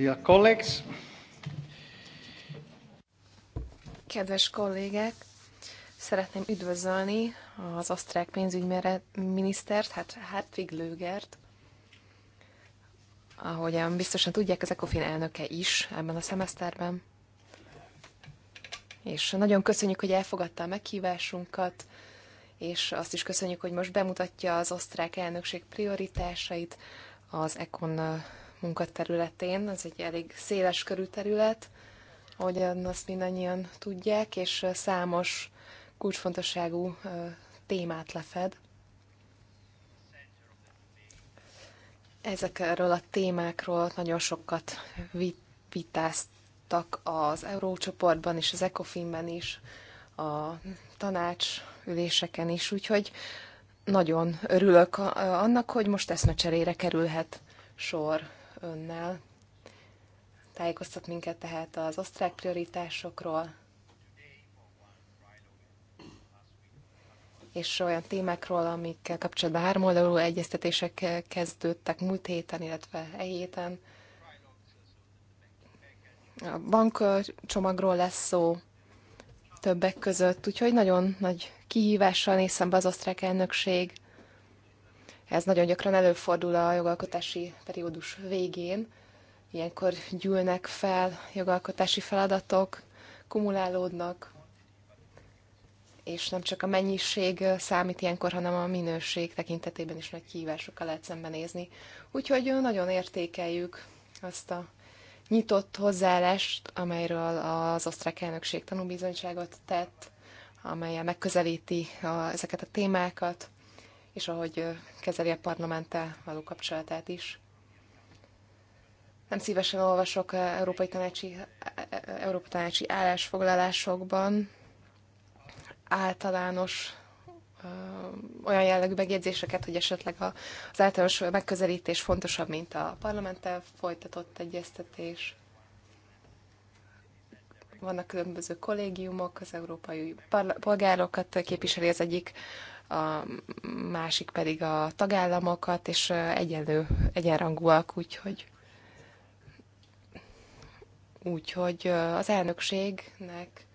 Dear colleagues. Kedves kollégák, szeretném üdvözölni az osztrák pénzügyminisztert, hát Hartwig Lögert, ahogyan biztosan tudják, az ECOFIN elnöke is ebben a szemeszterben. És nagyon köszönjük, hogy elfogadta a meghívásunkat, és azt is köszönjük, hogy most bemutatja az osztrák elnökség prioritásait az ECON munkaterületén. Ez egy elég széles körű terület, ahogyan azt mindannyian tudják, és számos kulcsfontosságú témát lefed. Ezekről a témákról nagyon sokat vitáztak az Eurócsoportban és az ECOFIN-ben is, a tanács üléseken is, úgyhogy nagyon örülök annak, hogy most eszmecserére kerülhet sor önnel. Tájékoztat minket tehát az osztrák prioritásokról, és olyan témákról, amikkel kapcsolatban oldalú egyeztetések kezdődtek múlt héten, illetve e héten. A bankcsomagról lesz szó többek között, úgyhogy nagyon nagy kihívással nézem be az osztrák elnökség ez nagyon gyakran előfordul a jogalkotási periódus végén. Ilyenkor gyűlnek fel jogalkotási feladatok, kumulálódnak, és nem csak a mennyiség számít ilyenkor, hanem a minőség tekintetében is nagy kihívásokkal lehet szembenézni. Úgyhogy nagyon értékeljük azt a nyitott hozzáállást, amelyről az osztrák elnökség tanúbizonyságot tett, amelyel megközelíti a, ezeket a témákat, és ahogy kezeli a parlamenttel való kapcsolatát is. Nem szívesen olvasok Európai Tanácsi, Európa Tanácsi állásfoglalásokban általános olyan jellegű megjegyzéseket, hogy esetleg az általános megközelítés fontosabb, mint a parlamenttel folytatott egyeztetés. Vannak különböző kollégiumok, az európai polgárokat képviseli az egyik a másik pedig a tagállamokat, és egyenlő, egyenrangúak, úgyhogy úgyhogy az elnökségnek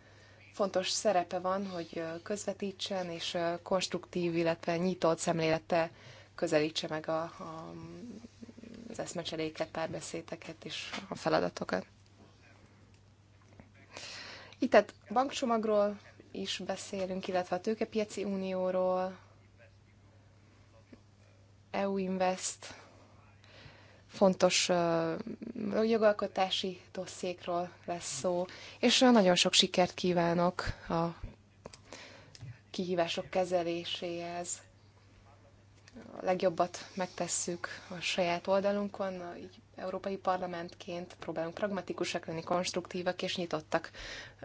fontos szerepe van, hogy közvetítsen, és konstruktív, illetve nyitott szemlélettel közelítse meg a, a, az eszmecseréket, párbeszédeket és a feladatokat. Itt a bankcsomagról is beszélünk, illetve a tőkepiaci unióról, EU Invest, fontos jogalkotási dosszékról lesz szó, és nagyon sok sikert kívánok a kihívások kezeléséhez. A legjobbat megtesszük a saját oldalunkon, így Európai Parlamentként próbálunk pragmatikusak lenni, konstruktívak és nyitottak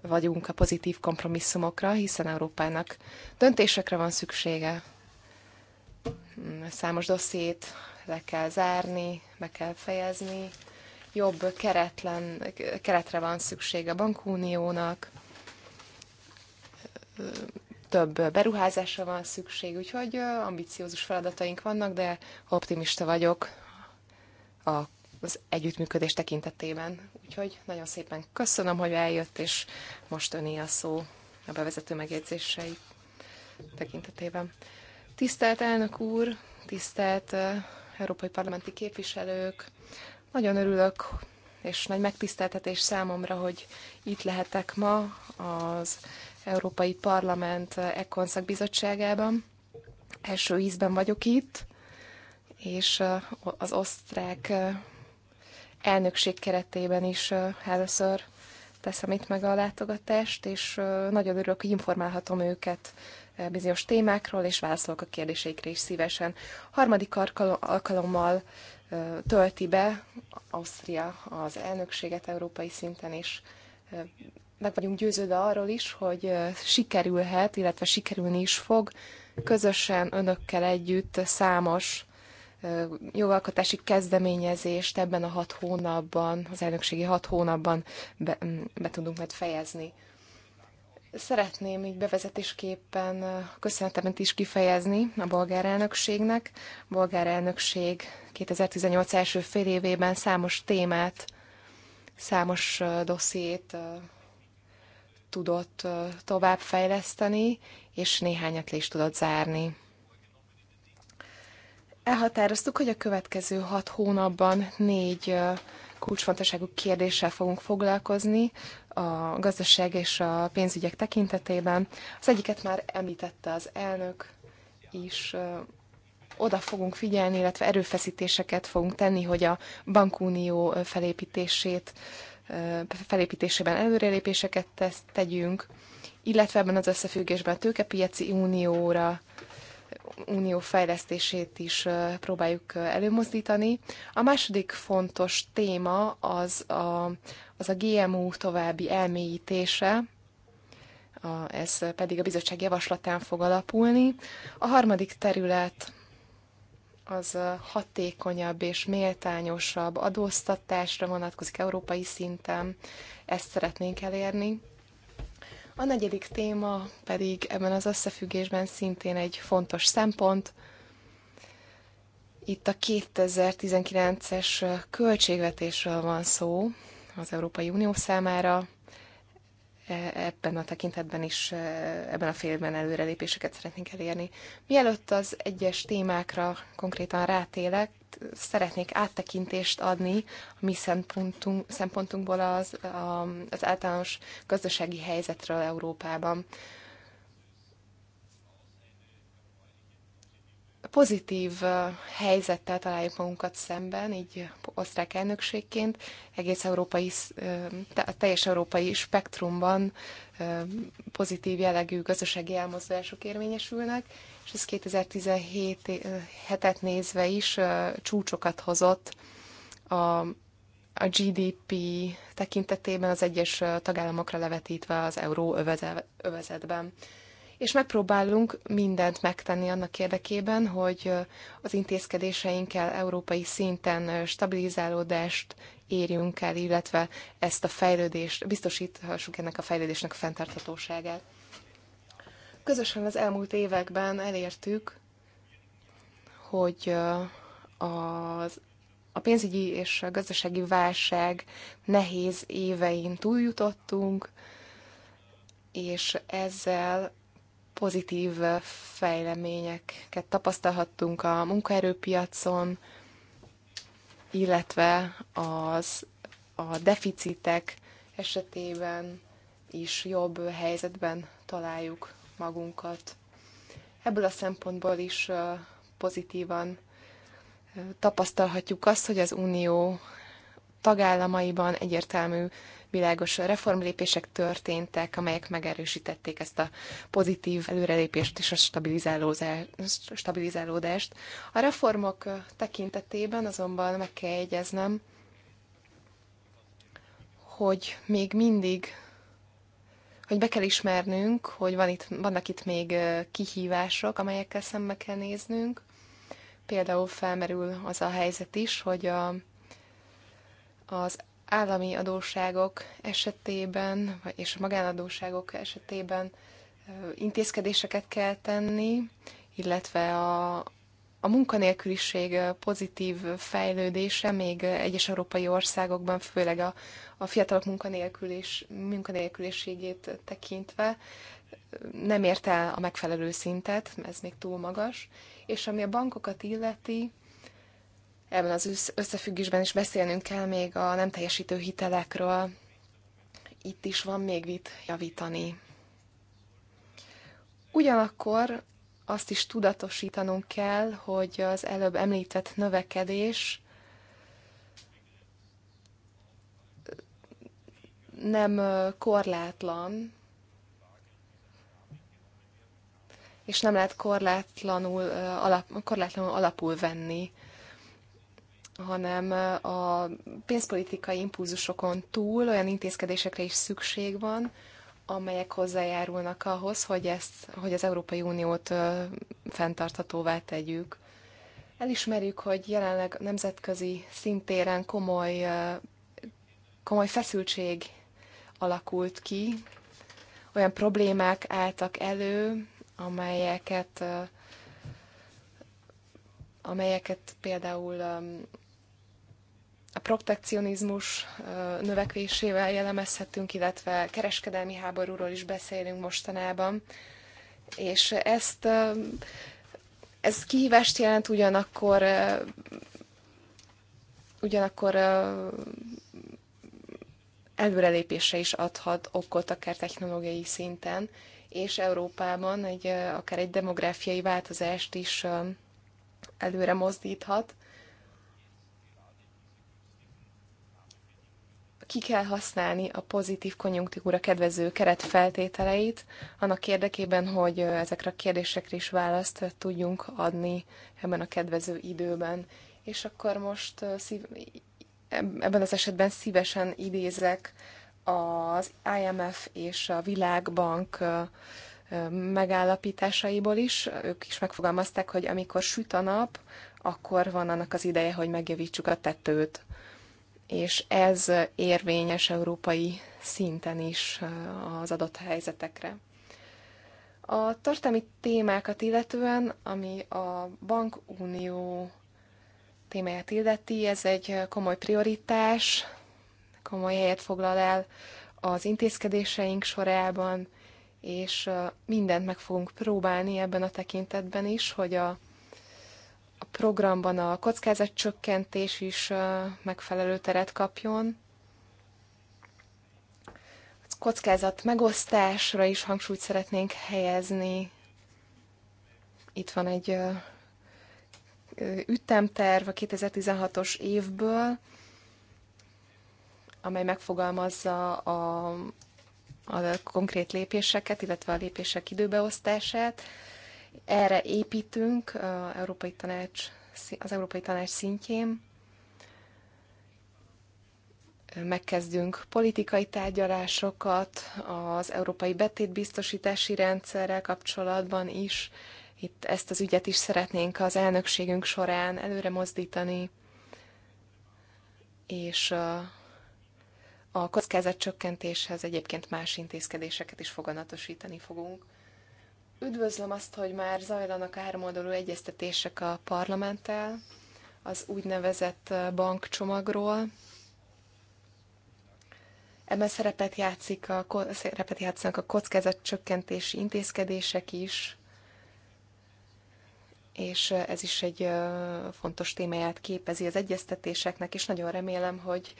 vagyunk a pozitív kompromisszumokra, hiszen Európának döntésekre van szüksége. Számos dossziét le kell zárni, be kell fejezni, jobb keretlen, keretre van szükség a bankuniónak, több beruházásra van szükség, úgyhogy ambiciózus feladataink vannak, de optimista vagyok a az együttműködés tekintetében. Úgyhogy nagyon szépen köszönöm, hogy eljött, és most öné a szó a bevezető megjegyzései tekintetében. Tisztelt elnök úr, tisztelt európai parlamenti képviselők, nagyon örülök, és nagy megtiszteltetés számomra, hogy itt lehetek ma az Európai Parlament Ekkonszak Bizottságában. Első ízben vagyok itt, és az osztrák elnökség keretében is először teszem itt meg a látogatást, és nagyon örülök, hogy informálhatom őket bizonyos témákról, és válaszolok a kérdéseikre is szívesen. Harmadik alkalommal tölti be Ausztria az elnökséget európai szinten, és meg vagyunk győződve arról is, hogy sikerülhet, illetve sikerülni is fog közösen önökkel együtt számos jogalkotási kezdeményezést ebben a hat hónapban, az elnökségi hat hónapban be, be tudunk majd fejezni. Szeretném így bevezetésképpen köszönetemet is kifejezni a bolgár elnökségnek. A bolgár elnökség 2018 első fél évében számos témát, számos dossziét tudott továbbfejleszteni, és néhányat le is tudott zárni elhatároztuk, hogy a következő hat hónapban négy kulcsfontosságú kérdéssel fogunk foglalkozni a gazdaság és a pénzügyek tekintetében. Az egyiket már említette az elnök is, oda fogunk figyelni, illetve erőfeszítéseket fogunk tenni, hogy a bankunió felépítését, felépítésében előrelépéseket tegyünk, illetve ebben az összefüggésben a tőkepiaci unióra Unió fejlesztését is próbáljuk előmozdítani. A második fontos téma az a, az a GMO további elmélyítése, a, ez pedig a bizottság javaslatán fog alapulni. A harmadik terület az hatékonyabb és méltányosabb adóztatásra vonatkozik európai szinten. Ezt szeretnénk elérni. A negyedik téma pedig ebben az összefüggésben szintén egy fontos szempont. Itt a 2019-es költségvetésről van szó az Európai Unió számára. E, ebben a tekintetben is, e, ebben a félben előrelépéseket szeretnénk elérni. Mielőtt az egyes témákra konkrétan rátélek, szeretnék áttekintést adni a mi szempontunk, szempontunkból az, az általános gazdasági helyzetről Európában. pozitív helyzettel találjuk magunkat szemben, így osztrák elnökségként, egész európai, teljes európai spektrumban pozitív jellegű gazdasági elmozdulások érvényesülnek, és ez 2017 hetet nézve is csúcsokat hozott a a GDP tekintetében az egyes tagállamokra levetítve az euró övezetben és megpróbálunk mindent megtenni annak érdekében, hogy az intézkedéseinkkel európai szinten stabilizálódást érjünk el, illetve ezt a fejlődést, biztosíthassuk ennek a fejlődésnek a fenntarthatóságát. Közösen az elmúlt években elértük, hogy az a pénzügyi és a gazdasági válság nehéz évein túljutottunk, és ezzel pozitív fejleményeket tapasztalhattunk a munkaerőpiacon, illetve az, a deficitek esetében is jobb helyzetben találjuk magunkat. Ebből a szempontból is pozitívan tapasztalhatjuk azt, hogy az Unió tagállamaiban egyértelmű világos reformlépések történtek, amelyek megerősítették ezt a pozitív előrelépést és a stabilizálódást. A reformok tekintetében azonban meg kell jegyeznem, hogy még mindig hogy be kell ismernünk, hogy van itt, vannak itt még kihívások, amelyekkel szembe kell néznünk. Például felmerül az a helyzet is, hogy a, az állami adósságok esetében, és a magánadóságok esetében intézkedéseket kell tenni, illetve a, a munkanélküliség pozitív fejlődése még egyes európai országokban, főleg a, a fiatalok munkanélkülés, munkanélküliségét tekintve nem ért el a megfelelő szintet, ez még túl magas. És ami a bankokat illeti, Ebben az összefüggésben is beszélnünk kell még a nem teljesítő hitelekről. Itt is van még mit javítani. Ugyanakkor azt is tudatosítanunk kell, hogy az előbb említett növekedés nem korlátlan, és nem lehet korlátlanul, alap, korlátlanul alapul venni hanem a pénzpolitikai impulzusokon túl olyan intézkedésekre is szükség van, amelyek hozzájárulnak ahhoz, hogy, ezt, hogy az Európai Uniót fenntarthatóvá tegyük. Elismerjük, hogy jelenleg nemzetközi szintéren komoly, komoly feszültség alakult ki, olyan problémák álltak elő, amelyeket, amelyeket például a protekcionizmus növekvésével jellemezhetünk, illetve kereskedelmi háborúról is beszélünk mostanában. És ezt ez kihívást jelent, ugyanakkor ugyanakkor előrelépésre is adhat okot, akár technológiai szinten, és Európában egy, akár egy demográfiai változást is előre mozdíthat. ki kell használni a pozitív konjunktúra kedvező keretfeltételeit, annak érdekében, hogy ezekre a kérdésekre is választ tudjunk adni ebben a kedvező időben. És akkor most szív, ebben az esetben szívesen idézek az IMF és a Világbank megállapításaiból is. Ők is megfogalmazták, hogy amikor süt a nap, akkor van annak az ideje, hogy megjavítsuk a tetőt és ez érvényes európai szinten is az adott helyzetekre. A tartalmi témákat illetően, ami a bankunió témáját illeti, ez egy komoly prioritás, komoly helyet foglal el az intézkedéseink sorában, és mindent meg fogunk próbálni ebben a tekintetben is, hogy a a programban a kockázatcsökkentés is megfelelő teret kapjon. A kockázat megosztásra is hangsúlyt szeretnénk helyezni. Itt van egy ütemterv a 2016-os évből, amely megfogalmazza a, a konkrét lépéseket, illetve a lépések időbeosztását erre építünk az Európai Tanács, az Európai Tanács szintjén. Megkezdünk politikai tárgyalásokat az európai betétbiztosítási rendszerrel kapcsolatban is. Itt ezt az ügyet is szeretnénk az elnökségünk során előre mozdítani, és a kockázatcsökkentéshez egyébként más intézkedéseket is foganatosítani fogunk. Üdvözlöm azt, hogy már zajlanak háromoldalú egyeztetések a parlamenttel az úgynevezett bankcsomagról. Ebben szerepet, játszik a, szerepet játszanak a kockázatcsökkentési intézkedések is, és ez is egy fontos témáját képezi az egyeztetéseknek, és nagyon remélem, hogy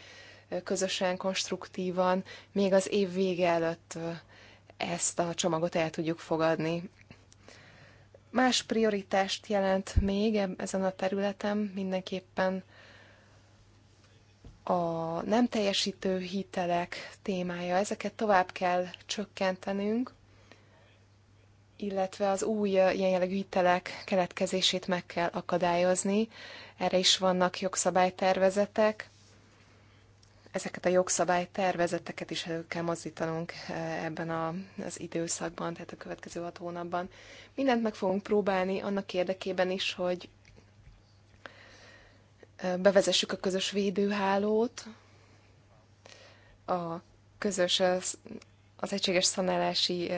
közösen, konstruktívan, még az év vége előtt ezt a csomagot el tudjuk fogadni. Más prioritást jelent még ezen a területen mindenképpen a nem teljesítő hitelek témája. Ezeket tovább kell csökkentenünk, illetve az új ilyen jellegű hitelek keletkezését meg kell akadályozni. Erre is vannak jogszabálytervezetek ezeket a jogszabály tervezeteket is elő kell mozdítanunk eh, ebben a, az időszakban, tehát a következő hat hónapban. Mindent meg fogunk próbálni annak érdekében is, hogy eh, bevezessük a közös védőhálót, a közös eh, az egységes szanálási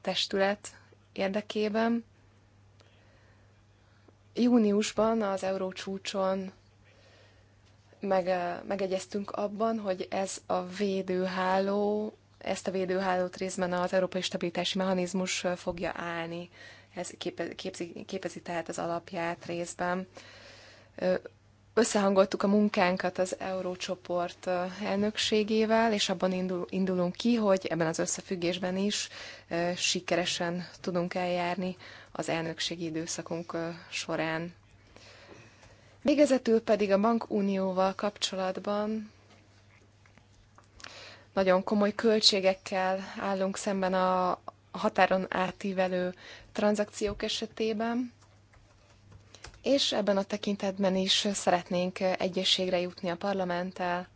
testület érdekében. Júniusban az Eurócsúcson meg, megegyeztünk abban, hogy ez a védőháló, ezt a védőhálót részben az Európai Stabilitási Mechanizmus fogja állni. Ez képezi, képezi tehát az alapját részben. Összehangoltuk a munkánkat az Eurócsoport elnökségével, és abban indul, indulunk ki, hogy ebben az összefüggésben is sikeresen tudunk eljárni az elnökségi időszakunk során. Végezetül pedig a bankunióval kapcsolatban nagyon komoly költségekkel állunk szemben a határon átívelő tranzakciók esetében, és ebben a tekintetben is szeretnénk egyességre jutni a parlamenttel.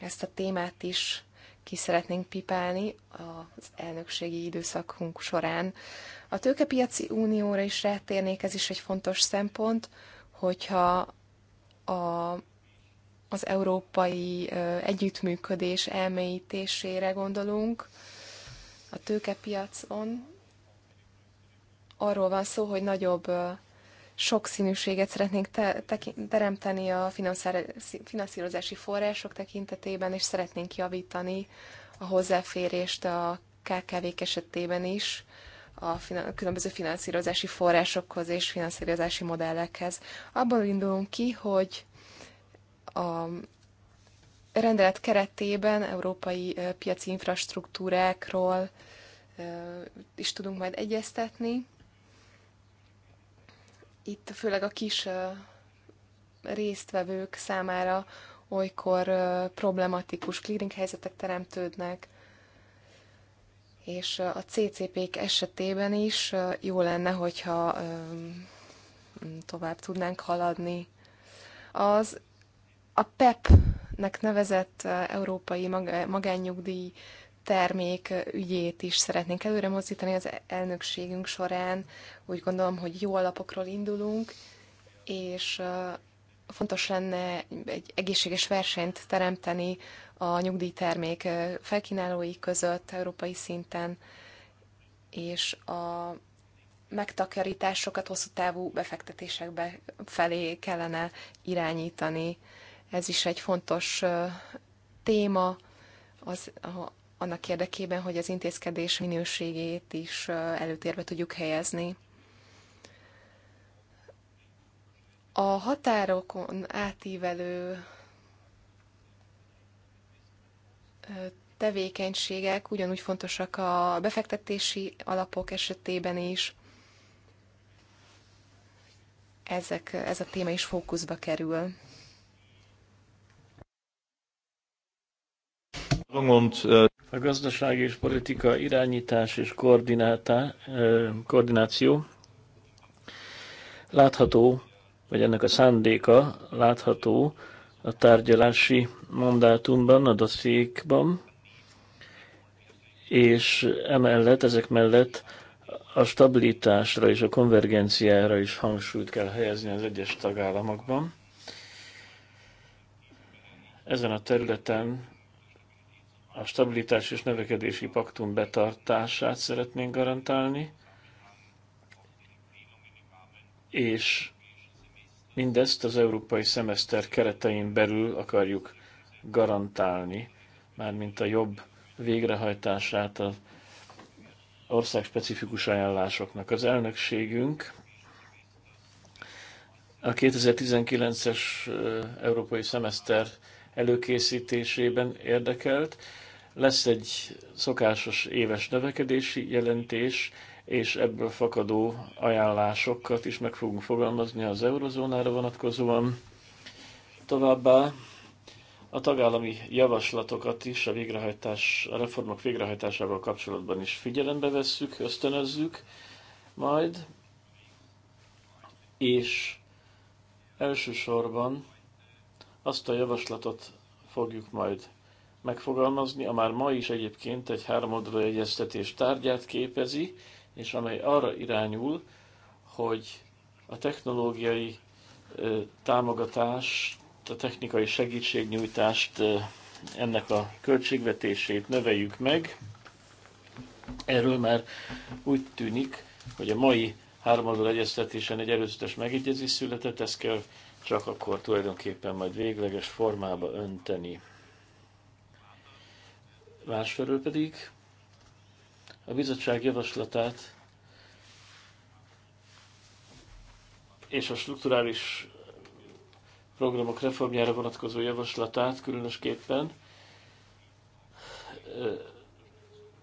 Ezt a témát is ki szeretnénk pipálni az elnökségi időszakunk során. A tőkepiaci unióra is rátérnék, ez is egy fontos szempont hogyha a, az európai együttműködés elmélyítésére gondolunk a tőkepiacon, arról van szó, hogy nagyobb sokszínűséget szeretnénk te, teremteni a finanszírozási források tekintetében, és szeretnénk javítani a hozzáférést a KKV-k esetében is a különböző finanszírozási forrásokhoz és finanszírozási modellekhez. Abból indulunk ki, hogy a rendelet keretében európai piaci infrastruktúrákról is tudunk majd egyeztetni. Itt főleg a kis résztvevők számára olykor problematikus clearing helyzetek teremtődnek, és a CCP-k esetében is jó lenne, hogyha tovább tudnánk haladni. Az a PEP-nek nevezett európai magánnyugdíj termék ügyét is szeretnénk előre mozdítani az elnökségünk során. Úgy gondolom, hogy jó alapokról indulunk, és fontos lenne egy egészséges versenyt teremteni a nyugdíjtermék felkínálói között európai szinten, és a megtakarításokat hosszú távú befektetésekbe felé kellene irányítani. Ez is egy fontos téma az, annak érdekében, hogy az intézkedés minőségét is előtérbe tudjuk helyezni. A határokon átívelő tevékenységek ugyanúgy fontosak a befektetési alapok esetében is. Ezek, ez a téma is fókuszba kerül. A gazdaság és politika irányítás és koordináció látható, vagy ennek a szándéka látható a tárgyalási mandátumban, a dossziékban, és emellett, ezek mellett a stabilitásra és a konvergenciára is hangsúlyt kell helyezni az egyes tagállamokban. Ezen a területen a stabilitás és növekedési paktum betartását szeretnénk garantálni, és Mindezt az európai szemeszter keretein belül akarjuk garantálni, mármint a jobb végrehajtását az országspecifikus ajánlásoknak. Az elnökségünk a 2019-es európai szemeszter előkészítésében érdekelt. Lesz egy szokásos éves növekedési jelentés, és ebből fakadó ajánlásokat is meg fogunk fogalmazni az eurozónára vonatkozóan. Továbbá a tagállami javaslatokat is a, végrehajtás, a reformok végrehajtásával kapcsolatban is figyelembe vesszük, ösztönözzük majd, és elsősorban azt a javaslatot fogjuk majd megfogalmazni, a már ma is egyébként egy háromodra egyeztetés tárgyát képezi, és amely arra irányul, hogy a technológiai támogatást, a technikai segítségnyújtást, ennek a költségvetését növeljük meg. Erről már úgy tűnik, hogy a mai háromadó egyeztetésen egy előzetes megegyezés született, ezt kell csak akkor tulajdonképpen majd végleges formába önteni. Másfelől pedig a bizottság javaslatát és a strukturális programok reformjára vonatkozó javaslatát különösképpen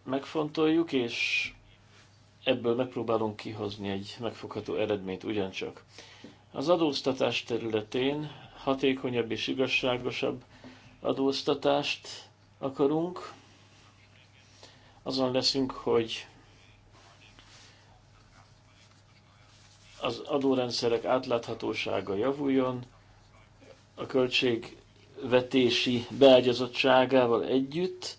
megfontoljuk, és ebből megpróbálunk kihozni egy megfogható eredményt ugyancsak. Az adóztatás területén hatékonyabb és igazságosabb adóztatást akarunk, azon leszünk, hogy az adórendszerek átláthatósága javuljon, a költségvetési beágyazottságával együtt,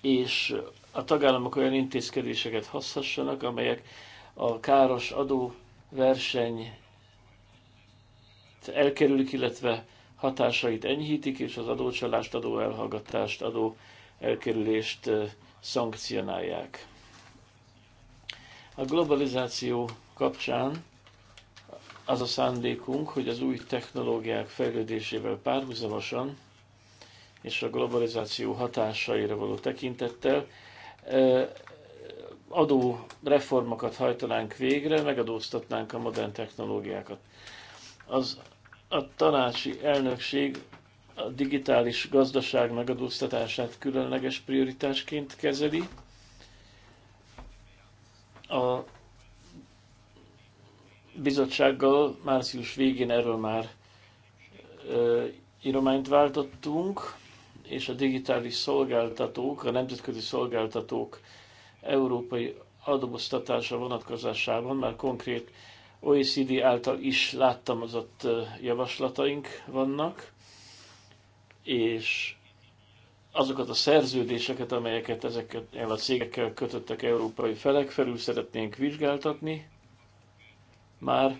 és a tagállamok olyan intézkedéseket hozhassanak, amelyek a káros adóverseny elkerülik, illetve hatásait enyhítik, és az adócsalást, adóelhallgatást, adó elkerülést szankcionálják. A globalizáció kapcsán az a szándékunk, hogy az új technológiák fejlődésével párhuzamosan és a globalizáció hatásaira való tekintettel adó reformokat hajtanánk végre, megadóztatnánk a modern technológiákat. Az a tanácsi elnökség a digitális gazdaság megadóztatását különleges prioritásként kezeli. A bizottsággal március végén erről már írományt váltottunk, és a digitális szolgáltatók, a nemzetközi szolgáltatók európai adóztatása vonatkozásában már konkrét OECD által is láttam, az ott javaslataink vannak és azokat a szerződéseket, amelyeket ezekkel a cégekkel kötöttek európai felek, felül szeretnénk vizsgáltatni. Már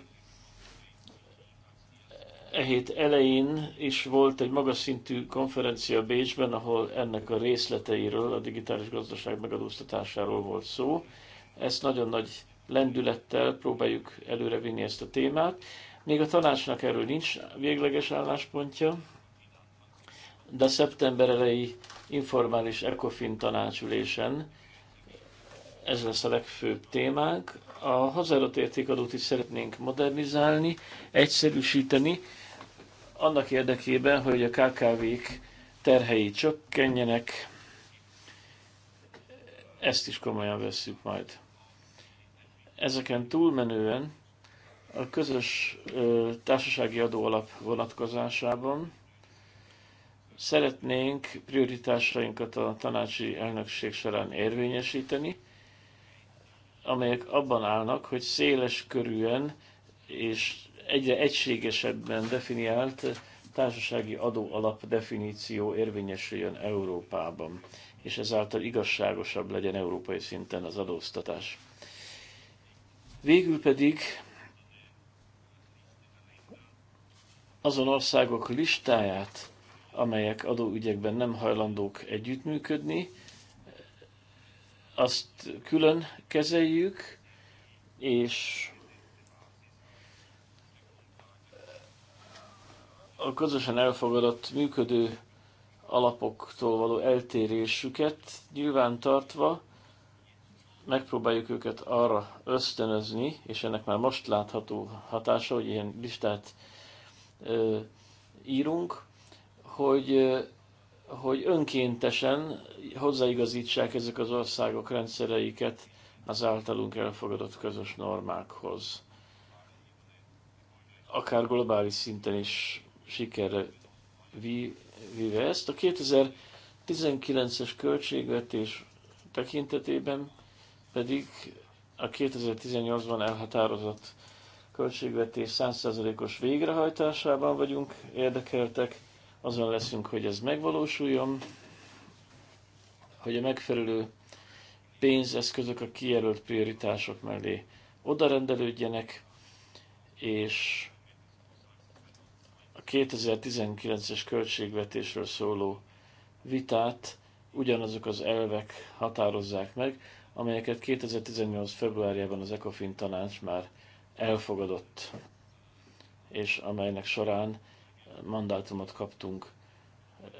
e hét elején is volt egy magas szintű konferencia Bécsben, ahol ennek a részleteiről, a digitális gazdaság megadóztatásáról volt szó. Ezt nagyon nagy lendülettel próbáljuk előrevinni ezt a témát. Még a tanácsnak erről nincs végleges álláspontja, de szeptember elejé informális ECOFIN tanácsülésen ez lesz a legfőbb témánk. A hazárat értékadót is szeretnénk modernizálni, egyszerűsíteni, annak érdekében, hogy a KKV-k terhei csökkenjenek, ezt is komolyan vesszük majd. Ezeken túlmenően a közös társasági adóalap vonatkozásában Szeretnénk prioritásainkat a tanácsi elnökség során érvényesíteni, amelyek abban állnak, hogy széles körűen és egyre egységesebben definiált társasági alap definíció érvényesüljön Európában, és ezáltal igazságosabb legyen európai szinten az adóztatás. Végül pedig azon országok listáját, amelyek adóügyekben nem hajlandók együttműködni, azt külön kezeljük, és a közösen elfogadott működő alapoktól való eltérésüket nyilván tartva megpróbáljuk őket arra ösztönözni, és ennek már most látható hatása, hogy ilyen listát ö, írunk, hogy, hogy önkéntesen hozzáigazítsák ezek az országok rendszereiket az általunk elfogadott közös normákhoz. Akár globális szinten is sikerre vive ezt. A 2019-es költségvetés tekintetében pedig a 2018-ban elhatározott költségvetés 100%-os végrehajtásában vagyunk érdekeltek, azon leszünk, hogy ez megvalósuljon, hogy a megfelelő pénzeszközök a kijelölt prioritások mellé odarendelődjenek, és a 2019-es költségvetésről szóló vitát ugyanazok az elvek határozzák meg, amelyeket 2018. februárjában az ECOFIN tanács már elfogadott, és amelynek során mandátumot kaptunk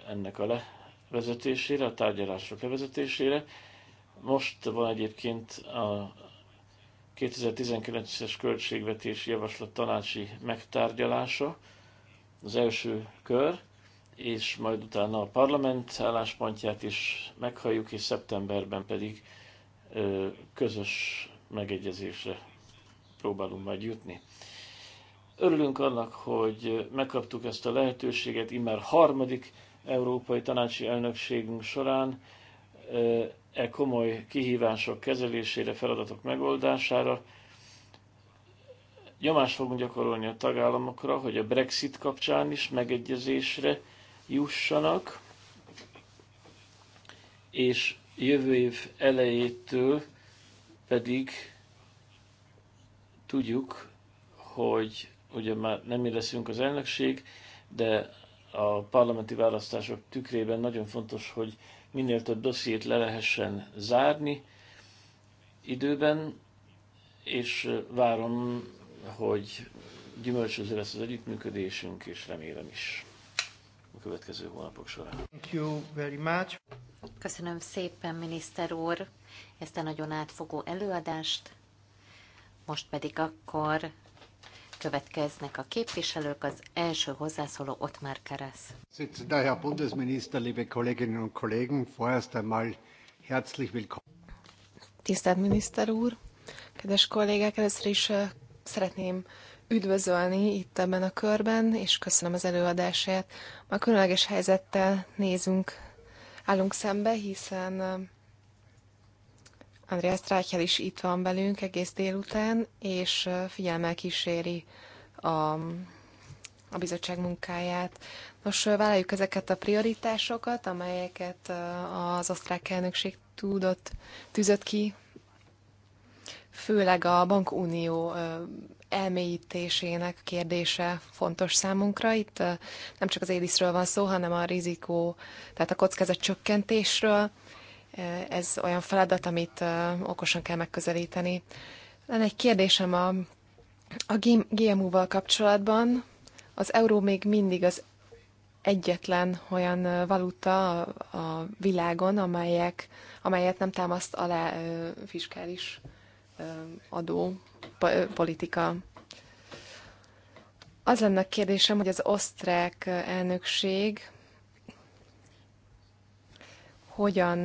ennek a levezetésére, a tárgyalások levezetésére. Most van egyébként a 2019-es költségvetési javaslat tanácsi megtárgyalása, az első kör, és majd utána a parlament álláspontját is meghalljuk, és szeptemberben pedig közös megegyezésre próbálunk majd jutni. Örülünk annak, hogy megkaptuk ezt a lehetőséget immár harmadik európai tanácsi elnökségünk során e komoly kihívások kezelésére, feladatok megoldására. Nyomást fogunk gyakorolni a tagállamokra, hogy a Brexit kapcsán is megegyezésre jussanak, és jövő év elejétől pedig tudjuk, hogy ugye már nem mi leszünk az elnökség, de a parlamenti választások tükrében nagyon fontos, hogy minél több dossziét le lehessen zárni időben, és várom, hogy gyümölcsöző lesz az együttműködésünk, és remélem is a következő hónapok során. Thank you very much. Köszönöm szépen, miniszter úr, ezt a nagyon átfogó előadást. Most pedig akkor Következnek a képviselők, az első hozzászóló már Keresz. Herr Bundesminister, liebe Kolleginnen und Kollegen, vorerst einmal herzlich willkommen. Tisztelt miniszter úr, kedves kollégák, először is szeretném üdvözölni itt ebben a körben, és köszönöm az előadását. Ma különleges helyzettel nézünk, állunk szembe, hiszen Andrea Strátyel is itt van velünk egész délután, és figyelmel kíséri a, a bizottság munkáját. Nos, vállaljuk ezeket a prioritásokat, amelyeket az osztrák elnökség tudott, tűzött ki, főleg a bankunió elmélyítésének kérdése fontos számunkra. Itt nem csak az édiszről van szó, hanem a rizikó, tehát a kockázat csökkentésről, ez olyan feladat, amit okosan kell megközelíteni. Lenne egy kérdésem a, a GMU-val kapcsolatban. Az euró még mindig az egyetlen olyan valuta a világon, amelyek, amelyet nem támaszt alá fiskális adó politika. Az lenne a kérdésem, hogy az osztrák elnökség hogyan,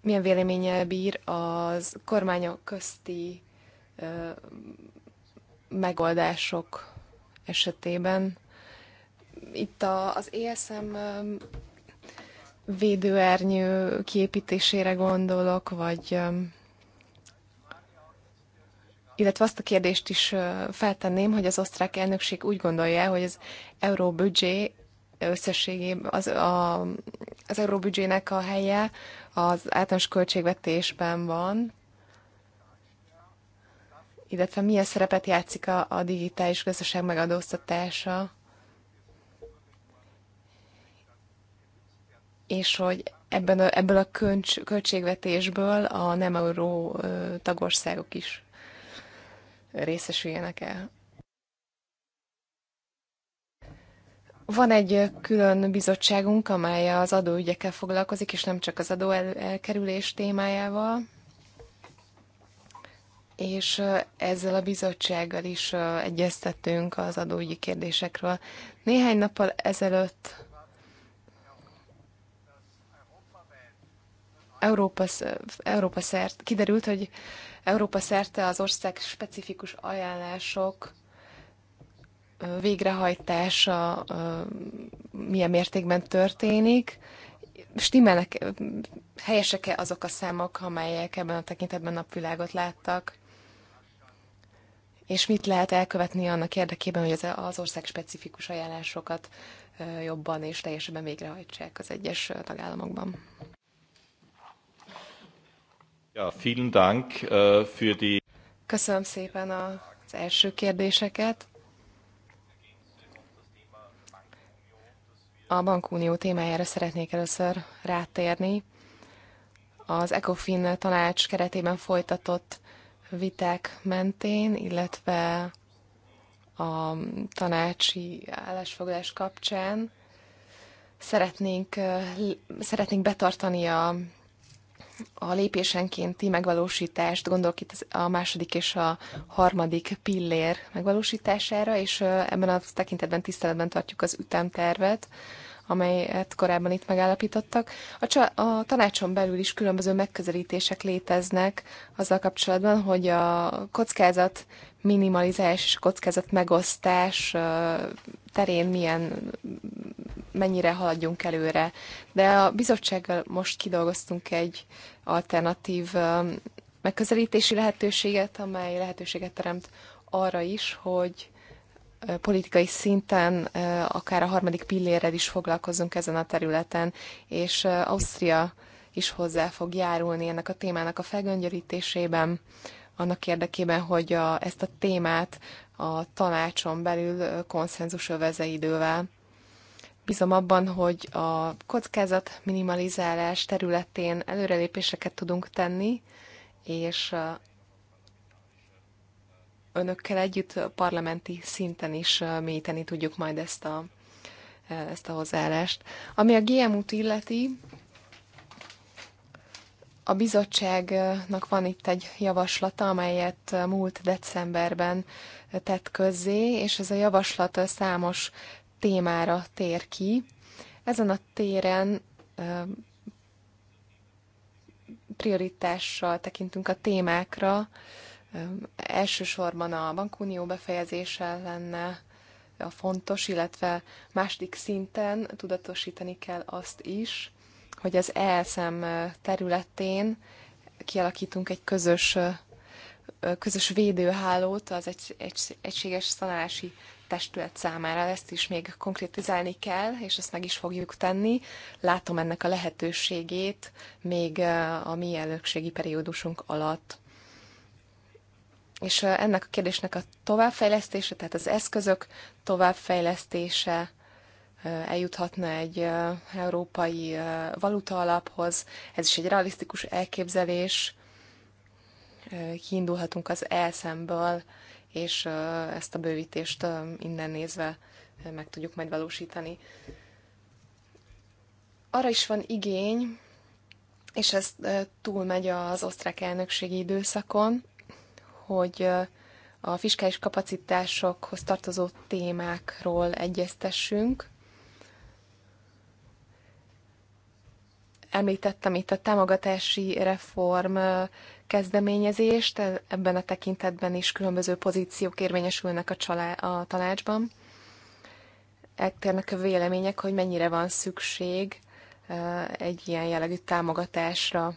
milyen véleménnyel bír az kormányok közti megoldások esetében. Itt a, az ESM védőernyő kiépítésére gondolok, vagy illetve azt a kérdést is feltenném, hogy az osztrák elnökség úgy gondolja, hogy az euróbüdzsé összességében az, a, az euróbüdzsének a helye az általános költségvetésben van, illetve milyen szerepet játszik a, a digitális gazdaság megadóztatása, és hogy ebben a, ebből a költs, költségvetésből a nem euró tagországok is részesüljenek el. Van egy külön bizottságunk, amely az adóügyekkel foglalkozik, és nem csak az adó elkerülés témájával. És ezzel a bizottsággal is egyeztettünk az adóügyi kérdésekről. Néhány nappal ezelőtt Európa, Európa szert, kiderült, hogy Európa szerte az ország specifikus ajánlások végrehajtása milyen mértékben történik, stimmelnek, helyesek-e azok a számok, amelyek ebben a tekintetben napvilágot láttak, és mit lehet elkövetni annak érdekében, hogy az ország specifikus ajánlásokat jobban és teljesebben végrehajtsák az egyes tagállamokban. Ja, vielen Dank äh, für die... Köszönöm szépen az első kérdéseket. A bankunió témájára szeretnék először rátérni. Az ECOFIN tanács keretében folytatott viták mentén, illetve a tanácsi állásfoglalás kapcsán szeretnénk, szeretnénk betartani a a lépésenkénti megvalósítást, gondolok itt a második és a harmadik pillér megvalósítására, és ebben a tekintetben tiszteletben tartjuk az ütemtervet, amelyet korábban itt megállapítottak. A, csa- a tanácson belül is különböző megközelítések léteznek azzal kapcsolatban, hogy a kockázat minimalizálás és kockázat megosztás terén milyen, mennyire haladjunk előre. De a bizottsággal most kidolgoztunk egy alternatív megközelítési lehetőséget, amely lehetőséget teremt arra is, hogy politikai szinten, akár a harmadik pillérrel is foglalkozunk ezen a területen, és Ausztria is hozzá fog járulni ennek a témának a felgöngyörítésében annak érdekében, hogy a, ezt a témát a tanácson belül konszenzus övezze idővel. Bízom abban, hogy a kockázat minimalizálás területén előrelépéseket tudunk tenni, és önökkel együtt parlamenti szinten is mélyíteni tudjuk majd ezt a, ezt a hozzáállást. Ami a GMU-t illeti, a bizottságnak van itt egy javaslata, amelyet múlt decemberben tett közzé, és ez a javaslat számos témára tér ki. Ezen a téren prioritással tekintünk a témákra. Elsősorban a bankunió befejezése lenne a fontos, illetve második szinten tudatosítani kell azt is, hogy az ESM területén kialakítunk egy közös, közös védőhálót az egy, egy, egységes tanási testület számára. Ezt is még konkrétizálni kell, és ezt meg is fogjuk tenni. Látom ennek a lehetőségét még a mi elnökségi periódusunk alatt. És ennek a kérdésnek a továbbfejlesztése, tehát az eszközök továbbfejlesztése, eljuthatna egy európai valuta alaphoz. Ez is egy realisztikus elképzelés. Kiindulhatunk az elszemből, és ezt a bővítést innen nézve meg tudjuk majd valósítani. Arra is van igény, és ez túlmegy az osztrák elnökségi időszakon, hogy a fiskális kapacitásokhoz tartozó témákról egyeztessünk, Említettem itt a támogatási reform kezdeményezést, e, ebben a tekintetben is különböző pozíciók érvényesülnek a, csalá- a tanácsban. Eltérnek a vélemények, hogy mennyire van szükség egy ilyen jellegű támogatásra.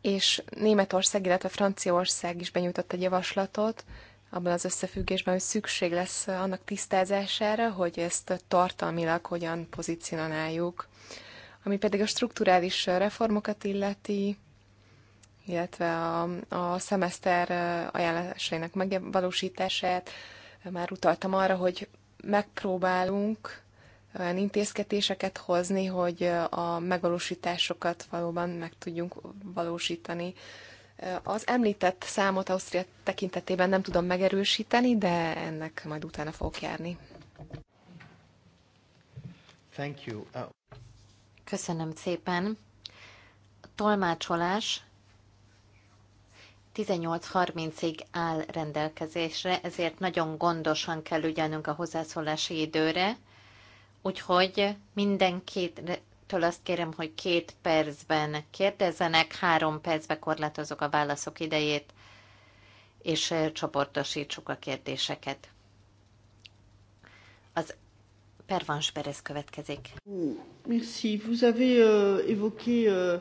És Németország, illetve Franciaország is benyújtott egy javaslatot, abban az összefüggésben, hogy szükség lesz annak tisztázására, hogy ezt tartalmilag hogyan pozícionáljuk. Ami pedig a strukturális reformokat illeti, illetve a, a szemeszter ajánlásainak megvalósítását, már utaltam arra, hogy megpróbálunk olyan intézkedéseket hozni, hogy a megvalósításokat valóban meg tudjunk valósítani. Az említett számot Ausztria tekintetében nem tudom megerősíteni, de ennek majd utána fogok járni. Thank you. Uh... Köszönöm szépen. A tolmácsolás 18.30-ig áll rendelkezésre, ezért nagyon gondosan kell ügyelnünk a hozzászólási időre, úgyhogy mindenkitől azt kérem, hogy két percben kérdezzenek, három percbe korlátozok a válaszok idejét, és csoportosítsuk a kérdéseket. Pervans Perez következik. Oh, merci. Vous avez euh, évoqué euh,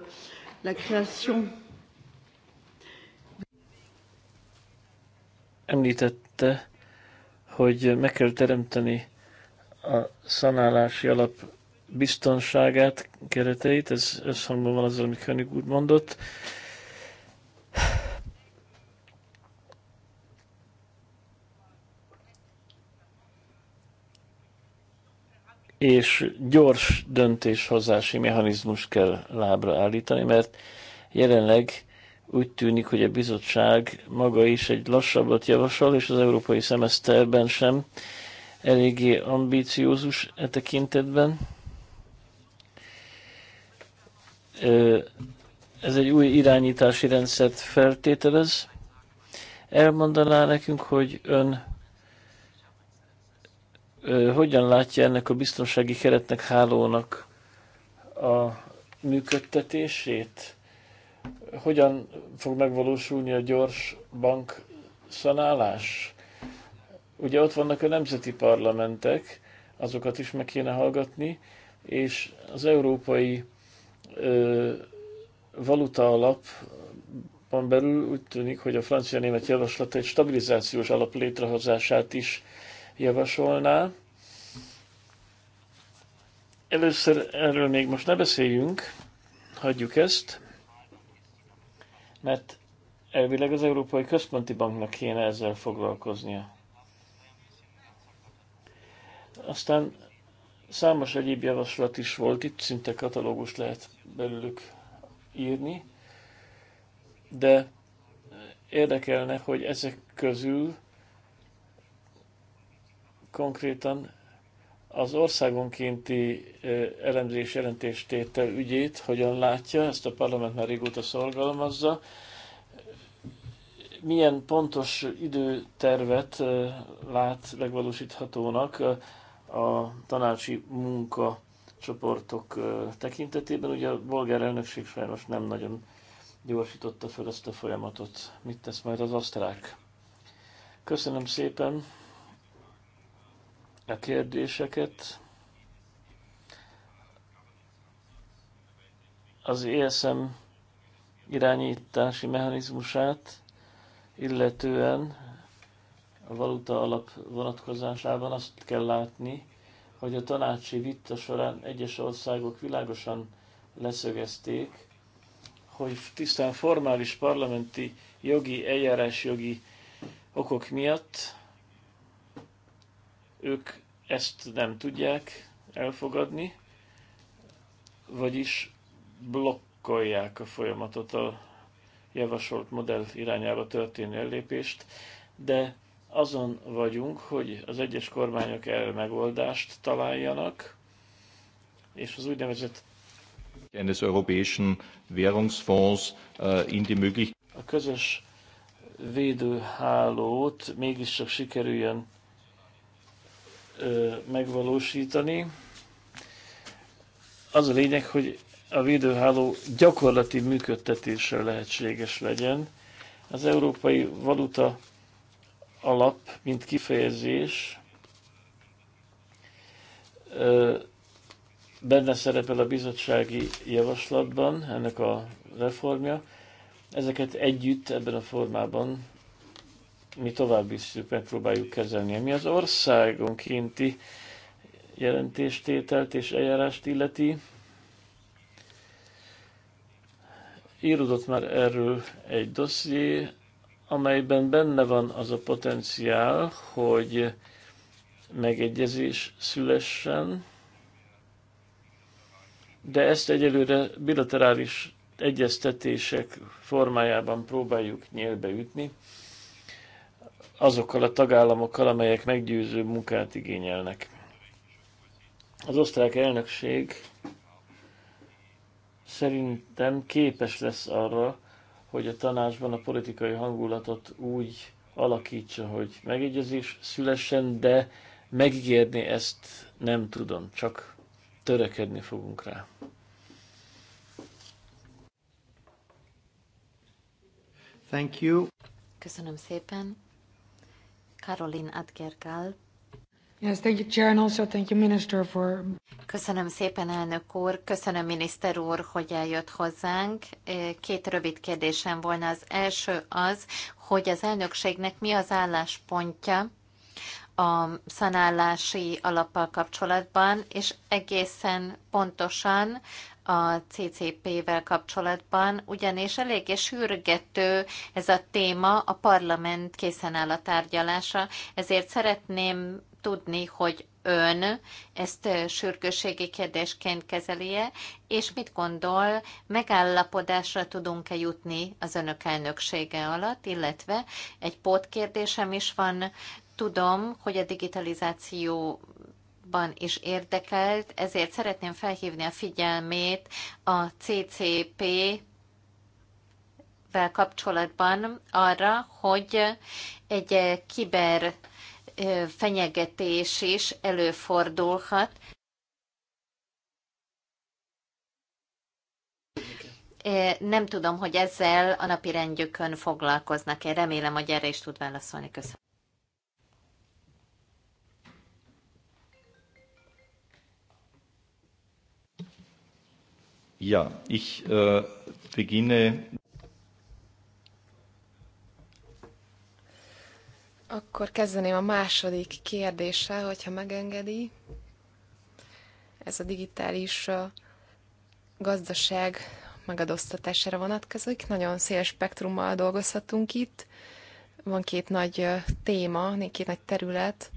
la création. Említette, hogy meg kell teremteni a szanálási alap biztonságát, kereteit, ez összhangban van azzal, amit König úr mondott, és gyors döntéshozási mechanizmus kell lábra állítani, mert jelenleg úgy tűnik, hogy a bizottság maga is egy lassabbat javasol, és az európai szemeszterben sem eléggé ambíciózus e tekintetben. Ez egy új irányítási rendszert feltételez. Elmondaná nekünk, hogy ön hogyan látja ennek a biztonsági keretnek, hálónak a működtetését? Hogyan fog megvalósulni a gyors bank szanálás? Ugye ott vannak a nemzeti parlamentek, azokat is meg kéne hallgatni, és az európai ö, valuta alapon belül úgy tűnik, hogy a francia-német javaslat egy stabilizációs alap létrehozását is javasolná. Először erről még most ne beszéljünk, hagyjuk ezt, mert elvileg az Európai Központi Banknak kéne ezzel foglalkoznia. Aztán számos egyéb javaslat is volt itt, szinte katalógus lehet belőlük írni, de érdekelne, hogy ezek közül konkrétan az országonkénti elemzés jelentéstétel ügyét hogyan látja, ezt a parlament már régóta szorgalmazza. Milyen pontos időtervet lát megvalósíthatónak a tanácsi munka csoportok tekintetében? Ugye a bolgár elnökség sajnos nem nagyon gyorsította fel ezt a folyamatot. Mit tesz majd az osztrák? Köszönöm szépen! a kérdéseket. Az ESM irányítási mechanizmusát, illetően a valuta alap vonatkozásában azt kell látni, hogy a tanácsi vita során egyes országok világosan leszögezték, hogy tisztán formális parlamenti jogi, eljárás jogi okok miatt ők ezt nem tudják elfogadni, vagyis blokkolják a folyamatot, a javasolt modell irányába történő ellépést, de azon vagyunk, hogy az egyes kormányok erre megoldást találjanak, és az úgynevezett eines europäischen Währungsfonds äh, in die Möglichkeit. A közös védőhálót mégiscsak sikerüljön megvalósítani. Az a lényeg, hogy a védőháló gyakorlati működtetése lehetséges legyen. Az európai valuta alap, mint kifejezés, benne szerepel a bizottsági javaslatban, ennek a reformja. Ezeket együtt ebben a formában mi tovább is megpróbáljuk kezelni. Ami az országonkénti jelentéstételt és eljárást illeti, írodott már erről egy dosszié, amelyben benne van az a potenciál, hogy megegyezés szülessen, de ezt egyelőre bilaterális egyeztetések formájában próbáljuk nyélbe ütni azokkal a tagállamokkal, amelyek meggyőző munkát igényelnek. Az osztrák elnökség szerintem képes lesz arra, hogy a tanácsban a politikai hangulatot úgy alakítsa, hogy megegyezés szülessen, de megígérni ezt nem tudom, csak törekedni fogunk rá. Thank you. Köszönöm szépen. Caroline Adgergal. Yes, thank you, Chair, and also thank you, Minister, for... Köszönöm szépen, elnök úr, köszönöm, miniszter úr, hogy eljött hozzánk. Két rövid kérdésem volna. Az első az, hogy az elnökségnek mi az álláspontja a szanálási alappal kapcsolatban, és egészen pontosan a CCP-vel kapcsolatban, ugyanis eléggé sürgető ez a téma, a parlament készen áll a tárgyalása, ezért szeretném tudni, hogy ön ezt sürgőségi kérdésként kezelie, és mit gondol, megállapodásra tudunk-e jutni az önök elnöksége alatt, illetve egy pótkérdésem is van, tudom, hogy a digitalizáció ban is érdekelt, ezért szeretném felhívni a figyelmét a CCP vel kapcsolatban arra, hogy egy kiber fenyegetés is előfordulhat. Nem tudom, hogy ezzel a napi rendjükön foglalkoznak-e. Remélem, hogy erre is tud válaszolni. Köszönöm. Ja, ich äh, beginne. Akkor kezdeném a második kérdéssel, hogyha megengedi. Ez a digitális gazdaság megadóztatására vonatkozik. Nagyon széles spektrummal dolgozhatunk itt. Van két nagy téma, két nagy terület,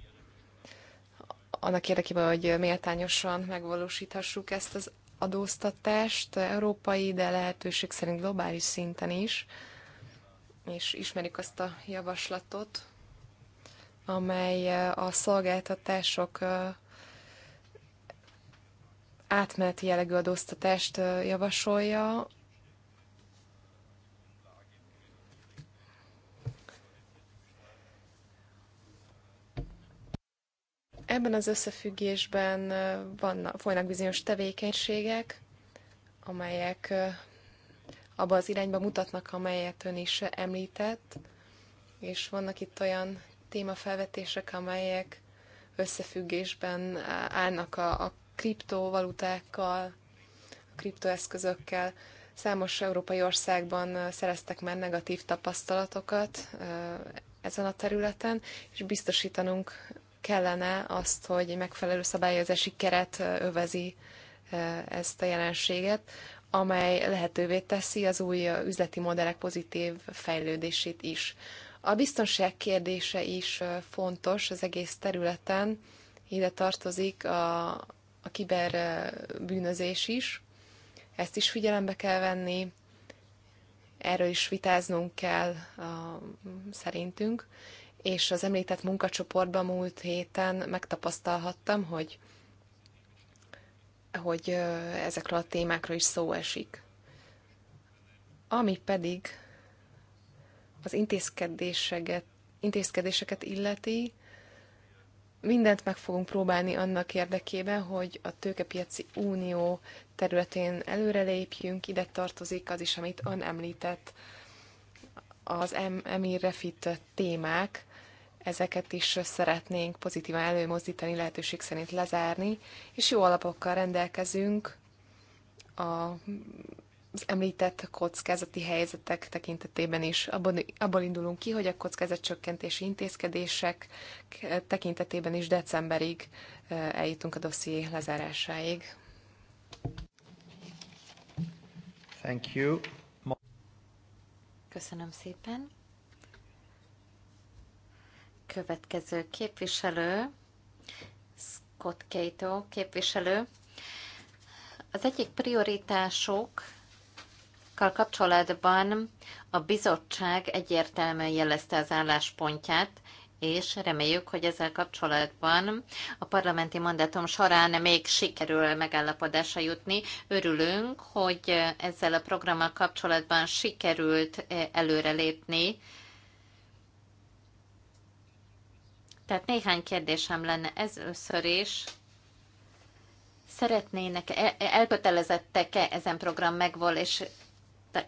annak érdekében, hogy méltányosan megvalósíthassuk ezt az adóztatást európai, de lehetőség szerint globális szinten is, és ismerik azt a javaslatot, amely a szolgáltatások átmeneti jellegű adóztatást javasolja, Ebben az összefüggésben vannak, folynak bizonyos tevékenységek, amelyek abba az irányba mutatnak, amelyet ön is említett, és vannak itt olyan témafelvetések, amelyek összefüggésben állnak a, a kriptovalutákkal, a kriptoeszközökkel. Számos európai országban szereztek már negatív tapasztalatokat ezen a területen, és biztosítanunk kellene azt, hogy egy megfelelő szabályozási keret övezi ezt a jelenséget, amely lehetővé teszi az új üzleti modellek pozitív fejlődését is. A biztonság kérdése is fontos az egész területen, ide tartozik a, a kiberbűnözés is, ezt is figyelembe kell venni, erről is vitáznunk kell a, szerintünk, és az említett munkacsoportban múlt héten megtapasztalhattam, hogy, hogy ezekről a témákról is szó esik. Ami pedig az intézkedéseket, intézkedéseket illeti, mindent meg fogunk próbálni annak érdekében, hogy a tőkepiaci unió területén előrelépjünk, ide tartozik az is, amit ön említett, az emirrefit témák, ezeket is szeretnénk pozitívan előmozdítani, lehetőség szerint lezárni, és jó alapokkal rendelkezünk az említett kockázati helyzetek tekintetében is. Abban, abból indulunk ki, hogy a kockázatcsökkentési intézkedések tekintetében is decemberig eljutunk a dosszié lezárásáig. Thank you. Köszönöm szépen. Következő képviselő, Scott Cato képviselő. Az egyik prioritásokkal kapcsolatban a bizottság egyértelműen jelezte az álláspontját, és reméljük, hogy ezzel kapcsolatban a parlamenti mandátum során még sikerül megállapodásra jutni. Örülünk, hogy ezzel a programmal kapcsolatban sikerült eh, előrelépni, Tehát néhány kérdésem lenne ez összör is. Szeretnének, elkötelezettek-e ezen program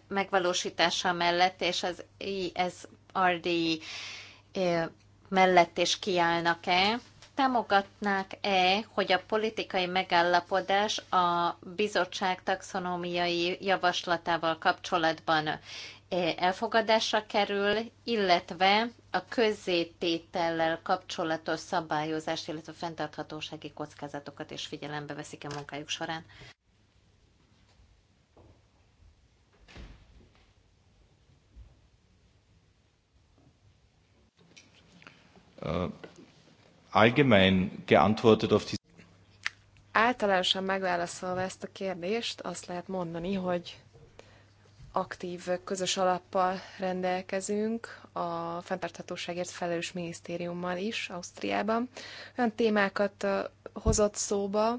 megvalósítása mellett, és az ISRD mellett is kiállnak-e? Támogatnák-e, hogy a politikai megállapodás a bizottság taxonómiai javaslatával kapcsolatban E, elfogadásra kerül, illetve a közzététellel kapcsolatos szabályozást, illetve a fenntarthatósági kockázatokat is figyelembe veszik a munkájuk során. Äh, allgemein geantwortet auf die Általánosan megválaszolva ezt a kérdést, azt lehet mondani, hogy aktív közös alappal rendelkezünk, a fenntarthatóságért felelős minisztériummal is Ausztriában. Olyan témákat hozott szóba,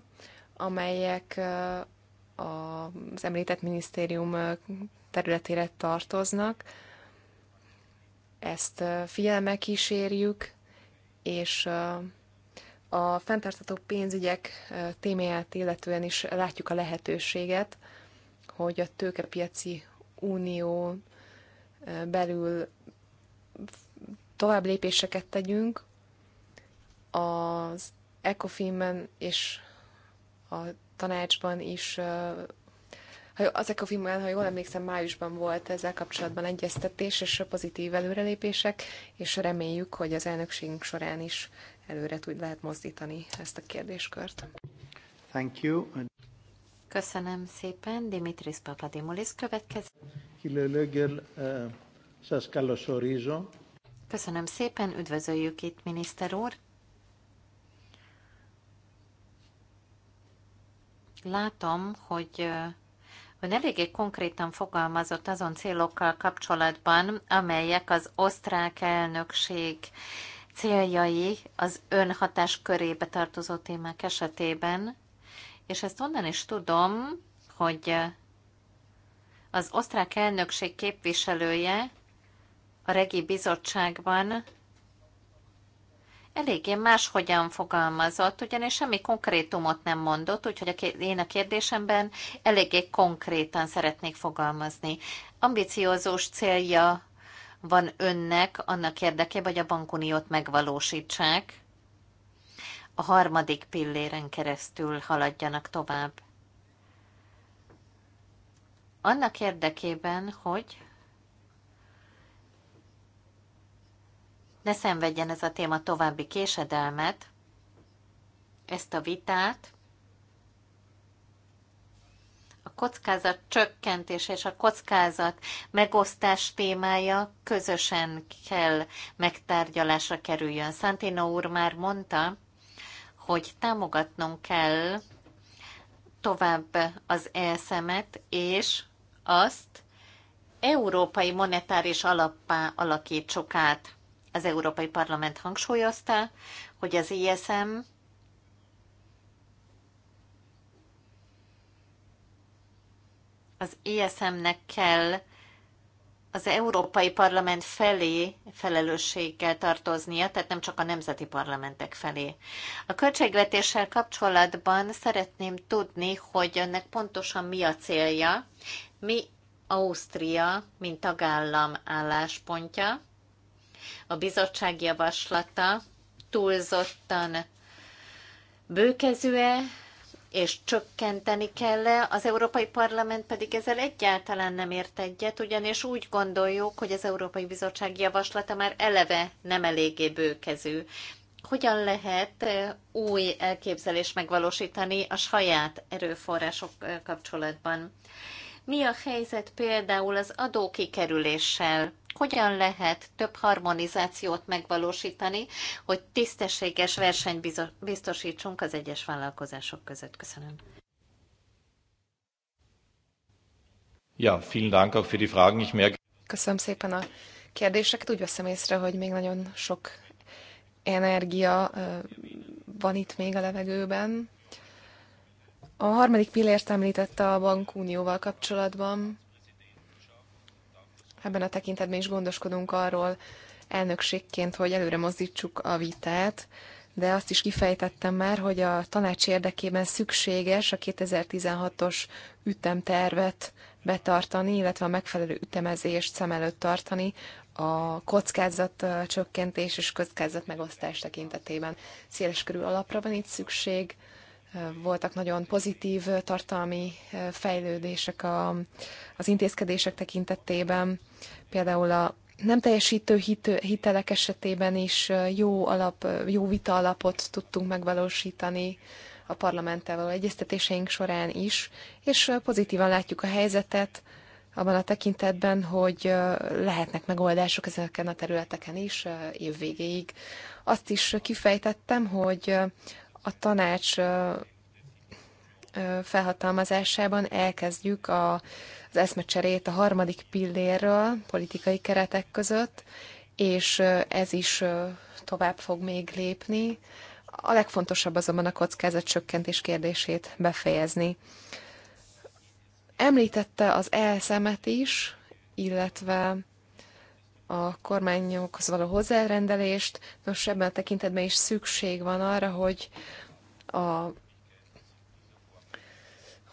amelyek az említett minisztérium területére tartoznak. Ezt figyelme kísérjük, és a fenntartható pénzügyek témáját illetően is látjuk a lehetőséget, hogy a tőkepiaci Unió belül tovább lépéseket tegyünk az ecofim ben és a tanácsban is, az ecofim ben ha jól emlékszem, májusban volt ezzel kapcsolatban egyeztetés és pozitív előrelépések, és reméljük, hogy az elnökségünk során is előre tud lehet mozdítani ezt a kérdéskört. Thank you. Köszönöm szépen, Dimitris Papadimulis következik. Köszönöm szépen, üdvözöljük itt, miniszter úr. Látom, hogy Ön eléggé konkrétan fogalmazott azon célokkal kapcsolatban, amelyek az osztrák elnökség céljai az önhatás körébe tartozó témák esetében és ezt onnan is tudom, hogy eh, az osztrák elnökség képviselője a regi bizottságban eléggé máshogyan fogalmazott, ugyanis semmi konkrétumot nem mondott, úgyhogy én a kérdésemben eléggé konkrétan szeretnék fogalmazni. Ambiciózós célja van önnek annak érdekében, hogy a bankuniót megvalósítsák, a harmadik pilléren keresztül haladjanak tovább. Annak érdekében, hogy ne szenvedjen ez a téma további késedelmet, ezt a vitát a kockázat csökkentés és a kockázat megosztás témája közösen kell megtárgyalásra kerüljön. Santino úr már mondta, hogy támogatnunk kell tovább az ESM-et, és azt európai monetáris alappá alakítsuk át. Az Európai Parlament hangsúlyozta, hogy az ISM e az ISM-nek e kell az Európai Parlament felé felelősséggel tartoznia, tehát nem csak a nemzeti parlamentek felé. A költségvetéssel kapcsolatban szeretném tudni, hogy ennek pontosan mi a célja, mi Ausztria, mint tagállam álláspontja, a bizottság javaslata túlzottan bőkező-e, és csökkenteni kell -e, az Európai Parlament pedig ezzel egyáltalán nem ért egyet, ugyanis úgy gondoljuk, hogy az Európai Bizottság javaslata már eleve nem eléggé bőkező. Hogyan lehet új elképzelést megvalósítani a saját erőforrások kapcsolatban? Mi a helyzet például az adókikerüléssel? hogyan lehet több harmonizációt megvalósítani, hogy tisztességes versenyt biztosítsunk az egyes vállalkozások között. Köszönöm. Ja, vielen Dank auch für die Fragen. Ich merke... Köszönöm szépen a kérdéseket. Úgy veszem észre, hogy még nagyon sok energia van itt még a levegőben. A harmadik pillért említette a bankunióval kapcsolatban ebben a tekintetben is gondoskodunk arról elnökségként, hogy előre mozdítsuk a vitát, de azt is kifejtettem már, hogy a tanács érdekében szükséges a 2016-os ütemtervet betartani, illetve a megfelelő ütemezést szem előtt tartani a kockázat csökkentés és kockázat megosztás tekintetében. Széles körül alapra van itt szükség, voltak nagyon pozitív tartalmi fejlődések a, az intézkedések tekintetében, Például a nem teljesítő hit, hitelek esetében is jó, alap, jó vita alapot tudtunk megvalósítani a parlamenttel való egyeztetéseink során is, és pozitívan látjuk a helyzetet abban a tekintetben, hogy lehetnek megoldások ezeken a területeken is évvégéig. Azt is kifejtettem, hogy a tanács felhatalmazásában elkezdjük a az eszmecserét a harmadik pillérről, politikai keretek között, és ez is tovább fog még lépni. A legfontosabb azonban a csökkentés kérdését befejezni. Említette az elszemet is, illetve a kormányokhoz való hozzárendelést. Nos, ebben a tekintetben is szükség van arra, hogy, a,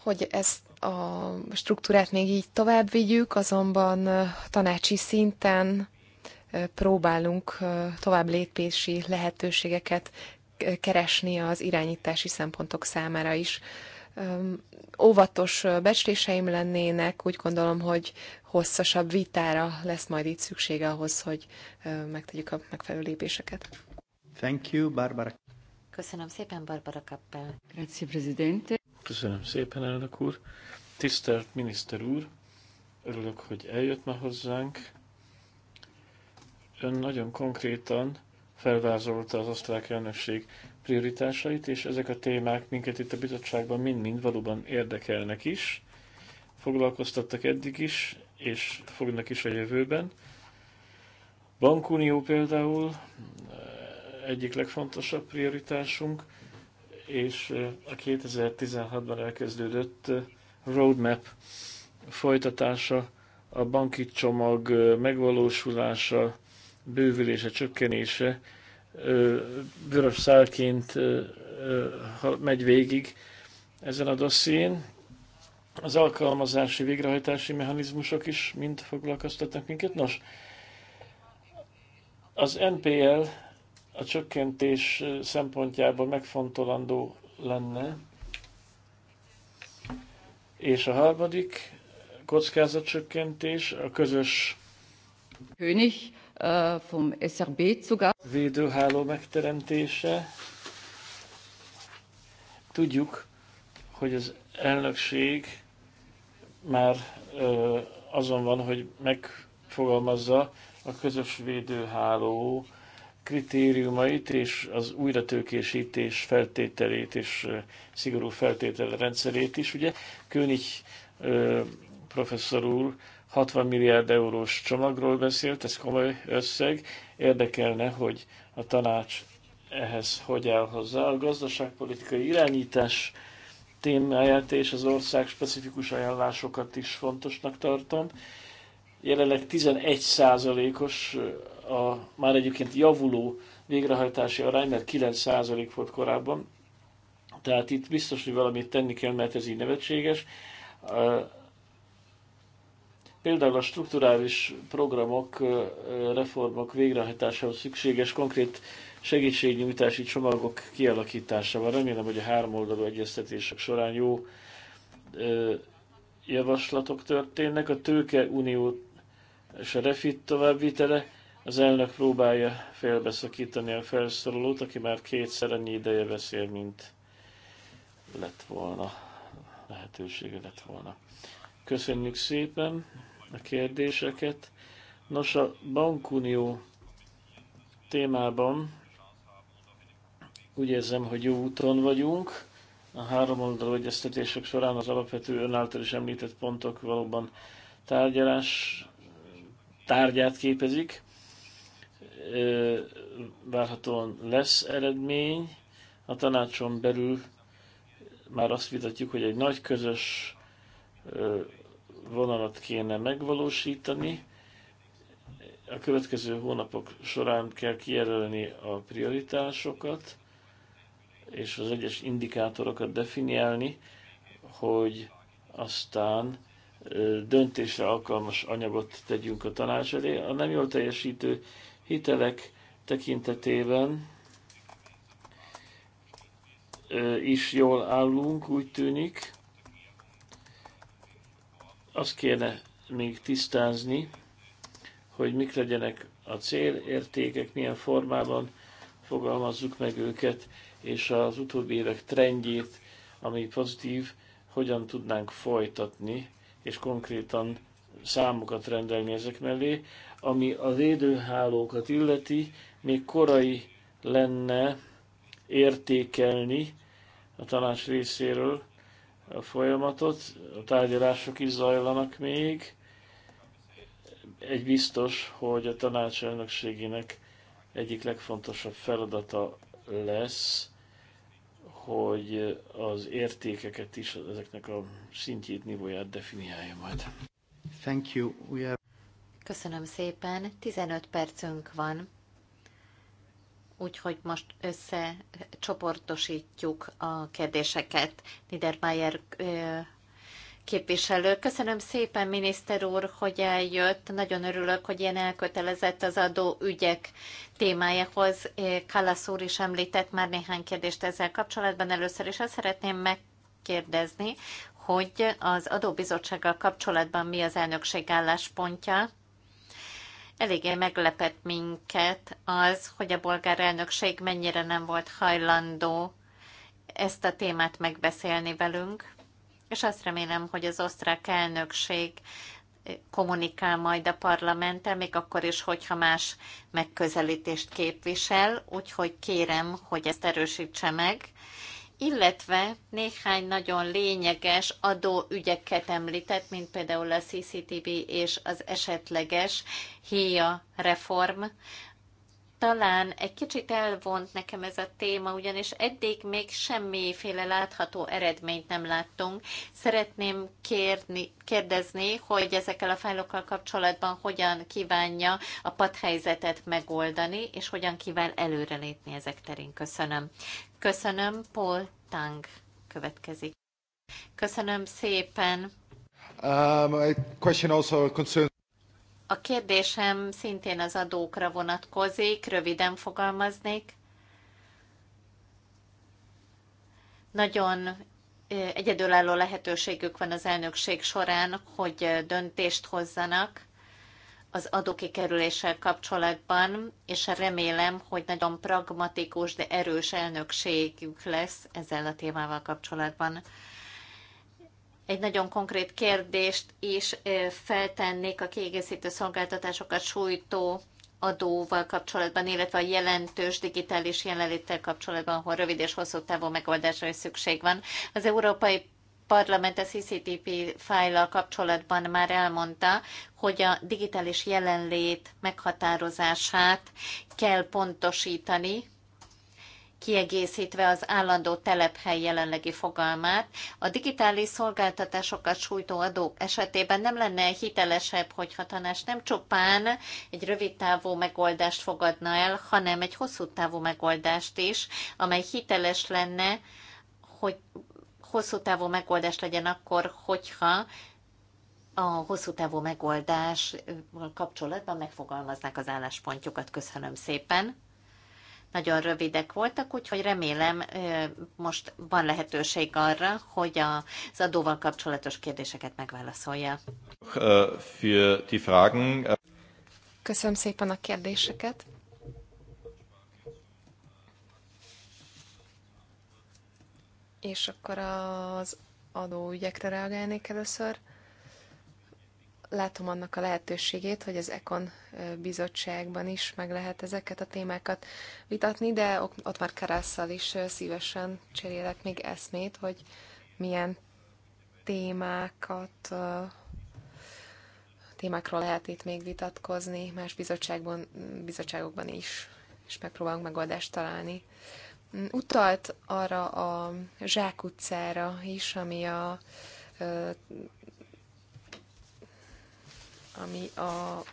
hogy ezt a struktúrát még így tovább vigyük, azonban tanácsi szinten próbálunk tovább lépési lehetőségeket keresni az irányítási szempontok számára is. Óvatos becsléseim lennének, úgy gondolom, hogy hosszasabb vitára lesz majd itt szüksége ahhoz, hogy megtegyük a megfelelő lépéseket. Thank you, Barbara. Köszönöm szépen, Barbara Kappel. Grazie, Presidente. Köszönöm szépen, elnök úr. Tisztelt miniszter úr, örülök, hogy eljött ma hozzánk. Ön nagyon konkrétan felvázolta az osztrák elnökség prioritásait, és ezek a témák minket itt a bizottságban mind-mind valóban érdekelnek is. Foglalkoztattak eddig is, és fognak is a jövőben. Bankunió például, egyik legfontosabb prioritásunk, és a 2016-ban elkezdődött roadmap folytatása, a banki csomag megvalósulása, bővülése, csökkenése vörös szálként megy végig ezen a dosszién. Az alkalmazási, végrehajtási mechanizmusok is mind foglalkoztatnak minket. Nos, az NPL a csökkentés szempontjából megfontolandó lenne. És a harmadik kockázatcsökkentés, a közös König vom SRB sogar. védőháló megteremtése. Tudjuk, hogy az elnökség már azon van, hogy megfogalmazza a közös védőháló kritériumait és az újratőkésítés feltételét és szigorú rendszerét is. Ugye König professzor úr 60 milliárd eurós csomagról beszélt, ez komoly összeg. Érdekelne, hogy a tanács ehhez hogy áll hozzá. A gazdaságpolitikai irányítás témáját és az ország specifikus ajánlásokat is fontosnak tartom. Jelenleg 11 százalékos a már egyébként javuló végrehajtási arány, mert 9% volt korábban, tehát itt biztos, hogy valamit tenni kell, mert ez így nevetséges. Például a strukturális programok, reformok végrehajtásához szükséges konkrét segítségnyújtási csomagok van. Remélem, hogy a háromoldalú egyeztetések során jó javaslatok történnek. A tőke unió és a refit továbbvitele az elnök próbálja félbeszakítani a felszorulót, aki már kétszer annyi ideje beszél, mint lett volna, lehetősége lett volna. Köszönjük szépen a kérdéseket. Nos, a bankunió témában úgy érzem, hogy jó úton vagyunk. A három oldalú egyeztetések során az alapvető önáltal is említett pontok valóban tárgyalás tárgyát képezik várhatóan lesz eredmény. A tanácson belül már azt vitatjuk, hogy egy nagy közös vonalat kéne megvalósítani. A következő hónapok során kell kijelölni a prioritásokat, és az egyes indikátorokat definiálni, hogy aztán döntésre alkalmas anyagot tegyünk a tanács elé. A nem jól teljesítő hitelek tekintetében is jól állunk, úgy tűnik. Azt kéne még tisztázni, hogy mik legyenek a célértékek, milyen formában fogalmazzuk meg őket, és az utóbbi évek trendjét, ami pozitív, hogyan tudnánk folytatni, és konkrétan számokat rendelni ezek mellé. Ami a védőhálókat illeti, még korai lenne értékelni a tanács részéről a folyamatot, a tárgyalások is zajlanak még. Egy biztos, hogy a tanács elnökségének egyik legfontosabb feladata lesz, hogy az értékeket is, ezeknek a szintjét, nivóját definiálja majd. Thank you. We are... Köszönöm szépen, 15 percünk van, úgyhogy most összecsoportosítjuk a kérdéseket. Niedermayer képviselő. Köszönöm szépen, miniszter úr, hogy eljött. Nagyon örülök, hogy ilyen elkötelezett az adó ügyek témájához. Kalasz úr is említett már néhány kérdést ezzel kapcsolatban. Először is azt szeretném megkérdezni, hogy az adóbizottsággal kapcsolatban mi az elnökség álláspontja, eléggé meglepett minket az, hogy a bolgár elnökség mennyire nem volt hajlandó ezt a témát megbeszélni velünk, és azt remélem, hogy az osztrák elnökség eh, kommunikál majd a parlamenttel, még akkor is, hogyha más megközelítést képvisel, úgyhogy kérem, hogy ezt erősítse meg, illetve néhány nagyon lényeges adóügyeket említett, mint például a CCTV és az esetleges HIA reform, talán egy kicsit elvont nekem ez a téma, ugyanis eddig még semmiféle látható eredményt nem láttunk. Szeretném kérni, kérdezni, hogy ezekkel a fájlokkal kapcsolatban hogyan kívánja a padhelyzetet megoldani, és hogyan kíván előrelépni ezek terén. Köszönöm. Köszönöm, Paul Tang következik. Köszönöm szépen. Um, a question also concerns a kérdésem szintén az adókra vonatkozik, röviden fogalmaznék. Nagyon egyedülálló lehetőségük van az elnökség során, hogy döntést hozzanak az adókikerüléssel kapcsolatban, és remélem, hogy nagyon pragmatikus, de erős elnökségük lesz ezzel a témával kapcsolatban egy nagyon konkrét kérdést is feltennék a kiegészítő szolgáltatásokat sújtó adóval kapcsolatban, illetve a jelentős digitális jelenléttel kapcsolatban, ahol rövid és hosszú távú megoldásra is szükség van. Az Európai Parlament a CCTP fájlal kapcsolatban már elmondta, hogy a digitális jelenlét meghatározását kell pontosítani, kiegészítve az állandó telephely jelenlegi fogalmát, a digitális szolgáltatásokat sújtó adók esetében nem lenne hitelesebb, hogyha tanás nem csupán egy rövid távú megoldást fogadna el, hanem egy hosszú távú megoldást is, amely hiteles lenne, hogy hosszú távú megoldás legyen akkor, hogyha a hosszú távú megoldás kapcsolatban megfogalmaznák az álláspontjukat. Köszönöm szépen! nagyon rövidek voltak, úgyhogy remélem most van lehetőség arra, hogy az adóval kapcsolatos kérdéseket megválaszolja. Köszönöm szépen a kérdéseket. És akkor az adóügyekre reagálnék először látom annak a lehetőségét, hogy az Ekon bizottságban is meg lehet ezeket a témákat vitatni, de ott már Karasszal is szívesen cserélek még eszmét, hogy milyen témákat témákról lehet itt még vitatkozni, más bizottságban, bizottságokban is, és megpróbálunk megoldást találni. Mm, utalt arra a zsákutcára is, ami a ami a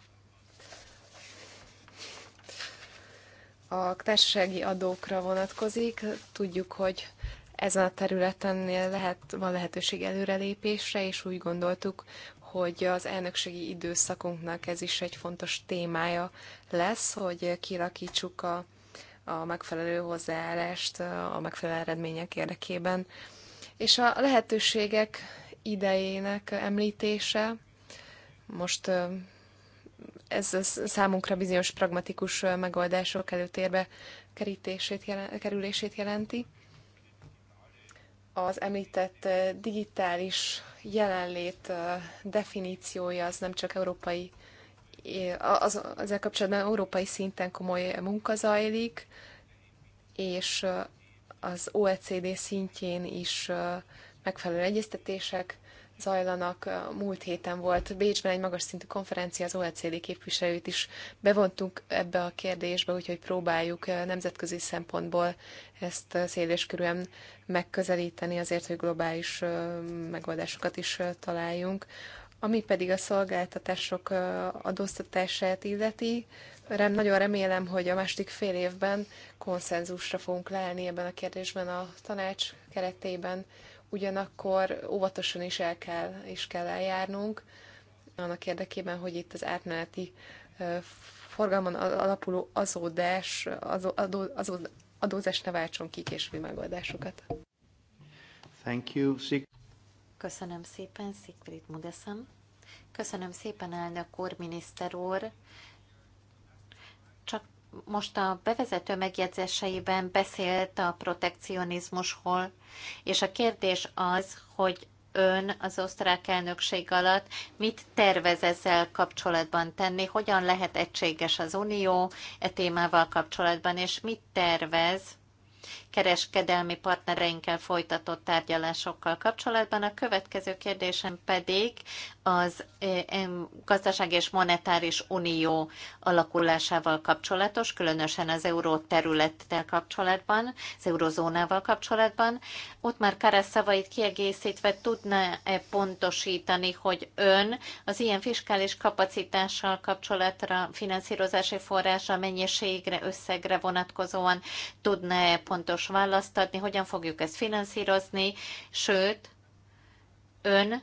a társasági adókra vonatkozik. Tudjuk, hogy ezen a területen lehet, van lehetőség előrelépésre, és úgy gondoltuk, hogy az elnökségi időszakunknak ez is egy fontos témája lesz, hogy kirakítsuk a, a megfelelő hozzáállást a megfelelő eredmények érdekében. És a lehetőségek idejének említése most ez a számunkra bizonyos pragmatikus megoldások előtérbe kerítését, jelen, kerülését jelenti. Az említett digitális jelenlét definíciója az nem csak európai, az, ezzel kapcsolatban európai szinten komoly munka zajlik, és az OECD szintjén is megfelelő egyeztetések zajlanak. Múlt héten volt Bécsben egy magas szintű konferencia, az OECD képviselőt is bevontunk ebbe a kérdésbe, úgyhogy próbáljuk nemzetközi szempontból ezt széleskörűen megközelíteni, azért, hogy globális megoldásokat is találjunk. Ami pedig a szolgáltatások adóztatását illeti, rem, nagyon remélem, hogy a második fél évben konszenzusra fogunk leállni ebben a kérdésben a tanács keretében, ugyanakkor óvatosan is el kell, és kell eljárnunk, annak érdekében, hogy itt az átmeneti forgalman alapuló azódás, azó, adó, azó, adózás ne váltson ki késői megoldásokat. Thank you. Sig- Köszönöm szépen, Szigfried Mudeszem. Köszönöm szépen, elnök úr, miniszter úr. Csak most a bevezető megjegyzéseiben beszélt a protekcionizmusról, és a kérdés az, hogy ön az osztrák elnökség alatt mit tervez ezzel kapcsolatban tenni, hogyan lehet egységes az Unió e témával kapcsolatban, és mit tervez kereskedelmi partnereinkkel folytatott tárgyalásokkal kapcsolatban. A következő kérdésem pedig az eh, gazdaság és monetáris unió alakulásával kapcsolatos, különösen az euró területtel kapcsolatban, az eurozónával kapcsolatban. Ott már Karasz szavait kiegészítve tudná e pontosítani, hogy ön az ilyen fiskális kapacitással kapcsolatra, finanszírozási forrásra, mennyiségre, összegre vonatkozóan tudná e pontos világos választ adni, hogyan fogjuk ezt finanszírozni, sőt, ön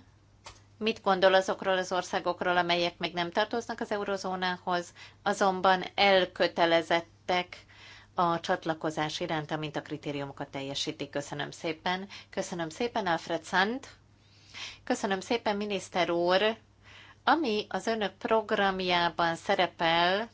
mit gondol azokról az országokról, amelyek még nem tartoznak az eurozónához, azonban elkötelezettek a csatlakozás iránt, amint a kritériumokat teljesítik. Köszönöm szépen. Köszönöm szépen, Alfred Sand. Köszönöm szépen, miniszter úr. Ami az önök programjában szerepel,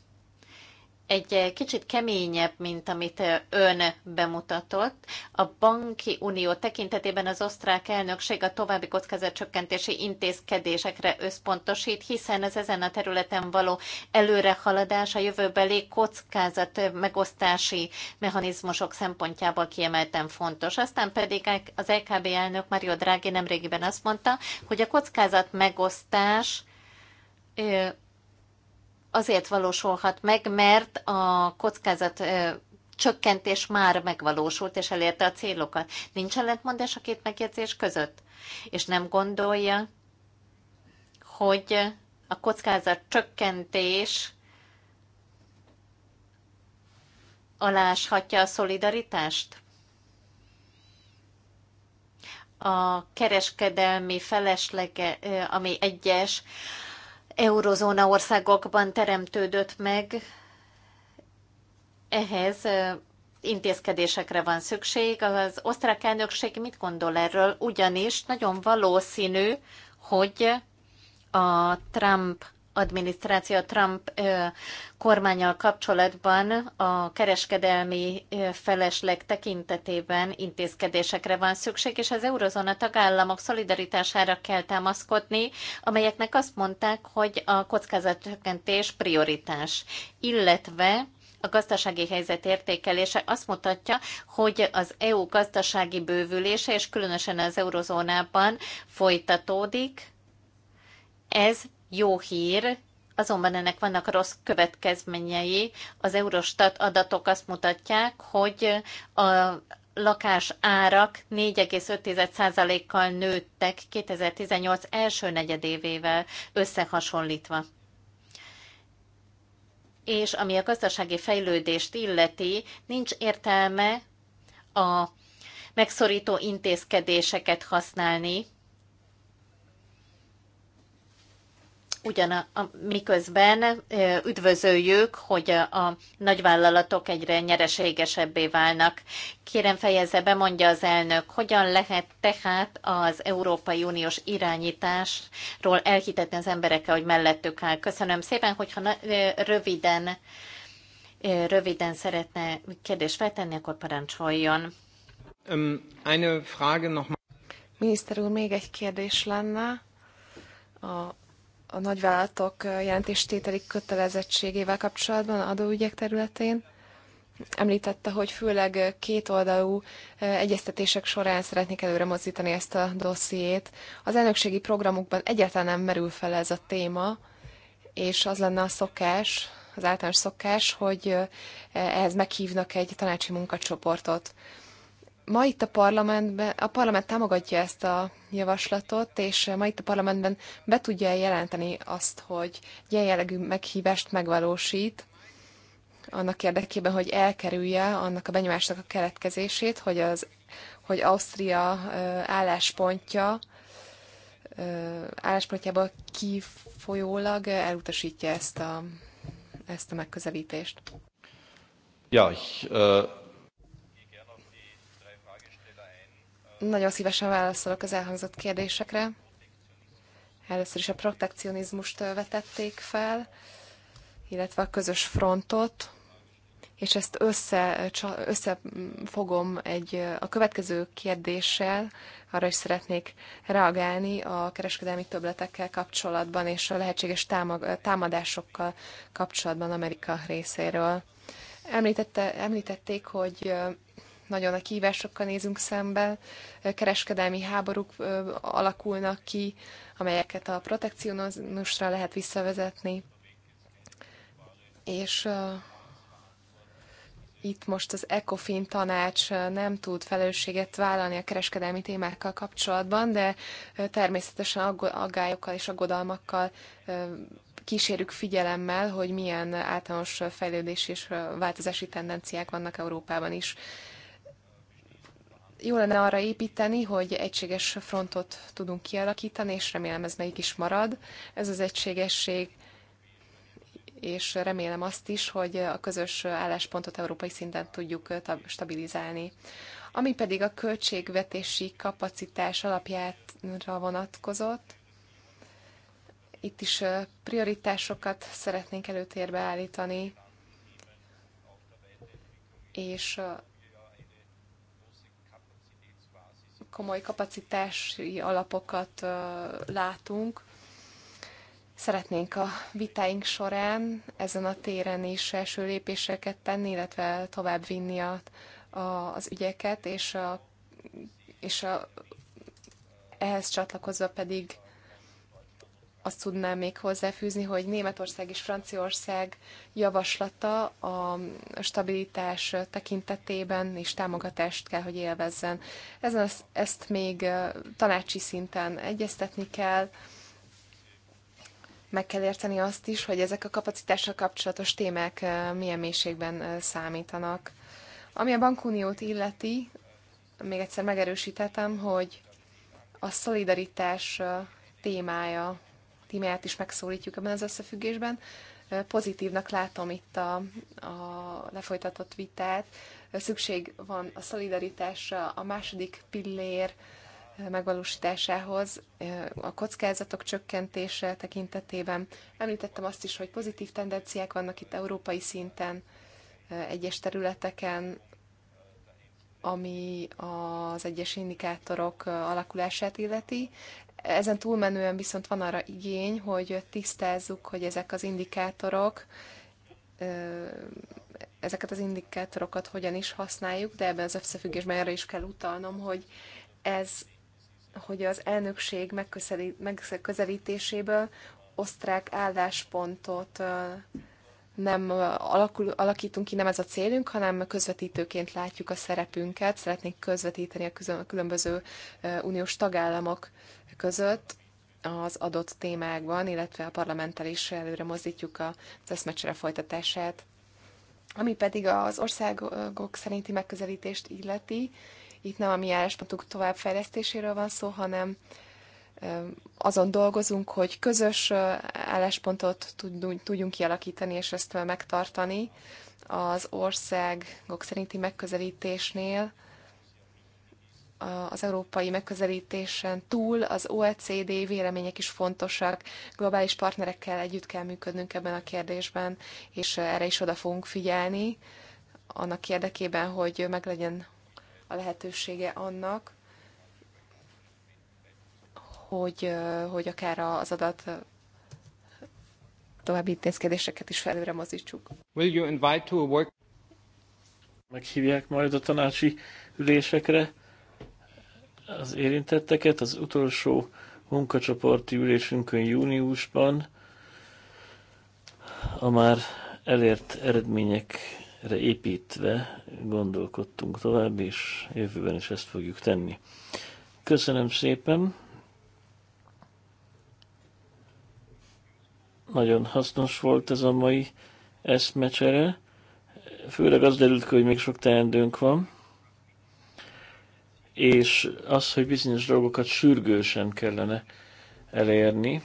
egy eh, kicsit keményebb, mint amit eh, ön bemutatott. A banki unió tekintetében az osztrák elnökség a további kockázatcsökkentési intézkedésekre összpontosít, hiszen az ezen a területen való előrehaladás a jövőbeli kockázat eh, megosztási mechanizmusok szempontjából kiemelten fontos. Aztán pedig az LKB elnök Mario Draghi nemrégiben azt mondta, hogy a kockázat megosztás azért valósulhat meg, mert a kockázat csökkentés már megvalósult és elérte a célokat. Nincs ellentmondás a két megjegyzés között? És nem gondolja, hogy a kockázat csökkentés aláshatja a szolidaritást? A kereskedelmi feleslege, ami egyes, eurozóna országokban teremtődött meg, ehhez intézkedésekre van szükség. Az osztrák elnökség mit gondol erről? Ugyanis nagyon valószínű, hogy a Trump adminisztráció Trump kormányal kapcsolatban a kereskedelmi felesleg tekintetében intézkedésekre van szükség, és az eurozóna tagállamok szolidaritására kell támaszkodni, amelyeknek azt mondták, hogy a kockázatcsökkentés prioritás, illetve a gazdasági helyzet értékelése azt mutatja, hogy az EU gazdasági bővülése, és különösen az eurozónában folytatódik, ez jó hír, azonban ennek vannak rossz következményei. Az Eurostat adatok azt mutatják, hogy a lakás árak 4,5%-kal nőttek 2018 első negyedévével összehasonlítva. És ami a gazdasági fejlődést illeti, nincs értelme a megszorító intézkedéseket használni, ugyan a, a, miközben üdvözöljük, hogy a, a nagyvállalatok egyre nyereségesebbé válnak. Kérem fejezze be, mondja az elnök, hogyan lehet tehát az Európai Uniós irányításról elhitetni az emberekkel, hogy mellettük áll. Köszönöm szépen, hogyha na, röviden, röviden szeretne kérdést feltenni, akkor parancsoljon. Um, eine Frage noch Miniszter úr, még egy kérdés lenne a a nagyvállalatok jelentéstételi kötelezettségével kapcsolatban adóügyek területén. Említette, hogy főleg két oldalú egyeztetések során szeretnék előre mozdítani ezt a dossziét. Az elnökségi programokban egyáltalán nem merül fel ez a téma, és az lenne a szokás, az általános szokás, hogy ehhez meghívnak egy tanácsi munkacsoportot. Ma itt a parlamentben, a parlament támogatja ezt a javaslatot, és ma itt a parlamentben be tudja jelenteni azt, hogy ilyen jellegű meghívást megvalósít, annak érdekében, hogy elkerülje annak a benyomásnak a keletkezését, hogy, az, hogy Ausztria álláspontja, álláspontjából kifolyólag elutasítja ezt a, ezt a megközelítést. Ja, ich, uh... Nagyon szívesen válaszolok az elhangzott kérdésekre. Először is a protekcionizmust vetették fel, illetve a közös frontot, és ezt össze, összefogom egy, a következő kérdéssel, arra is szeretnék reagálni a kereskedelmi töbletekkel kapcsolatban és a lehetséges támadásokkal kapcsolatban Amerika részéről. Említette, említették, hogy nagyon a kihívásokkal nézünk szembe, kereskedelmi háborúk alakulnak ki, amelyeket a protekcionizmusra lehet visszavezetni. És itt most az ECOFIN tanács nem tud felelősséget vállalni a kereskedelmi témákkal kapcsolatban, de természetesen aggályokkal és aggodalmakkal kísérjük figyelemmel, hogy milyen általános fejlődés és változási tendenciák vannak Európában is jó lenne arra építeni, hogy egységes frontot tudunk kialakítani, és remélem ez meg is marad. Ez az egységesség és remélem azt is, hogy a közös álláspontot európai szinten tudjuk stabilizálni. Ami pedig a költségvetési kapacitás alapjára vonatkozott, itt is prioritásokat szeretnénk előtérbe állítani, és komoly kapacitási alapokat látunk. Szeretnénk a vitáink során ezen a téren is első lépéseket tenni, illetve tovább vinni a, a, az ügyeket, és, a, és a, ehhez csatlakozva pedig azt tudnám még hozzáfűzni, hogy Németország és Franciaország javaslata a stabilitás tekintetében és támogatást kell, hogy élvezzen. Ezen ezt még tanácsi szinten egyeztetni kell, meg kell érteni azt is, hogy ezek a kapacitással kapcsolatos témák milyen mélységben számítanak. Ami a bankuniót illeti, még egyszer megerősítettem, hogy a szolidaritás témája témáját is megszólítjuk ebben az összefüggésben. Pozitívnak látom itt a, a lefolytatott vitát. Szükség van a szolidaritásra, a második pillér megvalósításához, a kockázatok csökkentése tekintetében. Említettem azt is, hogy pozitív tendenciák vannak itt európai szinten, egyes területeken, ami az egyes indikátorok alakulását illeti. Ezen túlmenően viszont van arra igény, hogy tisztázzuk, hogy ezek az indikátorok, ezeket az indikátorokat hogyan is használjuk, de ebben az összefüggésben erre is kell utalnom, hogy ez, hogy az elnökség megközelítéséből osztrák álláspontot nem alakul, alakítunk ki, nem ez a célunk, hanem közvetítőként látjuk a szerepünket, szeretnénk közvetíteni a különböző uniós tagállamok között az adott témákban, illetve a parlamenttel is előre mozdítjuk az eszmecsere folytatását. Ami pedig az országok szerinti megközelítést illeti, itt nem a mi álláspontunk továbbfejlesztéséről van szó, hanem azon dolgozunk, hogy közös álláspontot tudjunk kialakítani, és ezt megtartani az országok szerinti megközelítésnél, az európai megközelítésen túl az OECD vélemények is fontosak, globális partnerekkel együtt kell működnünk ebben a kérdésben, és erre is oda fogunk figyelni, annak érdekében, hogy meglegyen a lehetősége annak, hogy, hogy akár az adat további intézkedéseket is felőre mozítsuk. Will you invite to a work... Meghívják majd a tanácsi ülésekre az érintetteket. Az utolsó munkacsoporti ülésünkön júniusban a már elért eredményekre építve gondolkodtunk tovább, és jövőben is ezt fogjuk tenni. Köszönöm szépen! Nagyon hasznos volt ez a mai eszmecsere. Főleg az derült ki, hogy még sok teendőnk van. És az, hogy bizonyos dolgokat sürgősen kellene elérni.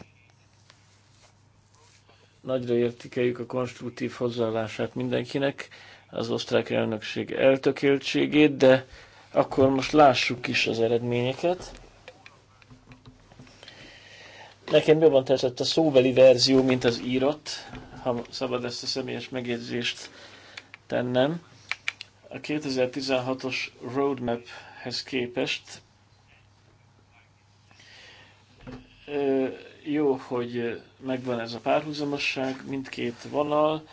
Nagyra értékeljük a konstruktív hozzáállását mindenkinek, az osztrák elnökség eltökéltségét, de akkor most lássuk is az eredményeket. Nekem jobban tetszett a szóbeli verzió, mint az írott, ha szabad ezt a személyes megjegyzést tennem. A 2016-os roadmaphez képest jó, hogy megvan ez a párhuzamosság, mindkét vonal,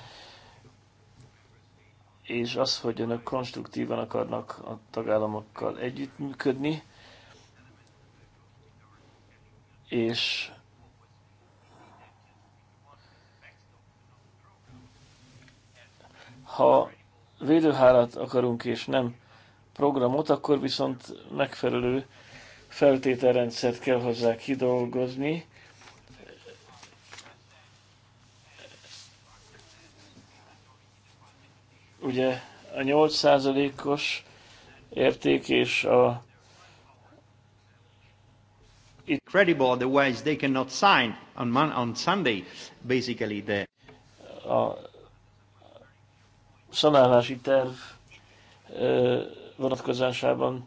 és az, hogy önök konstruktívan akarnak a tagállamokkal együttműködni, és Ha védőhárat akarunk és nem programot, akkor viszont megfelelő feltételrendszert kell hozzá kidolgozni. Ugye a 8%-os érték és a incredible otherwise they cannot sign on, on Sunday basically the a szanálási terv vonatkozásában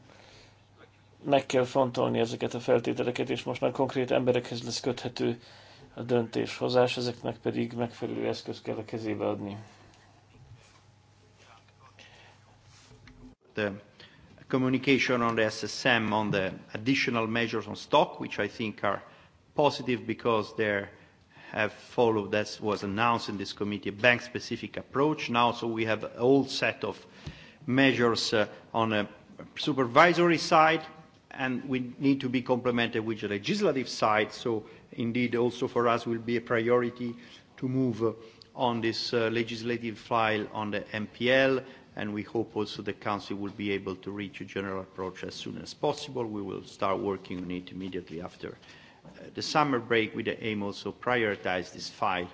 meg kell fontolni ezeket a feltételeket, és most már konkrét emberekhez lesz köthető a döntéshozás, ezeknek pedig megfelelő eszköz kell a kezébe adni. The communication on the SSM on the additional measures on stock, which I think are positive because they're have followed, as was announced in this committee, a bank-specific approach now, so we have a whole set of measures uh, on a supervisory side, and we need to be complemented with the legislative side, so indeed also for us will be a priority to move uh, on this uh, legislative file on the MPL, and we hope also the Council will be able to reach a general approach as soon as possible. We will start working on it immediately after Uh, the summer break with the aim also prioritize this file,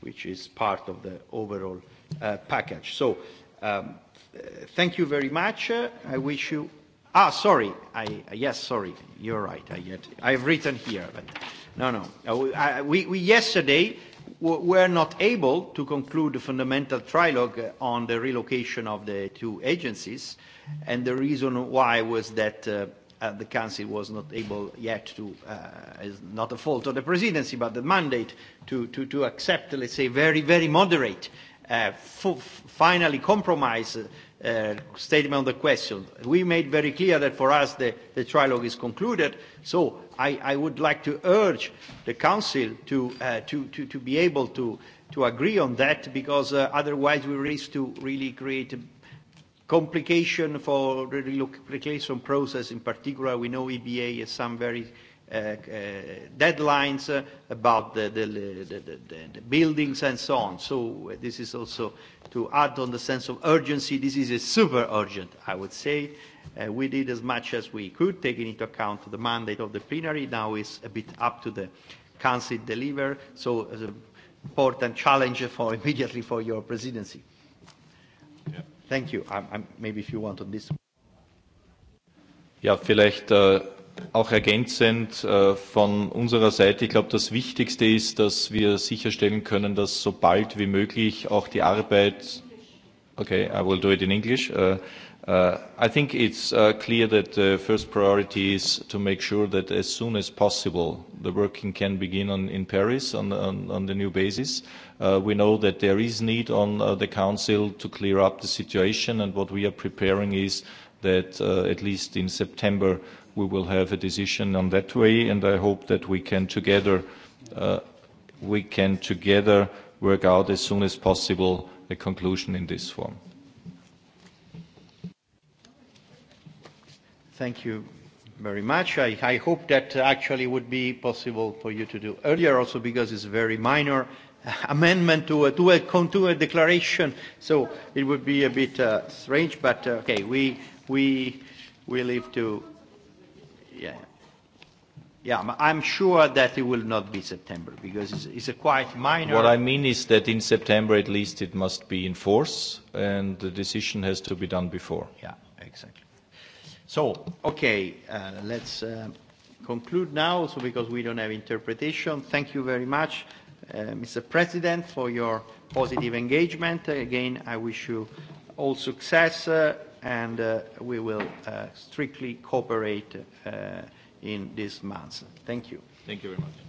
which is part of the overall uh, package. So um, uh, thank you very much. Uh, I wish you. Ah, sorry. I, uh, yes, sorry. You're right. I yet, I've written here, but no, no. Uh, we, we yesterday were not able to conclude the fundamental trilogue on the relocation of the two agencies, and the reason why was that. Uh, uh, the Council was not able yet to, uh, is not a fault of the Presidency, but the mandate to, to, to accept, let's say, very, very moderate, uh, f- finally compromise uh, uh, statement on the question. We made very clear that for us the, the trilogue is concluded, so I, I would like to urge the Council to, uh, to, to, to be able to, to agree on that, because uh, otherwise we risk to really create a Complication for the relocation process, in particular, we know EBA has some very uh, uh, deadlines uh, about the, the, the, the, the buildings and so on. So uh, this is also to add on the sense of urgency. This is a super urgent, I would say. Uh, we did as much as we could, taking into account the mandate of the plenary. Now it's a bit up to the council deliver. So uh, important challenge for [laughs] immediately for your presidency. Yeah. Thank you. I'm, I'm, maybe if you want on this. Ja, vielleicht äh, auch ergänzend äh, von unserer Seite. Ich glaube, das Wichtigste ist, dass wir sicherstellen können, dass so bald wie möglich auch die Arbeit. Okay, I will do it in English. Uh, Uh, I think it's uh, clear that the uh, first priority is to make sure that as soon as possible the working can begin on, in Paris on, on, on the new basis. Uh, we know that there is need on uh, the Council to clear up the situation and what we are preparing is that uh, at least in September we will have a decision on that way and I hope that we can together, uh, we can together work out as soon as possible a conclusion in this form. Thank you very much. I, I hope that actually would be possible for you to do earlier also because it's a very minor [laughs] amendment to a, to a, to a declaration, so it would be a bit uh, strange, but uh, okay, we, we, we leave to, yeah. Yeah, I'm sure that it will not be September because it's, it's a quite minor. What I mean is that in September at least it must be in force and the decision has to be done before. Yeah, exactly. So, okay, uh, let's uh, conclude now, so because we don't have interpretation. Thank you very much, uh, Mr. President, for your positive engagement. Again, I wish you all success, uh, and uh, we will uh, strictly cooperate uh, in this month. Thank you. Thank you very much.